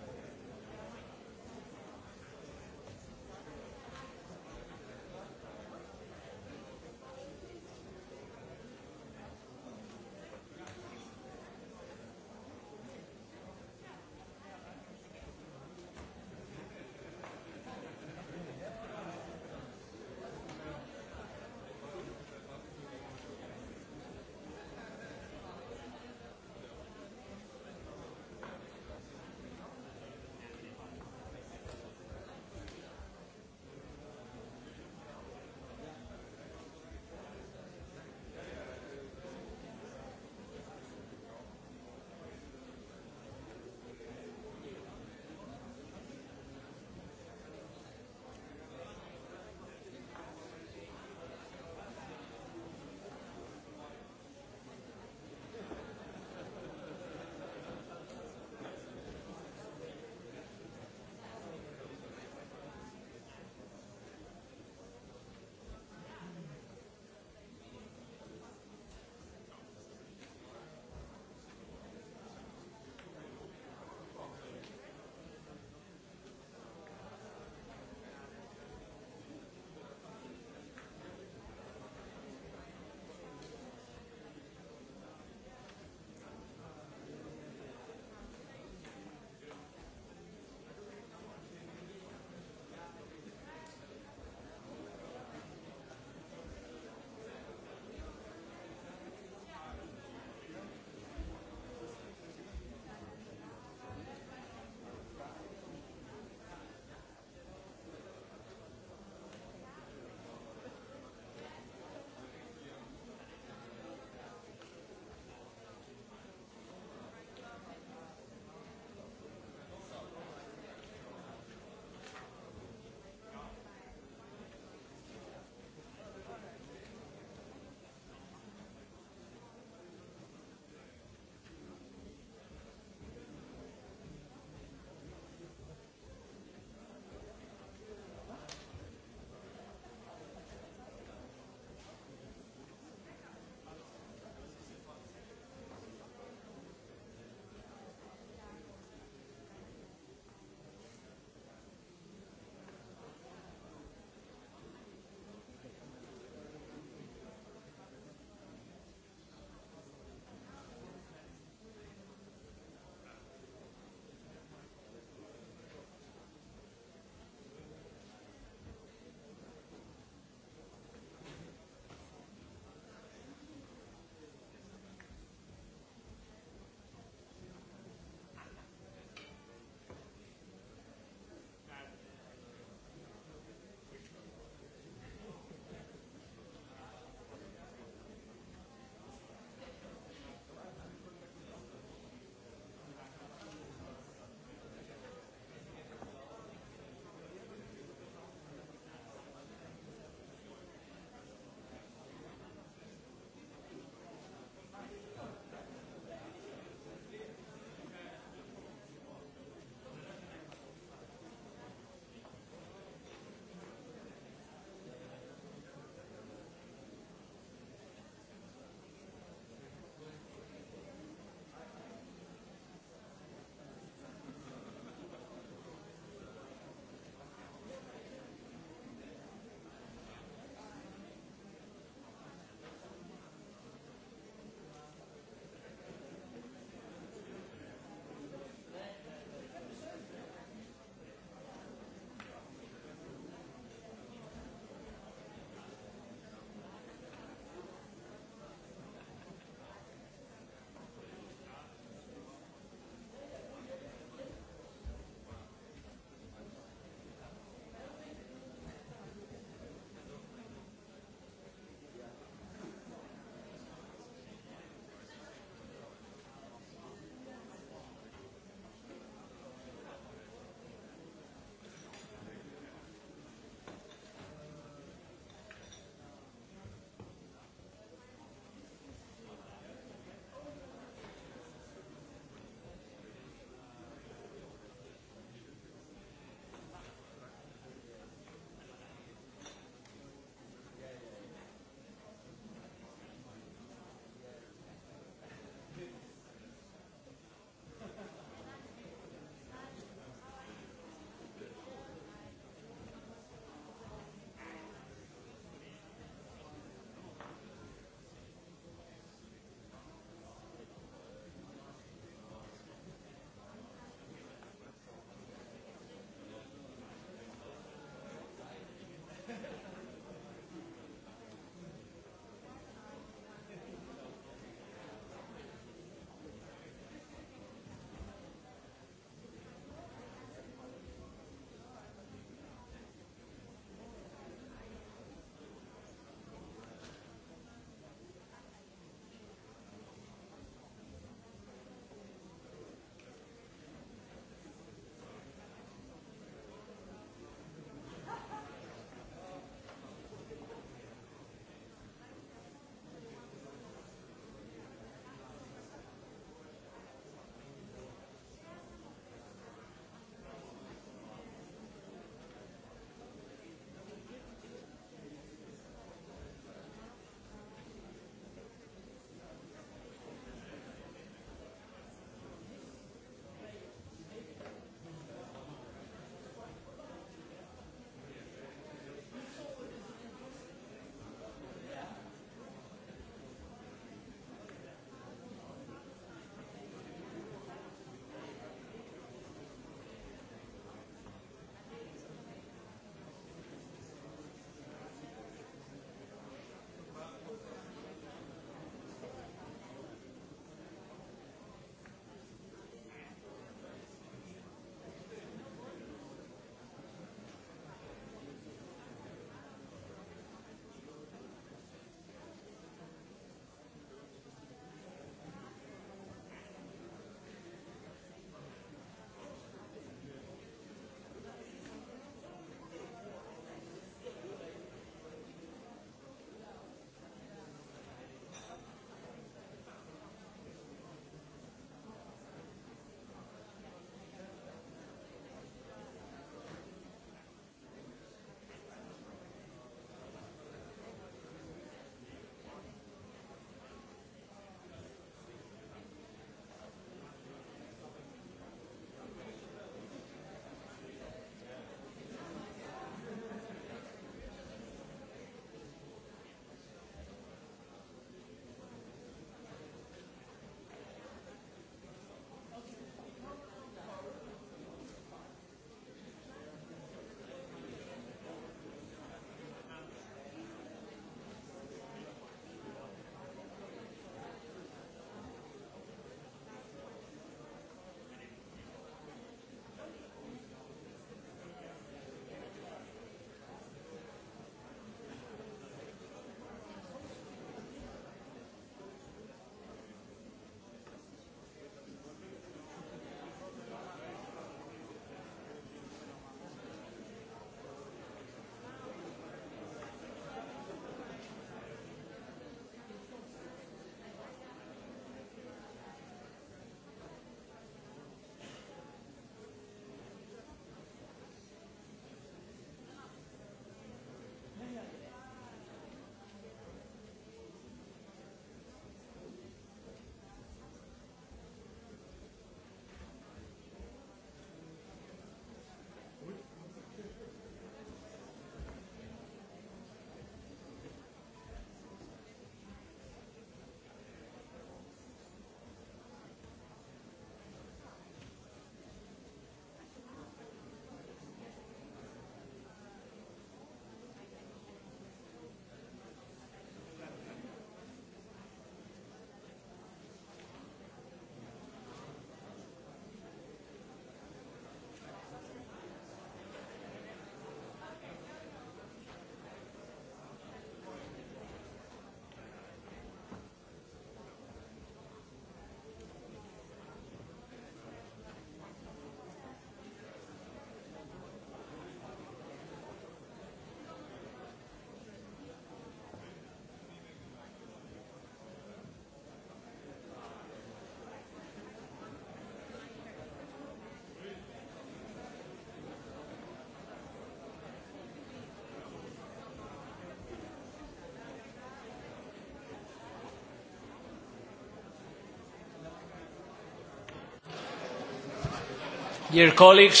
Dear colleagues,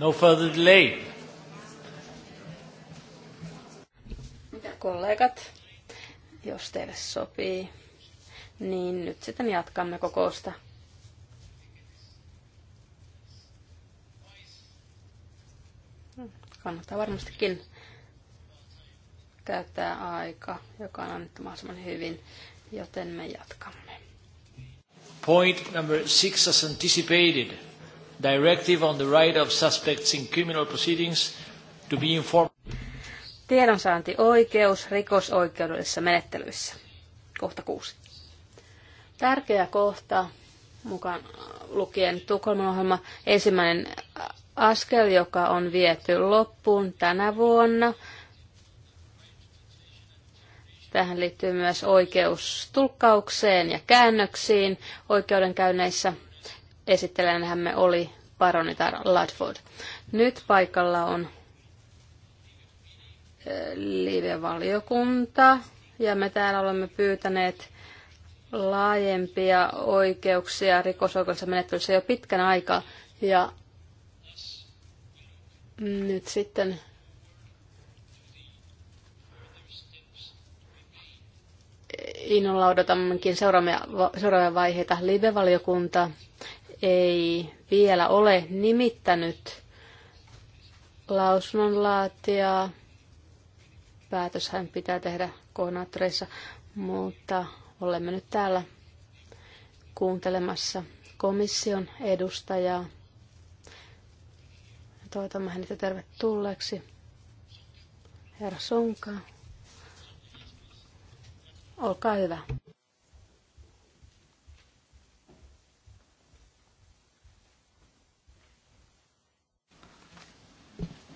no further delay. Kollegat, jos teille sopii, niin nyt sitten jatkamme kokousta. Kannattaa varmastikin käyttää aika, joka on annettu mahdollisimman hyvin, joten me jatkamme. Point number six, as anticipated, directive on the right of suspects in criminal proceedings to be informed. Tiedonsaantioikeus rikosoikeudellisissa menettelyissä. Kohta kuusi. Tärkeä kohta, mukaan lukien Tukholman ohjelma, ensimmäinen askel, joka on viety loppuun tänä vuonna – Tähän liittyy myös oikeus tulkkaukseen ja käännöksiin oikeudenkäynneissä. Esitteleenhän me oli baronitar Ludford. Nyt paikalla on live-valiokunta ja me täällä olemme pyytäneet laajempia oikeuksia rikosoikeudessa menettelyssä jo pitkän aikaa. Ja nyt sitten innolla odotammekin seuraavia seuraavia vaiheita. Live-valiokunta ei vielä ole nimittänyt lausunnonlaatijaa. Päätöshän pitää tehdä koordinaattoreissa, mutta olemme nyt täällä kuuntelemassa komission edustajaa. Toivotamme hänet tervetulleeksi. Herra Sonka. Olkaa hyvä.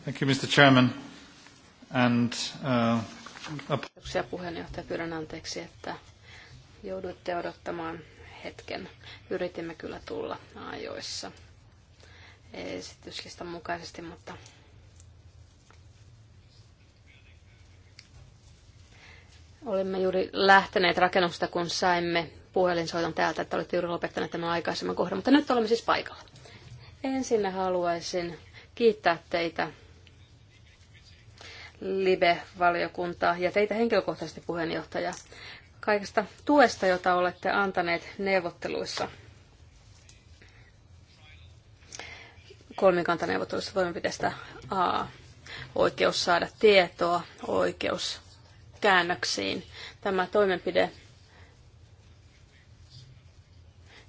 Thank you, Mr. Chairman. And, uh, Kiitoksia puheenjohtaja. Pyydän anteeksi, että jouduitte odottamaan hetken. Yritimme kyllä tulla ajoissa esityslistan mukaisesti, mutta Olimme juuri lähteneet rakennusta, kun saimme puhelinsoiton täältä, että olette juuri lopettaneet tämän aikaisemman kohdan, mutta nyt olemme siis paikalla. Ensin haluaisin kiittää teitä libe valiokunta ja teitä henkilökohtaisesti puheenjohtaja kaikesta tuesta, jota olette antaneet neuvotteluissa. Kolmikantaneuvotteluissa toimenpiteestä A. Oikeus saada tietoa, oikeus käännöksiin. Tämä toimenpide,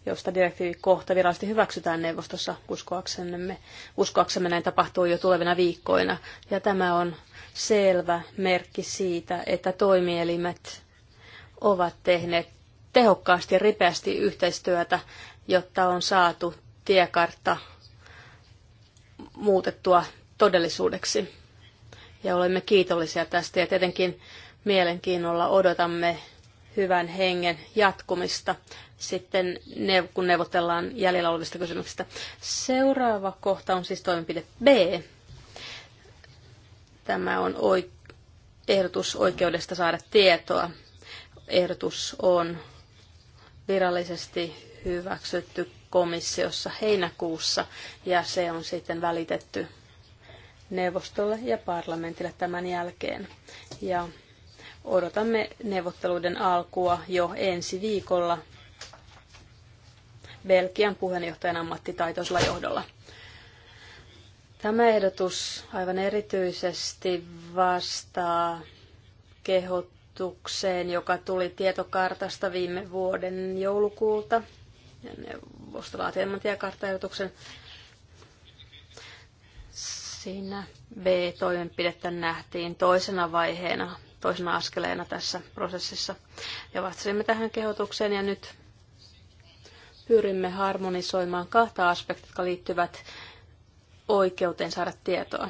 josta direktiivi kohta virallisesti hyväksytään neuvostossa, uskoaksemme, uskoaksemme näin tapahtuu jo tulevina viikkoina. Ja tämä on selvä merkki siitä, että toimielimet ovat tehneet tehokkaasti ja ripeästi yhteistyötä, jotta on saatu tiekartta muutettua todellisuudeksi. Ja olemme kiitollisia tästä ja tietenkin Mielenkiinnolla odotamme hyvän hengen jatkumista sitten, kun neuvotellaan jäljellä olevista kysymyksistä. Seuraava kohta on siis toimenpide B. Tämä on oik- ehdotus oikeudesta saada tietoa. Ehdotus on virallisesti hyväksytty komissiossa heinäkuussa ja se on sitten välitetty neuvostolle ja parlamentille tämän jälkeen. Ja Odotamme neuvotteluiden alkua jo ensi viikolla Belgian puheenjohtajan ammattitaitoisella johdolla. Tämä ehdotus aivan erityisesti vastaa kehotukseen, joka tuli tietokartasta viime vuoden joulukuulta. Neuvosto laati ilman tiekarttaehdotuksen. Siinä B-toimenpidettä nähtiin toisena vaiheena toisena askeleena tässä prosessissa. Ja vastasimme tähän kehotukseen ja nyt pyrimme harmonisoimaan kahta aspektia, jotka liittyvät oikeuteen saada tietoa.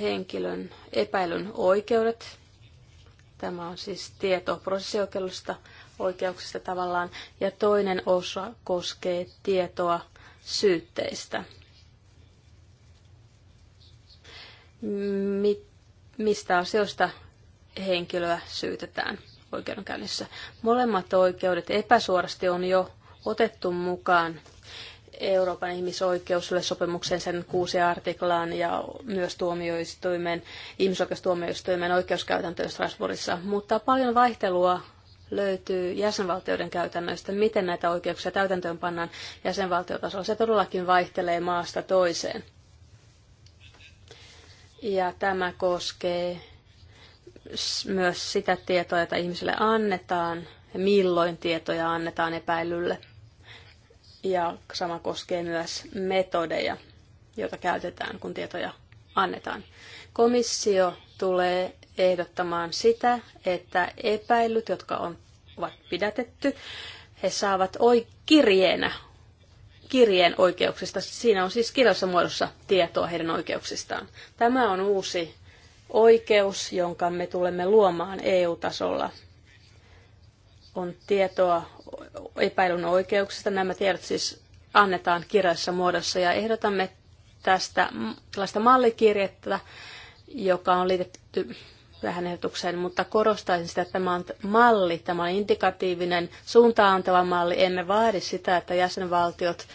Henkilön epäilyn oikeudet. Tämä on siis tieto prosessioikeudellisesta oikeuksista tavallaan. Ja toinen osa koskee tietoa syytteistä. Mit, mistä asioista henkilöä syytetään oikeudenkäynnissä. Molemmat oikeudet epäsuorasti on jo otettu mukaan Euroopan sopimuksen sen kuusi artiklaan ja myös tuomioistuimen, ihmisoikeustuomioistuimen oikeuskäytäntöön Strasbourgissa, mutta paljon vaihtelua löytyy jäsenvaltioiden käytännöistä, miten näitä oikeuksia täytäntöön pannaan jäsenvaltiotasolla. Se todellakin vaihtelee maasta toiseen. Ja tämä koskee myös sitä tietoa, jota ihmiselle annetaan, ja milloin tietoja annetaan epäilylle. Ja sama koskee myös metodeja, joita käytetään, kun tietoja annetaan. Komissio tulee ehdottamaan sitä, että epäilyt, jotka on, ovat pidätetty, he saavat oi kirjeenä kirjeen oikeuksista. Siinä on siis kirjassa muodossa tietoa heidän oikeuksistaan. Tämä on uusi oikeus, jonka me tulemme luomaan EU-tasolla. On tietoa epäilyn oikeuksista. Nämä tiedot siis annetaan kirjassa muodossa ja ehdotamme tästä tällaista mallikirjettä, joka on liitetty tähän ehdotukseen, mutta korostaisin sitä, että tämä on malli, tämä on indikatiivinen, antava malli. Emme vaadi sitä, että jäsenvaltiot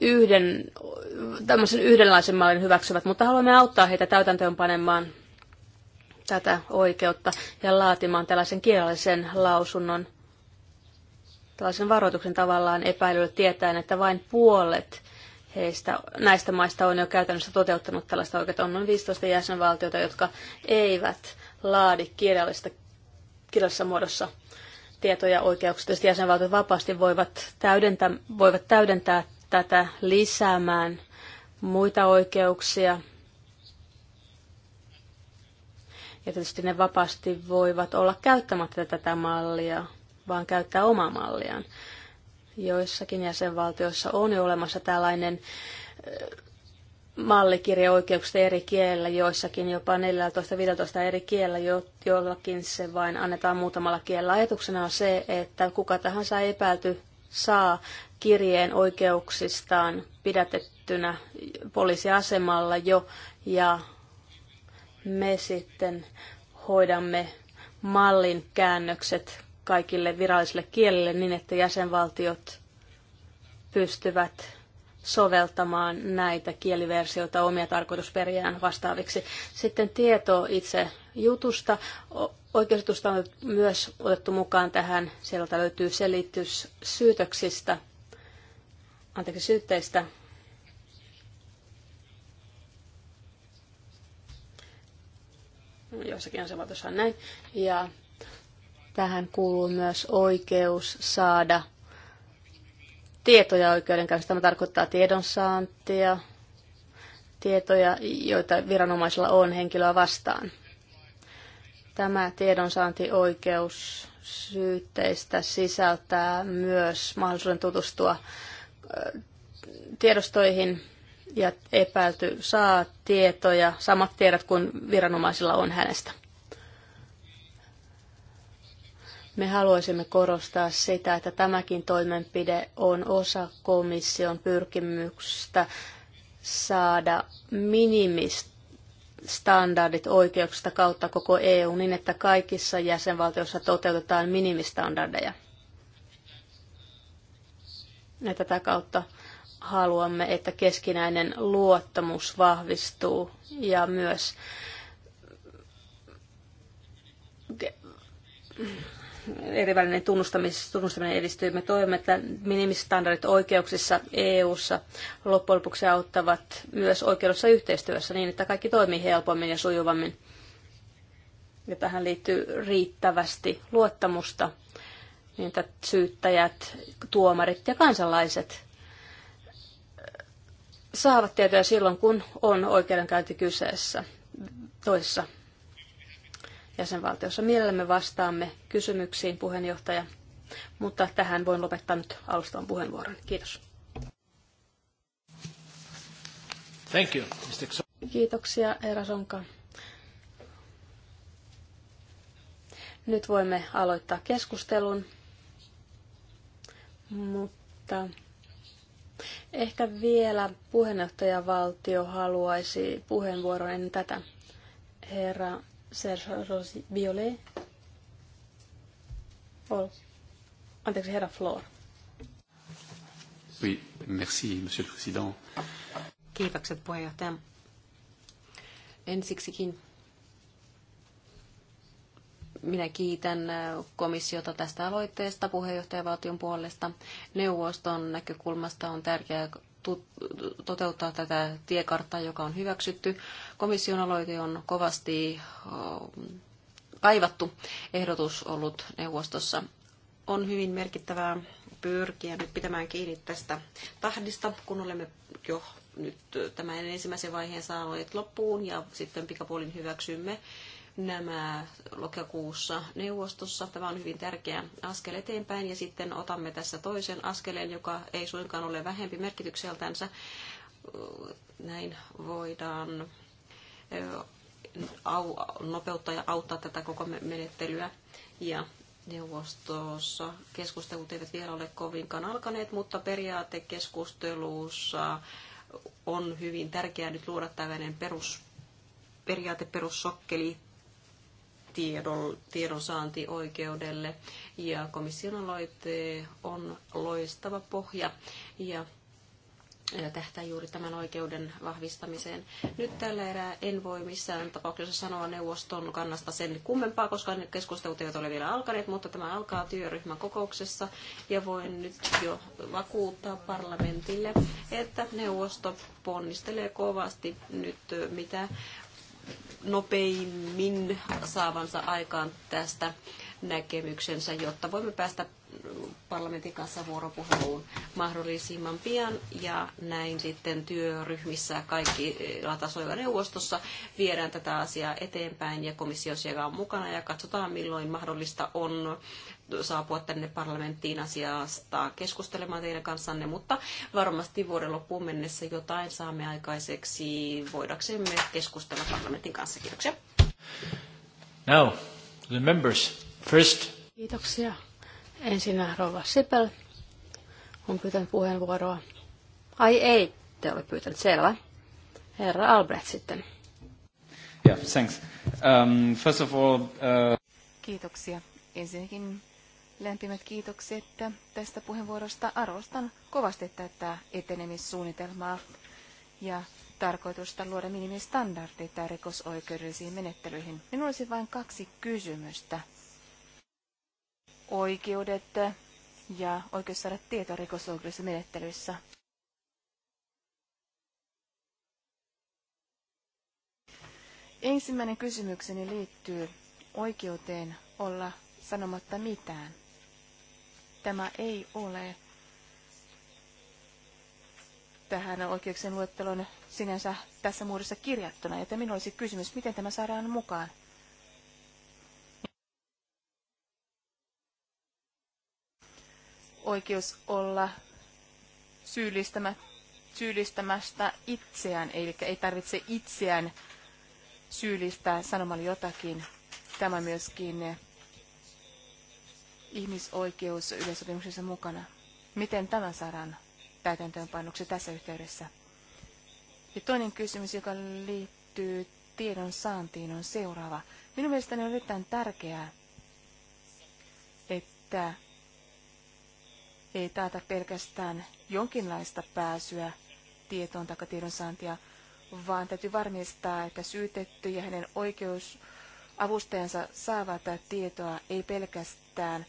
yhden, tämmöisen yhdenlaisen mallin hyväksyvät, mutta haluamme auttaa heitä täytäntöönpanemaan tätä oikeutta ja laatimaan tällaisen kirjallisen lausunnon, tällaisen varoituksen tavallaan epäilylle tietäen, että vain puolet heistä, näistä maista on jo käytännössä toteuttanut tällaista oikeutta. On noin 15 jäsenvaltiota, jotka eivät laadi kirjallista, kirjallisessa muodossa tietoja oikeuksista. Sitten jäsenvaltiot vapaasti voivat täydentää, voivat täydentää tätä lisäämään muita oikeuksia. Ja tietysti ne vapaasti voivat olla käyttämättä tätä mallia, vaan käyttää omaa malliaan. Joissakin jäsenvaltioissa on jo olemassa tällainen äh, oikeuksista eri kielillä, joissakin jopa 14-15 eri kielillä, jo, jollakin se vain annetaan muutamalla kielellä. Ajatuksena on se, että kuka tahansa epäilty saa kirjeen oikeuksistaan pidätettynä poliisiasemalla jo, ja me sitten hoidamme mallin käännökset kaikille virallisille kielille niin, että jäsenvaltiot pystyvät soveltamaan näitä kieliversioita omia tarkoitusperiään vastaaviksi. Sitten tieto itse jutusta. Oikeusjutusta on myös otettu mukaan tähän. Sieltä löytyy selitys syytöksistä, anteeksi syytteistä. Jossakin on se näin. Ja Tähän kuuluu myös oikeus saada tietoja oikeudenkäynnistä. Tämä tarkoittaa tiedonsaantia, tietoja, joita viranomaisilla on henkilöä vastaan. Tämä tiedonsaantioikeus syytteistä sisältää myös mahdollisuuden tutustua tiedostoihin ja epäilty saa tietoja, samat tiedot kuin viranomaisilla on hänestä. Me haluaisimme korostaa sitä, että tämäkin toimenpide on osa komission pyrkimystä saada minimistandardit standardit oikeuksista kautta koko EU niin, että kaikissa jäsenvaltioissa toteutetaan minimistandardeja. Ja tätä kautta haluamme, että keskinäinen luottamus vahvistuu ja myös eri välinen tunnustaminen edistyy. Me toivomme, että minimistandardit oikeuksissa EU-ssa loppujen lopuksi auttavat myös oikeudessa yhteistyössä niin, että kaikki toimii helpommin ja sujuvammin. Ja tähän liittyy riittävästi luottamusta, niin että syyttäjät, tuomarit ja kansalaiset saavat tietoja silloin, kun on oikeudenkäynti kyseessä toisessa jäsenvaltiossa. Mielellämme vastaamme kysymyksiin, puheenjohtaja, mutta tähän voin lopettaa nyt alustavan puheenvuoron. Kiitos. Thank you, Mr. Kiitoksia, Eera Sonka. Nyt voimme aloittaa keskustelun, mutta ehkä vielä puheenjohtajavaltio haluaisi puheenvuoron ennen tätä. Herra Serge Rosi Violet. Ol. Anteeksi, herra Flor. Oui, merci, monsieur le président. Kiitokset puheenjohtaja. Ensiksikin minä kiitän äh, komissiota tästä aloitteesta puheenjohtajavaltion puolesta. Neuvoston näkökulmasta on tärkeää toteuttaa tätä tiekarttaa, joka on hyväksytty. Komission aloite on kovasti kaivattu ehdotus ollut neuvostossa. On hyvin merkittävää pyrkiä nyt pitämään kiinni tästä tahdista, kun olemme jo nyt tämän ensimmäisen vaiheen saaneet loppuun ja sitten pikapuolin hyväksymme nämä lokakuussa neuvostossa. Tämä on hyvin tärkeä askel eteenpäin ja sitten otamme tässä toisen askeleen, joka ei suinkaan ole vähempi merkitykseltänsä. Näin voidaan nopeuttaa ja auttaa tätä koko menettelyä. Ja neuvostossa keskustelut eivät vielä ole kovinkaan alkaneet, mutta periaatekeskustelussa on hyvin tärkeää nyt luoda tällainen perus, perussokkeli tiedon, tiedonsaantioikeudelle. Ja komission aloite on loistava pohja ja tähtää juuri tämän oikeuden vahvistamiseen. Nyt tällä erää en voi missään tapauksessa sanoa neuvoston kannasta sen kummempaa, koska ne keskustelut eivät ole vielä alkaneet, mutta tämä alkaa työryhmän kokouksessa ja voin nyt jo vakuuttaa parlamentille, että neuvosto ponnistelee kovasti nyt mitä nopeimmin saavansa aikaan tästä näkemyksensä, jotta voimme päästä parlamentin kanssa vuoropuheluun mahdollisimman pian ja näin sitten työryhmissä kaikki tasoilla neuvostossa viedään tätä asiaa eteenpäin ja komissio siellä on mukana ja katsotaan milloin mahdollista on saapua tänne parlamenttiin asiasta keskustelemaan teidän kanssanne, mutta varmasti vuoden loppuun mennessä jotain saamme aikaiseksi. Voidaksemme keskustella parlamentin kanssa. Kiitoksia. Now, the members. First. Kiitoksia. Ensin Rova Sipel on pyytänyt puheenvuoroa. Ai ei, te olette pyytänyt, selvä. Herra Albrecht sitten. Yeah, thanks. Um, first of all, uh... Kiitoksia. Ensinnäkin Lämpimät kiitokset tästä puheenvuorosta. Arvostan kovasti tätä etenemissuunnitelmaa ja tarkoitusta luoda minimistandardit tai rikosoikeudellisiin menettelyihin. Minulla olisi vain kaksi kysymystä. Oikeudet ja oikeus saada tieto rikosoikeudellisissa menettelyissä. Ensimmäinen kysymykseni liittyy oikeuteen olla sanomatta mitään. Tämä ei ole tähän oikeuksien luettelon sinänsä tässä muodossa kirjattuna, joten minulla olisi kysymys, miten tämä saadaan mukaan? Oikeus olla syyllistämä, syyllistämästä itseään, eli ei tarvitse itseään syyllistää sanomalla jotakin. Tämä myöskin ihmisoikeus yleisopimuksessa mukana. Miten tämä saadaan täytäntöönpannuksi tässä yhteydessä? Ja toinen kysymys, joka liittyy tiedon saantiin, on seuraava. Minun mielestäni on erittäin tärkeää, että ei taata pelkästään jonkinlaista pääsyä tietoon tai saantia, vaan täytyy varmistaa, että syytetty ja hänen oikeusavustajansa saavat tietoa ei pelkästään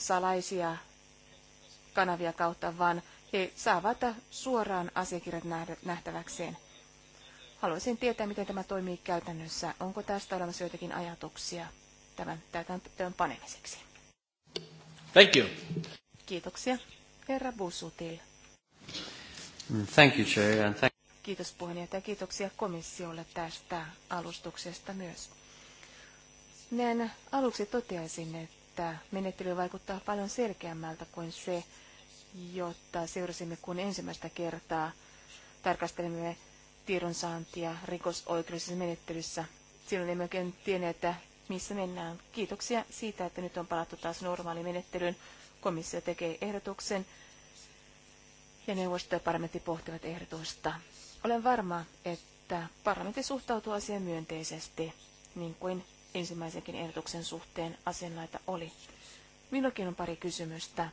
salaisia kanavia kautta, vaan he saavat suoraan asiakirjat nähtäväkseen. Haluaisin tietää, miten tämä toimii käytännössä. Onko tästä olemassa joitakin ajatuksia tämän täytäntöön panemiseksi? Thank you. Kiitoksia. Herra Busutil. Thank you, Chair, and thank Kiitos puheenjohtaja. Kiitoksia komissiolle tästä alustuksesta myös. Näin aluksi toteaisin, että että menettely vaikuttaa paljon selkeämmältä kuin se, jota seurasimme, kun ensimmäistä kertaa tarkastelimme tiedonsaantia rikosoikeudellisessa menettelyssä. Silloin emme oikein tienneet, että missä mennään. Kiitoksia siitä, että nyt on palattu taas normaaliin menettelyyn. Komissio tekee ehdotuksen ja neuvosto ja parlamentti pohtivat ehdotusta. Olen varma, että parlamentti suhtautuu asiaan myönteisesti, niin kuin ensimmäisenkin ehdotuksen suhteen asennaita oli. Minullakin on pari kysymystä.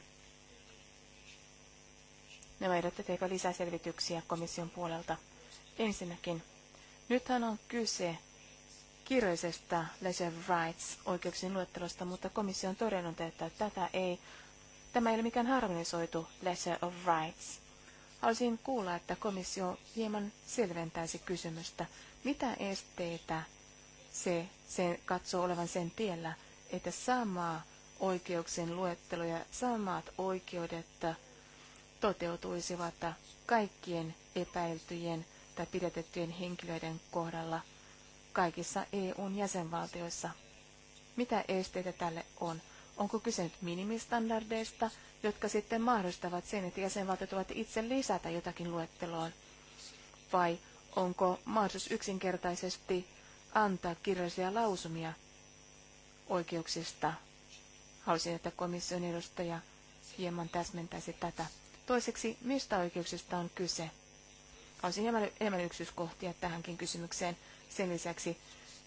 Nämä ehdottavat eipä lisäselvityksiä komission puolelta. Ensinnäkin, nythän on kyse kirjallisesta leisure rights oikeuksien luettelosta, mutta komissio on todennut, että tätä ei, tämä ei ole mikään harmonisoitu leisure of rights. Haluaisin kuulla, että komissio hieman selventäisi kysymystä, mitä esteitä se, se katsoo olevan sen tiellä, että samaa oikeuksien luettelo ja samat oikeudet toteutuisivat kaikkien epäiltyjen tai pidätettyjen henkilöiden kohdalla kaikissa EUn jäsenvaltioissa. Mitä esteitä tälle on? Onko kyse nyt minimistandardeista, jotka sitten mahdollistavat sen, että jäsenvaltiot ovat itse lisätä jotakin luetteloon? Vai onko mahdollisuus yksinkertaisesti antaa kirjallisia lausumia oikeuksista. Haluaisin, että komission edustaja hieman täsmentäisi tätä. Toiseksi, mistä oikeuksista on kyse? Haluaisin hieman enemmän yksityiskohtia tähänkin kysymykseen sen lisäksi,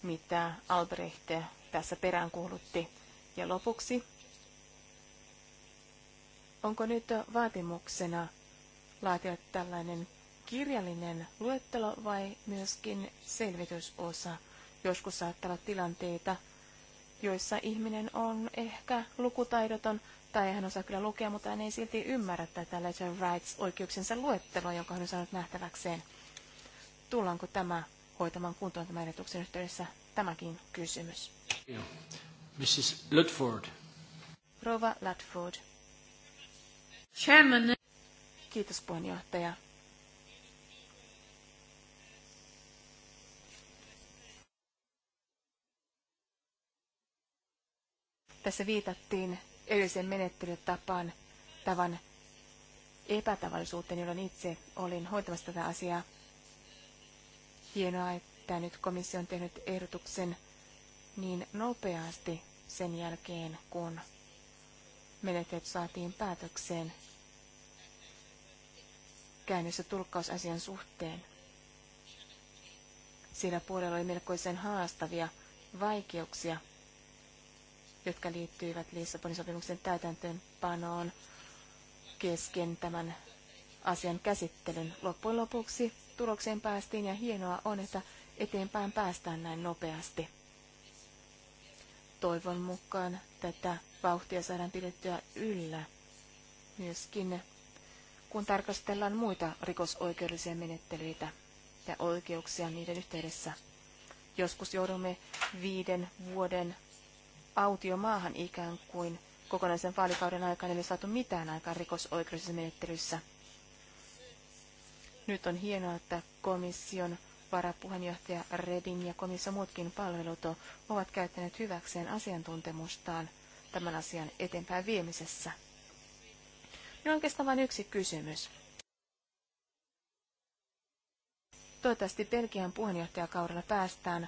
mitä Albrecht tässä peräänkuulutti. Ja lopuksi, onko nyt vaatimuksena laatia tällainen kirjallinen luettelo vai myöskin selvitysosa? Joskus saattaa olla tilanteita, joissa ihminen on ehkä lukutaidoton, tai hän osaa kyllä lukea, mutta hän ei silti ymmärrä tätä Letter Rights-oikeuksensa luettelua, jonka hän on saanut nähtäväkseen. Tullaanko tämä hoitamaan kuntoon tämän edetuksen yhteydessä? Tämäkin kysymys. Mrs. Ludford. Rova Ludford. Chairman. Kiitos puheenjohtaja. Tässä viitattiin edellisen menettelytapaan tavan epätavallisuuteen, jolloin itse olin hoitamassa tätä asiaa. Hienoa, että nyt komissio on tehnyt ehdotuksen niin nopeasti sen jälkeen, kun menetet saatiin päätökseen käynnissä tulkkausasian suhteen. Sillä puolella oli melkoisen haastavia vaikeuksia jotka liittyivät Lissabonin sopimuksen täytäntöönpanoon kesken tämän asian käsittelyn. Loppujen lopuksi tulokseen päästiin ja hienoa on, että eteenpäin päästään näin nopeasti. Toivon mukaan tätä vauhtia saadaan pidettyä yllä. Myöskin kun tarkastellaan muita rikosoikeudellisia menettelyitä ja oikeuksia niiden yhteydessä. Joskus joudumme viiden vuoden autiomaahan ikään kuin kokonaisen vaalikauden aikana ei ole saatu mitään aikaan rikosoikeudellisessa menettelyssä. Nyt on hienoa, että komission varapuheenjohtaja Reding ja komissa muutkin palvelut ovat käyttäneet hyväkseen asiantuntemustaan tämän asian eteenpäin viemisessä. Minulla on oikeastaan vain yksi kysymys. Toivottavasti Belgian puheenjohtajakaudella päästään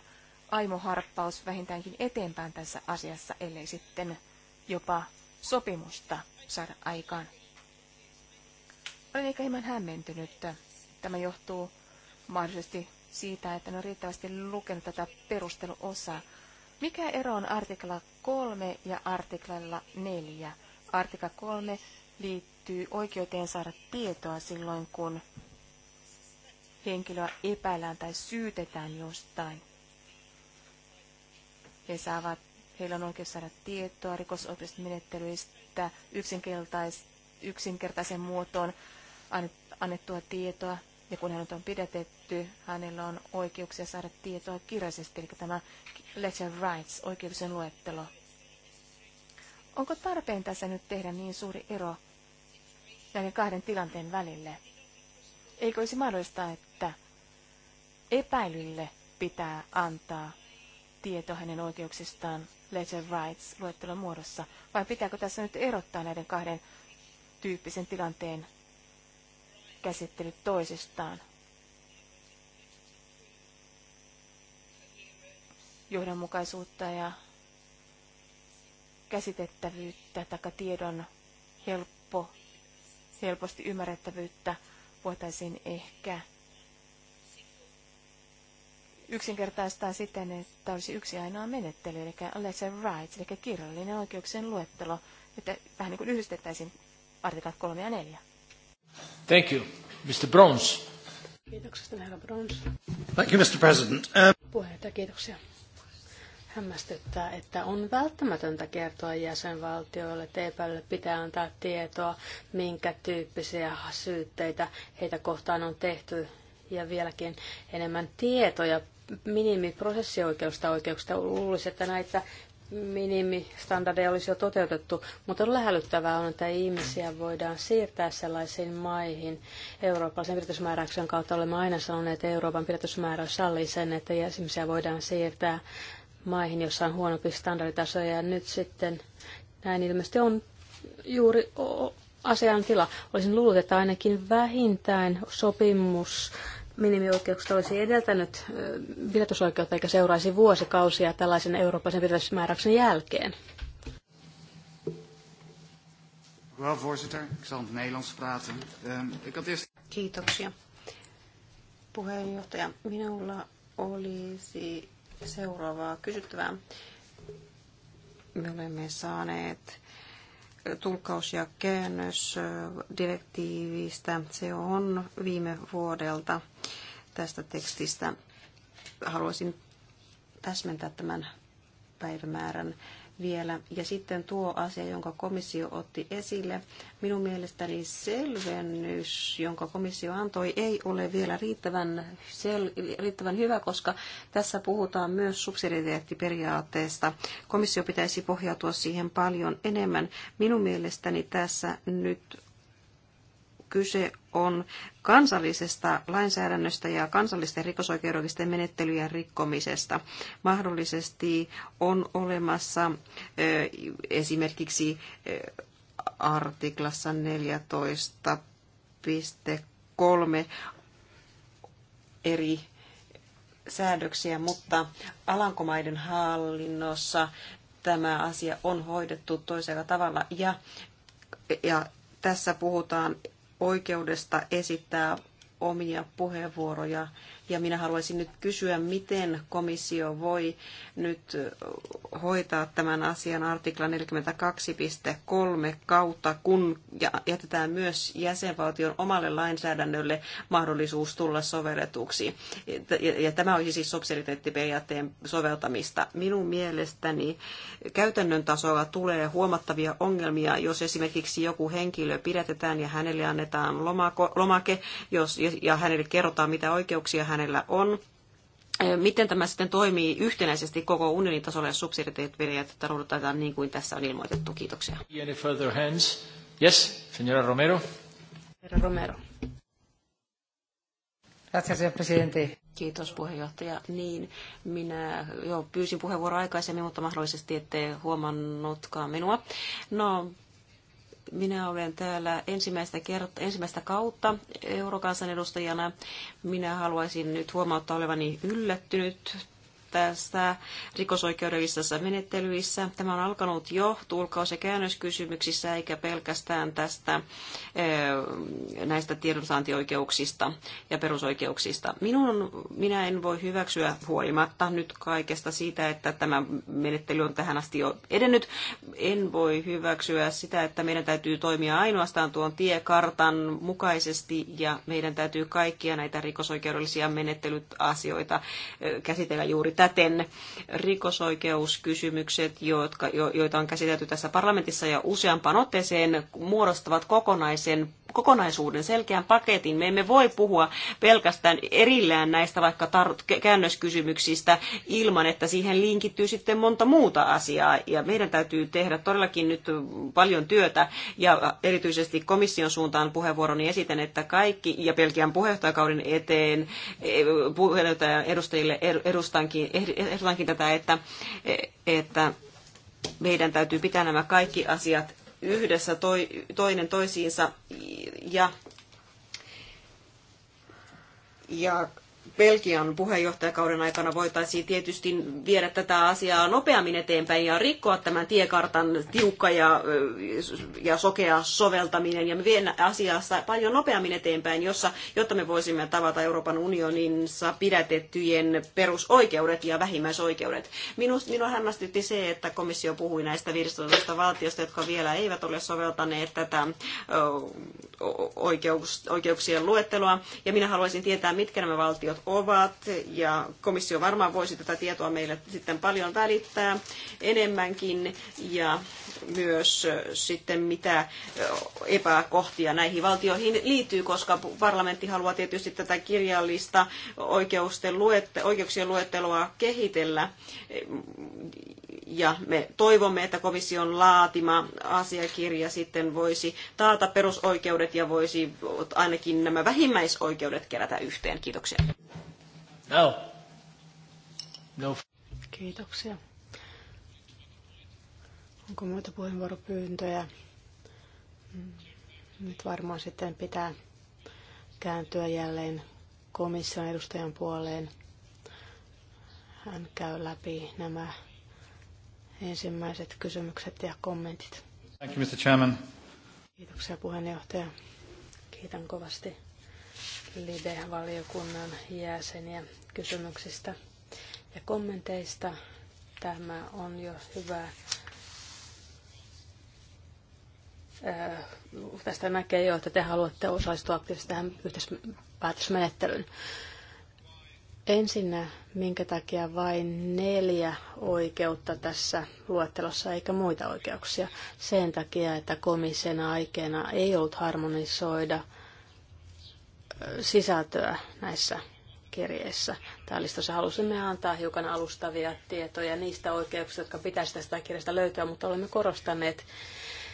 aimoharppaus vähintäänkin eteenpäin tässä asiassa, ellei sitten jopa sopimusta saada aikaan. Olen ehkä hieman hämmentynyt. Tämä johtuu mahdollisesti siitä, että en ole riittävästi lukenut tätä perusteluosaa. Mikä ero on artikla 3 ja artiklalla 4? Artikla 3 liittyy oikeuteen saada tietoa silloin, kun henkilöä epäillään tai syytetään jostain. He saavat, heillä on oikeus saada tietoa rikosoikeudellisista menettelyistä yksinkertais, yksinkertaisen muotoon annettua tietoa. Ja kun hänet on pidätetty, hänellä on oikeuksia saada tietoa kirjallisesti, eli tämä letter rights, oikeuksien luettelo. Onko tarpeen tässä nyt tehdä niin suuri ero näiden kahden tilanteen välille? Eikö olisi mahdollista, että epäilylle pitää antaa tieto hänen oikeuksistaan Legend Rights-luettelon muodossa, vai pitääkö tässä nyt erottaa näiden kahden tyyppisen tilanteen käsittelyt toisistaan? Johdonmukaisuutta ja käsitettävyyttä tai tiedon helppo, helposti ymmärrettävyyttä voitaisiin ehkä yksinkertaistaa siten, että olisi yksi ainoa menettely, eli letter rights, eli kirjallinen oikeuksien luettelo, että vähän niin kuin yhdistettäisiin artiklat 3 ja 4. Thank you. Mr. Brons. Kiitoksesta, herra Brons. Thank you, Mr. President. Um... Puheenjohtaja, kiitoksia. Hämmästyttää, että on välttämätöntä kertoa jäsenvaltioille, että epäilylle pitää antaa tietoa, minkä tyyppisiä syytteitä heitä kohtaan on tehty ja vieläkin enemmän tietoja minimiprosessioikeusta oikeuksista. Luulisi, että näitä minimistandardeja olisi jo toteutettu, mutta lähellyttävää on, että ihmisiä voidaan siirtää sellaisiin maihin. Eurooppalaisen pidätysmääräyksen kautta olemme aina sanoneet, että Euroopan pidätysmääräys sallii sen, että ihmisiä voidaan siirtää maihin, jossa on huonompi standarditaso, ja nyt sitten näin ilmeisesti on juuri asiantila. Olisin luullut, että ainakin vähintään sopimus minimioikeuksista olisi edeltänyt pidätysoikeutta eikä seuraisi vuosikausia tällaisen eurooppalaisen pidätysmääräyksen jälkeen? Ehm, Kiitoksia. Puheenjohtaja, minulla olisi seuraavaa kysyttävää. Me olemme saaneet tulkkaus- ja käännösdirektiivistä. Se on viime vuodelta tästä tekstistä. Haluaisin täsmentää tämän päivämäärän vielä. Ja sitten tuo asia, jonka komissio otti esille, minun mielestäni selvennys, jonka komissio antoi, ei ole vielä riittävän, sel- riittävän hyvä, koska tässä puhutaan myös subsidiariteettiperiaatteesta. Komissio pitäisi pohjautua siihen paljon enemmän. Minun mielestäni tässä nyt kyse on kansallisesta lainsäädännöstä ja kansallisten rikosoikeudellisten menettelyjen rikkomisesta. Mahdollisesti on olemassa esimerkiksi artiklassa 14.3 eri säädöksiä, mutta Alankomaiden hallinnossa tämä asia on hoidettu toisella tavalla ja, ja tässä puhutaan oikeudesta esittää omia puheenvuoroja ja minä haluaisin nyt kysyä, miten komissio voi nyt hoitaa tämän asian artikla 42.3 kautta, kun jätetään myös jäsenvaltion omalle lainsäädännölle mahdollisuus tulla sovelletuksi. Ja tämä olisi siis subsidiariteettiperiaatteen soveltamista. Minun mielestäni käytännön tasolla tulee huomattavia ongelmia, jos esimerkiksi joku henkilö pidätetään ja hänelle annetaan lomake, jos, ja hänelle kerrotaan, mitä oikeuksia hän hänellä on. Miten tämä sitten toimii yhtenäisesti koko unionin tasolla, ja jos että noudatetaan niin kuin tässä on ilmoitettu? Kiitoksia. Any further hands? Yes, señora Romero. Herra Romero. Kiitos puheenjohtaja. Niin, minä jo pyysin puheenvuoroa aikaisemmin, mutta mahdollisesti ette huomannutkaan minua. No, minä olen täällä ensimmäistä, kerta, ensimmäistä kautta eurokansanedustajana. Minä haluaisin nyt huomauttaa olevani yllättynyt tässä rikosoikeudellisissa menettelyissä. Tämä on alkanut jo tulkaus- ja käännöskysymyksissä, eikä pelkästään tästä näistä tiedonsaantioikeuksista ja perusoikeuksista. Minun, minä en voi hyväksyä huolimatta nyt kaikesta siitä, että tämä menettely on tähän asti jo edennyt. En voi hyväksyä sitä, että meidän täytyy toimia ainoastaan tuon tiekartan mukaisesti ja meidän täytyy kaikkia näitä rikosoikeudellisia menettelyasioita asioita käsitellä juuri täten rikosoikeuskysymykset, jotka, jo, joita on käsitelty tässä parlamentissa ja useampaan otteeseen, muodostavat kokonaisen, kokonaisuuden, selkeän paketin. Me emme voi puhua pelkästään erillään näistä vaikka tar- käännöskysymyksistä ilman, että siihen linkittyy sitten monta muuta asiaa. Ja meidän täytyy tehdä todellakin nyt paljon työtä ja erityisesti komission suuntaan puheenvuoroni esitän, että kaikki ja Belgian puheenjohtajakauden eteen eh, puheenjohtajan edustajille er-, edustankin Eh, eh, ehdotankin tätä, että, eh, että meidän täytyy pitää nämä kaikki asiat yhdessä toi, toinen toisiinsa ja, ja Belgian puheenjohtajakauden aikana voitaisiin tietysti viedä tätä asiaa nopeammin eteenpäin ja rikkoa tämän tiekartan tiukka ja, ja sokea soveltaminen ja viedä asiassa paljon nopeammin eteenpäin, jossa, jotta me voisimme tavata Euroopan unioninsa pidätettyjen perusoikeudet ja vähimmäisoikeudet. Minus, minua hämmästytti se, että komissio puhui näistä 15 valtiosta, jotka vielä eivät ole soveltaneet tätä oikeuksien luetteloa. Ja minä haluaisin tietää, mitkä nämä valtiot ovat, ja komissio varmaan voisi tätä tietoa meille sitten paljon välittää enemmänkin, ja myös sitten mitä epäkohtia näihin valtioihin liittyy, koska parlamentti haluaa tietysti tätä kirjallista oikeuksien luetteloa kehitellä, ja me toivomme, että komission laatima asiakirja sitten voisi taata perusoikeudet ja voisi ainakin nämä vähimmäisoikeudet kerätä yhteen. Kiitoksia. No. No. Kiitoksia. Onko muita puheenvuoropyyntöjä? Mm. Nyt varmaan sitten pitää kääntyä jälleen komission edustajan puoleen. Hän käy läpi nämä ensimmäiset kysymykset ja kommentit. Thank you, Mr. Chairman. Kiitoksia puheenjohtaja. Kiitän kovasti LIBE-valiokunnan jäseniä kysymyksistä ja kommenteista. Tämä on jo hyvä. Äh, tästä näkee jo, että te haluatte osallistua aktiivisesti tähän yhteispäätösmenettelyyn. Ensinnä, minkä takia vain neljä oikeutta tässä luettelossa eikä muita oikeuksia? Sen takia, että komission aikeena ei ollut harmonisoida – sisältöä näissä kirjeissä. Tää listossa halusimme antaa hiukan alustavia tietoja niistä oikeuksista, jotka pitäisi tästä kirjasta löytyä, mutta olemme korostaneet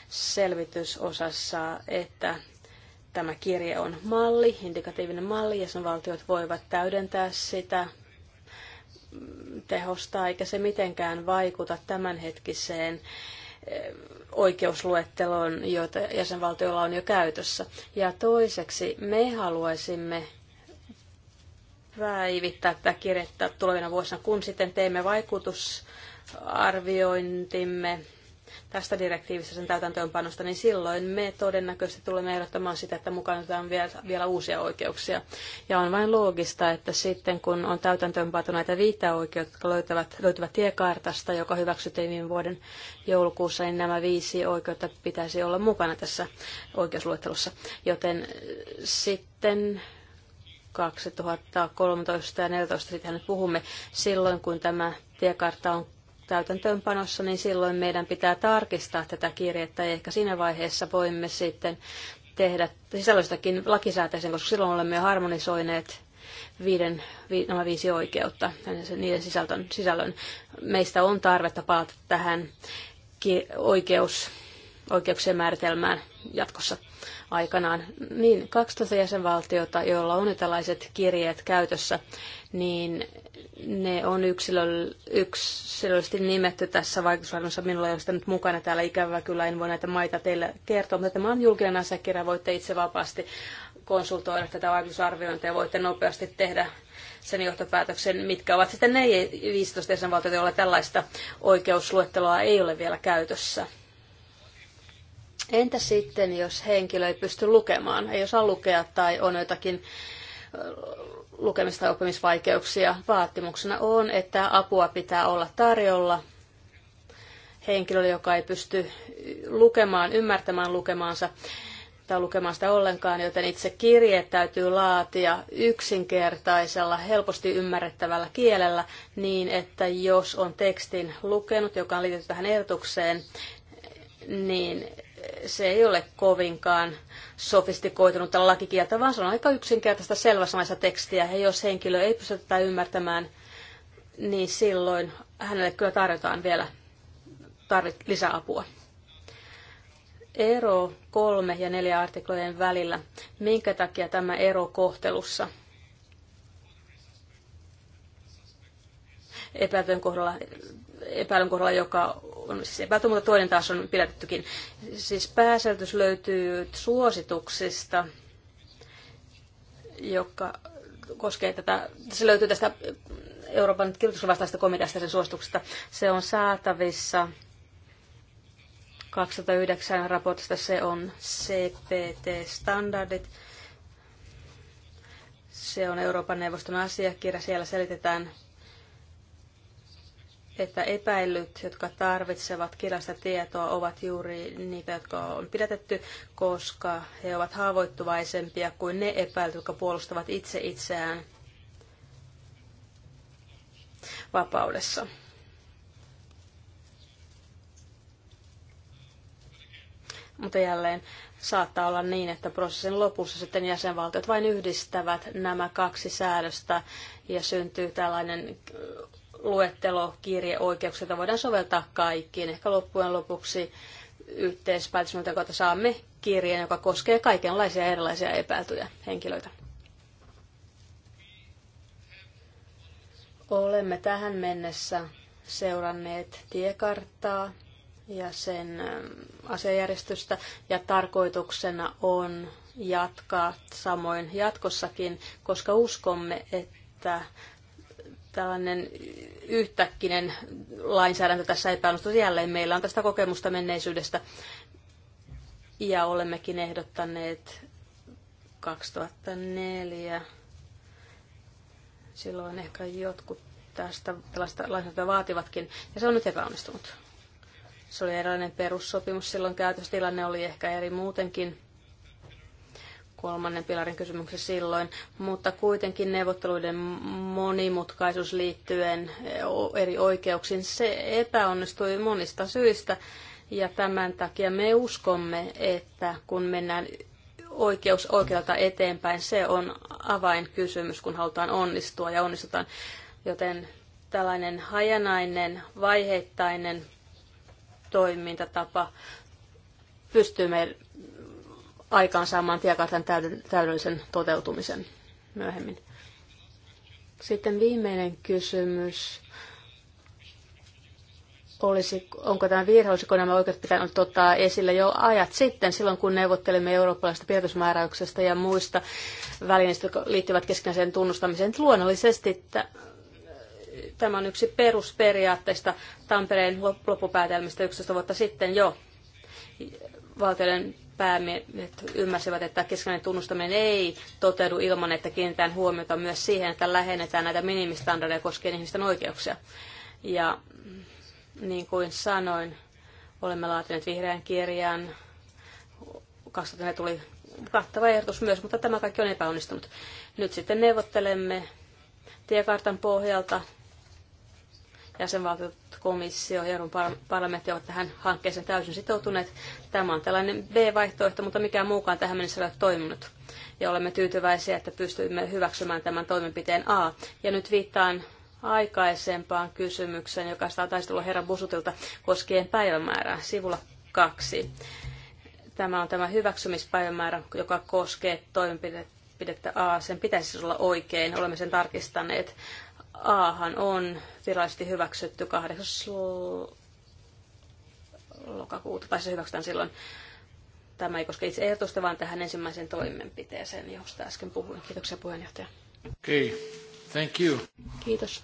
selvitysosassa, että tämä kirje on malli, indikatiivinen malli, ja sen valtiot voivat täydentää sitä, mm, tehostaa, eikä se mitenkään vaikuta tämänhetkiseen oikeusluetteloon, joita jäsenvaltioilla on jo käytössä. Ja toiseksi me haluaisimme päivittää tätä kirjettä tulevina vuosina, kun sitten teemme vaikutusarviointimme tästä direktiivistä sen täytäntöönpanosta, niin silloin me todennäköisesti tulemme ehdottamaan sitä, että mukaan otetaan vielä uusia oikeuksia. Ja on vain loogista, että sitten kun on täytäntöönpantu näitä viittä oikeutta, jotka löytävät, löytyvät tiekartasta, joka hyväksyttiin viime vuoden joulukuussa, niin nämä viisi oikeutta pitäisi olla mukana tässä oikeusluettelossa. Joten äh, sitten 2013 ja 2014, sitähän nyt puhumme, silloin kun tämä tiekartta on täytäntöönpanossa, niin silloin meidän pitää tarkistaa tätä kirjettä ja ehkä siinä vaiheessa voimme sitten tehdä sisällöstäkin lakisääteisen, koska silloin olemme jo harmonisoineet viiden, vi, nämä viisi oikeutta niiden sisältön, sisällön. Meistä on tarvetta palata tähän ki, oikeus, oikeuksien määritelmään jatkossa aikanaan. Niin 12 jäsenvaltiota, joilla on tällaiset kirjeet käytössä, niin ne on yksilöll, yksilöllisesti nimetty tässä vaikutusarviossa. Minulla ei ole sitä nyt mukana täällä ikävä kyllä, en voi näitä maita teille kertoa, mutta tämä on julkinen asiakirja, voitte itse vapaasti konsultoida tätä vaikutusarviointia ja voitte nopeasti tehdä sen johtopäätöksen, mitkä ovat sitten ne 15 jäsenvaltiota, joilla tällaista oikeusluetteloa ei ole vielä käytössä. Entä sitten, jos henkilö ei pysty lukemaan, ei osaa lukea tai on jotakin lukemista ja oppimisvaikeuksia. Vaatimuksena on, että apua pitää olla tarjolla henkilölle, joka ei pysty lukemaan, ymmärtämään lukemaansa tai lukemaan sitä ollenkaan, joten itse kirje täytyy laatia yksinkertaisella, helposti ymmärrettävällä kielellä niin, että jos on tekstin lukenut, joka on liitetty tähän ehdotukseen, niin se ei ole kovinkaan sofistikoitunutta lakikieltä, vaan se on aika yksinkertaista selväsanaista tekstiä. Ja jos henkilö ei pysty tätä ymmärtämään, niin silloin hänelle kyllä tarjotaan vielä tarvit lisäapua. Ero kolme ja neljä artiklojen välillä. Minkä takia tämä ero kohtelussa? Epäiltyjen kohdalla epäilyn kohdalla, joka on siis epäilty, mutta toinen taas on pidätettykin. Siis pääselitys löytyy suosituksista, joka koskee tätä, se löytyy tästä Euroopan kirjoitusvastaista komiteasta sen suosituksesta. Se on saatavissa 2009 raportista, se on CPT-standardit. Se on Euroopan neuvoston asiakirja, siellä selitetään että epäillyt, jotka tarvitsevat kirjallista tietoa, ovat juuri niitä, jotka on pidätetty, koska he ovat haavoittuvaisempia kuin ne epäilyt, jotka puolustavat itse itseään vapaudessa. Mutta jälleen saattaa olla niin, että prosessin lopussa sitten jäsenvaltiot vain yhdistävät nämä kaksi säädöstä ja syntyy tällainen luettelo kirjeoikeuksia voidaan soveltaa kaikkiin. Ehkä loppujen lopuksi yhteispäätösmyöntä kautta saamme kirjeen, joka koskee kaikenlaisia erilaisia epäiltyjä henkilöitä. Olemme tähän mennessä seuranneet tiekarttaa ja sen ähm, asejärjestystä ja tarkoituksena on jatkaa samoin jatkossakin, koska uskomme, että tällainen yhtäkkinen lainsäädäntö tässä epäonnistui jälleen. Meillä on tästä kokemusta menneisyydestä ja olemmekin ehdottaneet 2004. Silloin ehkä jotkut tästä tällaista lainsäädäntöä vaativatkin, ja se on nyt epäonnistunut. Se oli erilainen perussopimus silloin käytössä, tilanne oli ehkä eri muutenkin kolmannen pilarin kysymyksessä silloin, mutta kuitenkin neuvotteluiden monimutkaisuus liittyen eh, eri oikeuksiin, se epäonnistui monista syistä. Ja tämän takia me uskomme, että kun mennään oikeus oikealta eteenpäin, se on avainkysymys, kun halutaan onnistua ja onnistutaan. Joten tällainen hajanainen, vaiheittainen toimintatapa pystyy aikaan saamaan tiekartan täydellisen toteutumisen myöhemmin. Sitten viimeinen kysymys. Olisi, onko tämä virhe, olisiko nämä oikeudet pitänyt ottaa esille jo ajat sitten, silloin kun neuvottelimme eurooppalaisesta pidätysmääräyksestä ja muista välineistä, jotka liittyvät keskinäiseen tunnustamiseen. Luonnollisesti tämä on yksi perusperiaatteista Tampereen loppupäätelmistä 11 vuotta sitten jo valtioiden päämiehet ymmärsivät, että keskinäinen tunnustaminen ei toteudu ilman, että kiinnitetään huomiota myös siihen, että lähennetään näitä minimistandardeja koskien ihmisten oikeuksia. Ja niin kuin sanoin, olemme laatineet vihreän kirjan. 2000 tuli kattava ehdotus myös, mutta tämä kaikki on epäonnistunut. Nyt sitten neuvottelemme tiekartan pohjalta jäsenvaltiot komissio ja Euroopan parlamentti ovat tähän hankkeeseen täysin sitoutuneet. Tämä on tällainen B-vaihtoehto, mutta mikään muukaan tähän mennessä ei ole toiminut. Ja olemme tyytyväisiä, että pystyimme hyväksymään tämän toimenpiteen A. Ja nyt viittaan aikaisempaan kysymykseen, joka taisi tulla herran Busutilta koskien päivämäärää sivulla kaksi. Tämä on tämä hyväksymispäivämäärä, joka koskee toimenpidettä A. Sen pitäisi olla oikein. Olemme sen tarkistaneet. Aahan on virallisesti hyväksytty 8. lokakuuta, tai se hyväksytään silloin. Tämä ei koske itse ehdotusta, vaan tähän ensimmäiseen toimenpiteeseen, josta äsken puhuin. Kiitoksia puheenjohtaja. Okay. Thank you. Kiitos.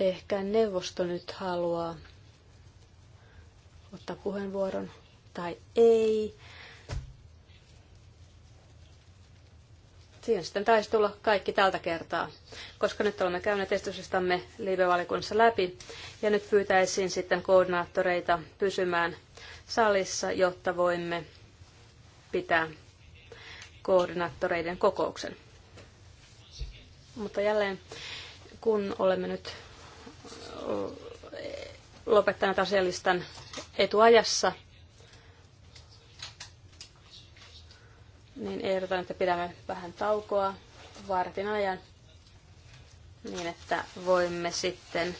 Ehkä neuvosto nyt haluaa ottaa puheenvuoron tai ei. Siinä sitten taisi tulla kaikki tältä kertaa, koska nyt olemme käyneet esityksestämme liivevalikunnassa läpi. Ja nyt pyytäisin sitten koordinaattoreita pysymään salissa, jotta voimme pitää koordinaattoreiden kokouksen. Mutta jälleen, kun olemme nyt lopettaneet asialistan etuajassa, niin ehdotan, että pidämme vähän taukoa vartin ajan niin, että voimme sitten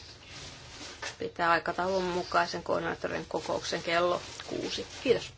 pitää aikataulun mukaisen koordinaattorin kokouksen kello kuusi. Kiitos.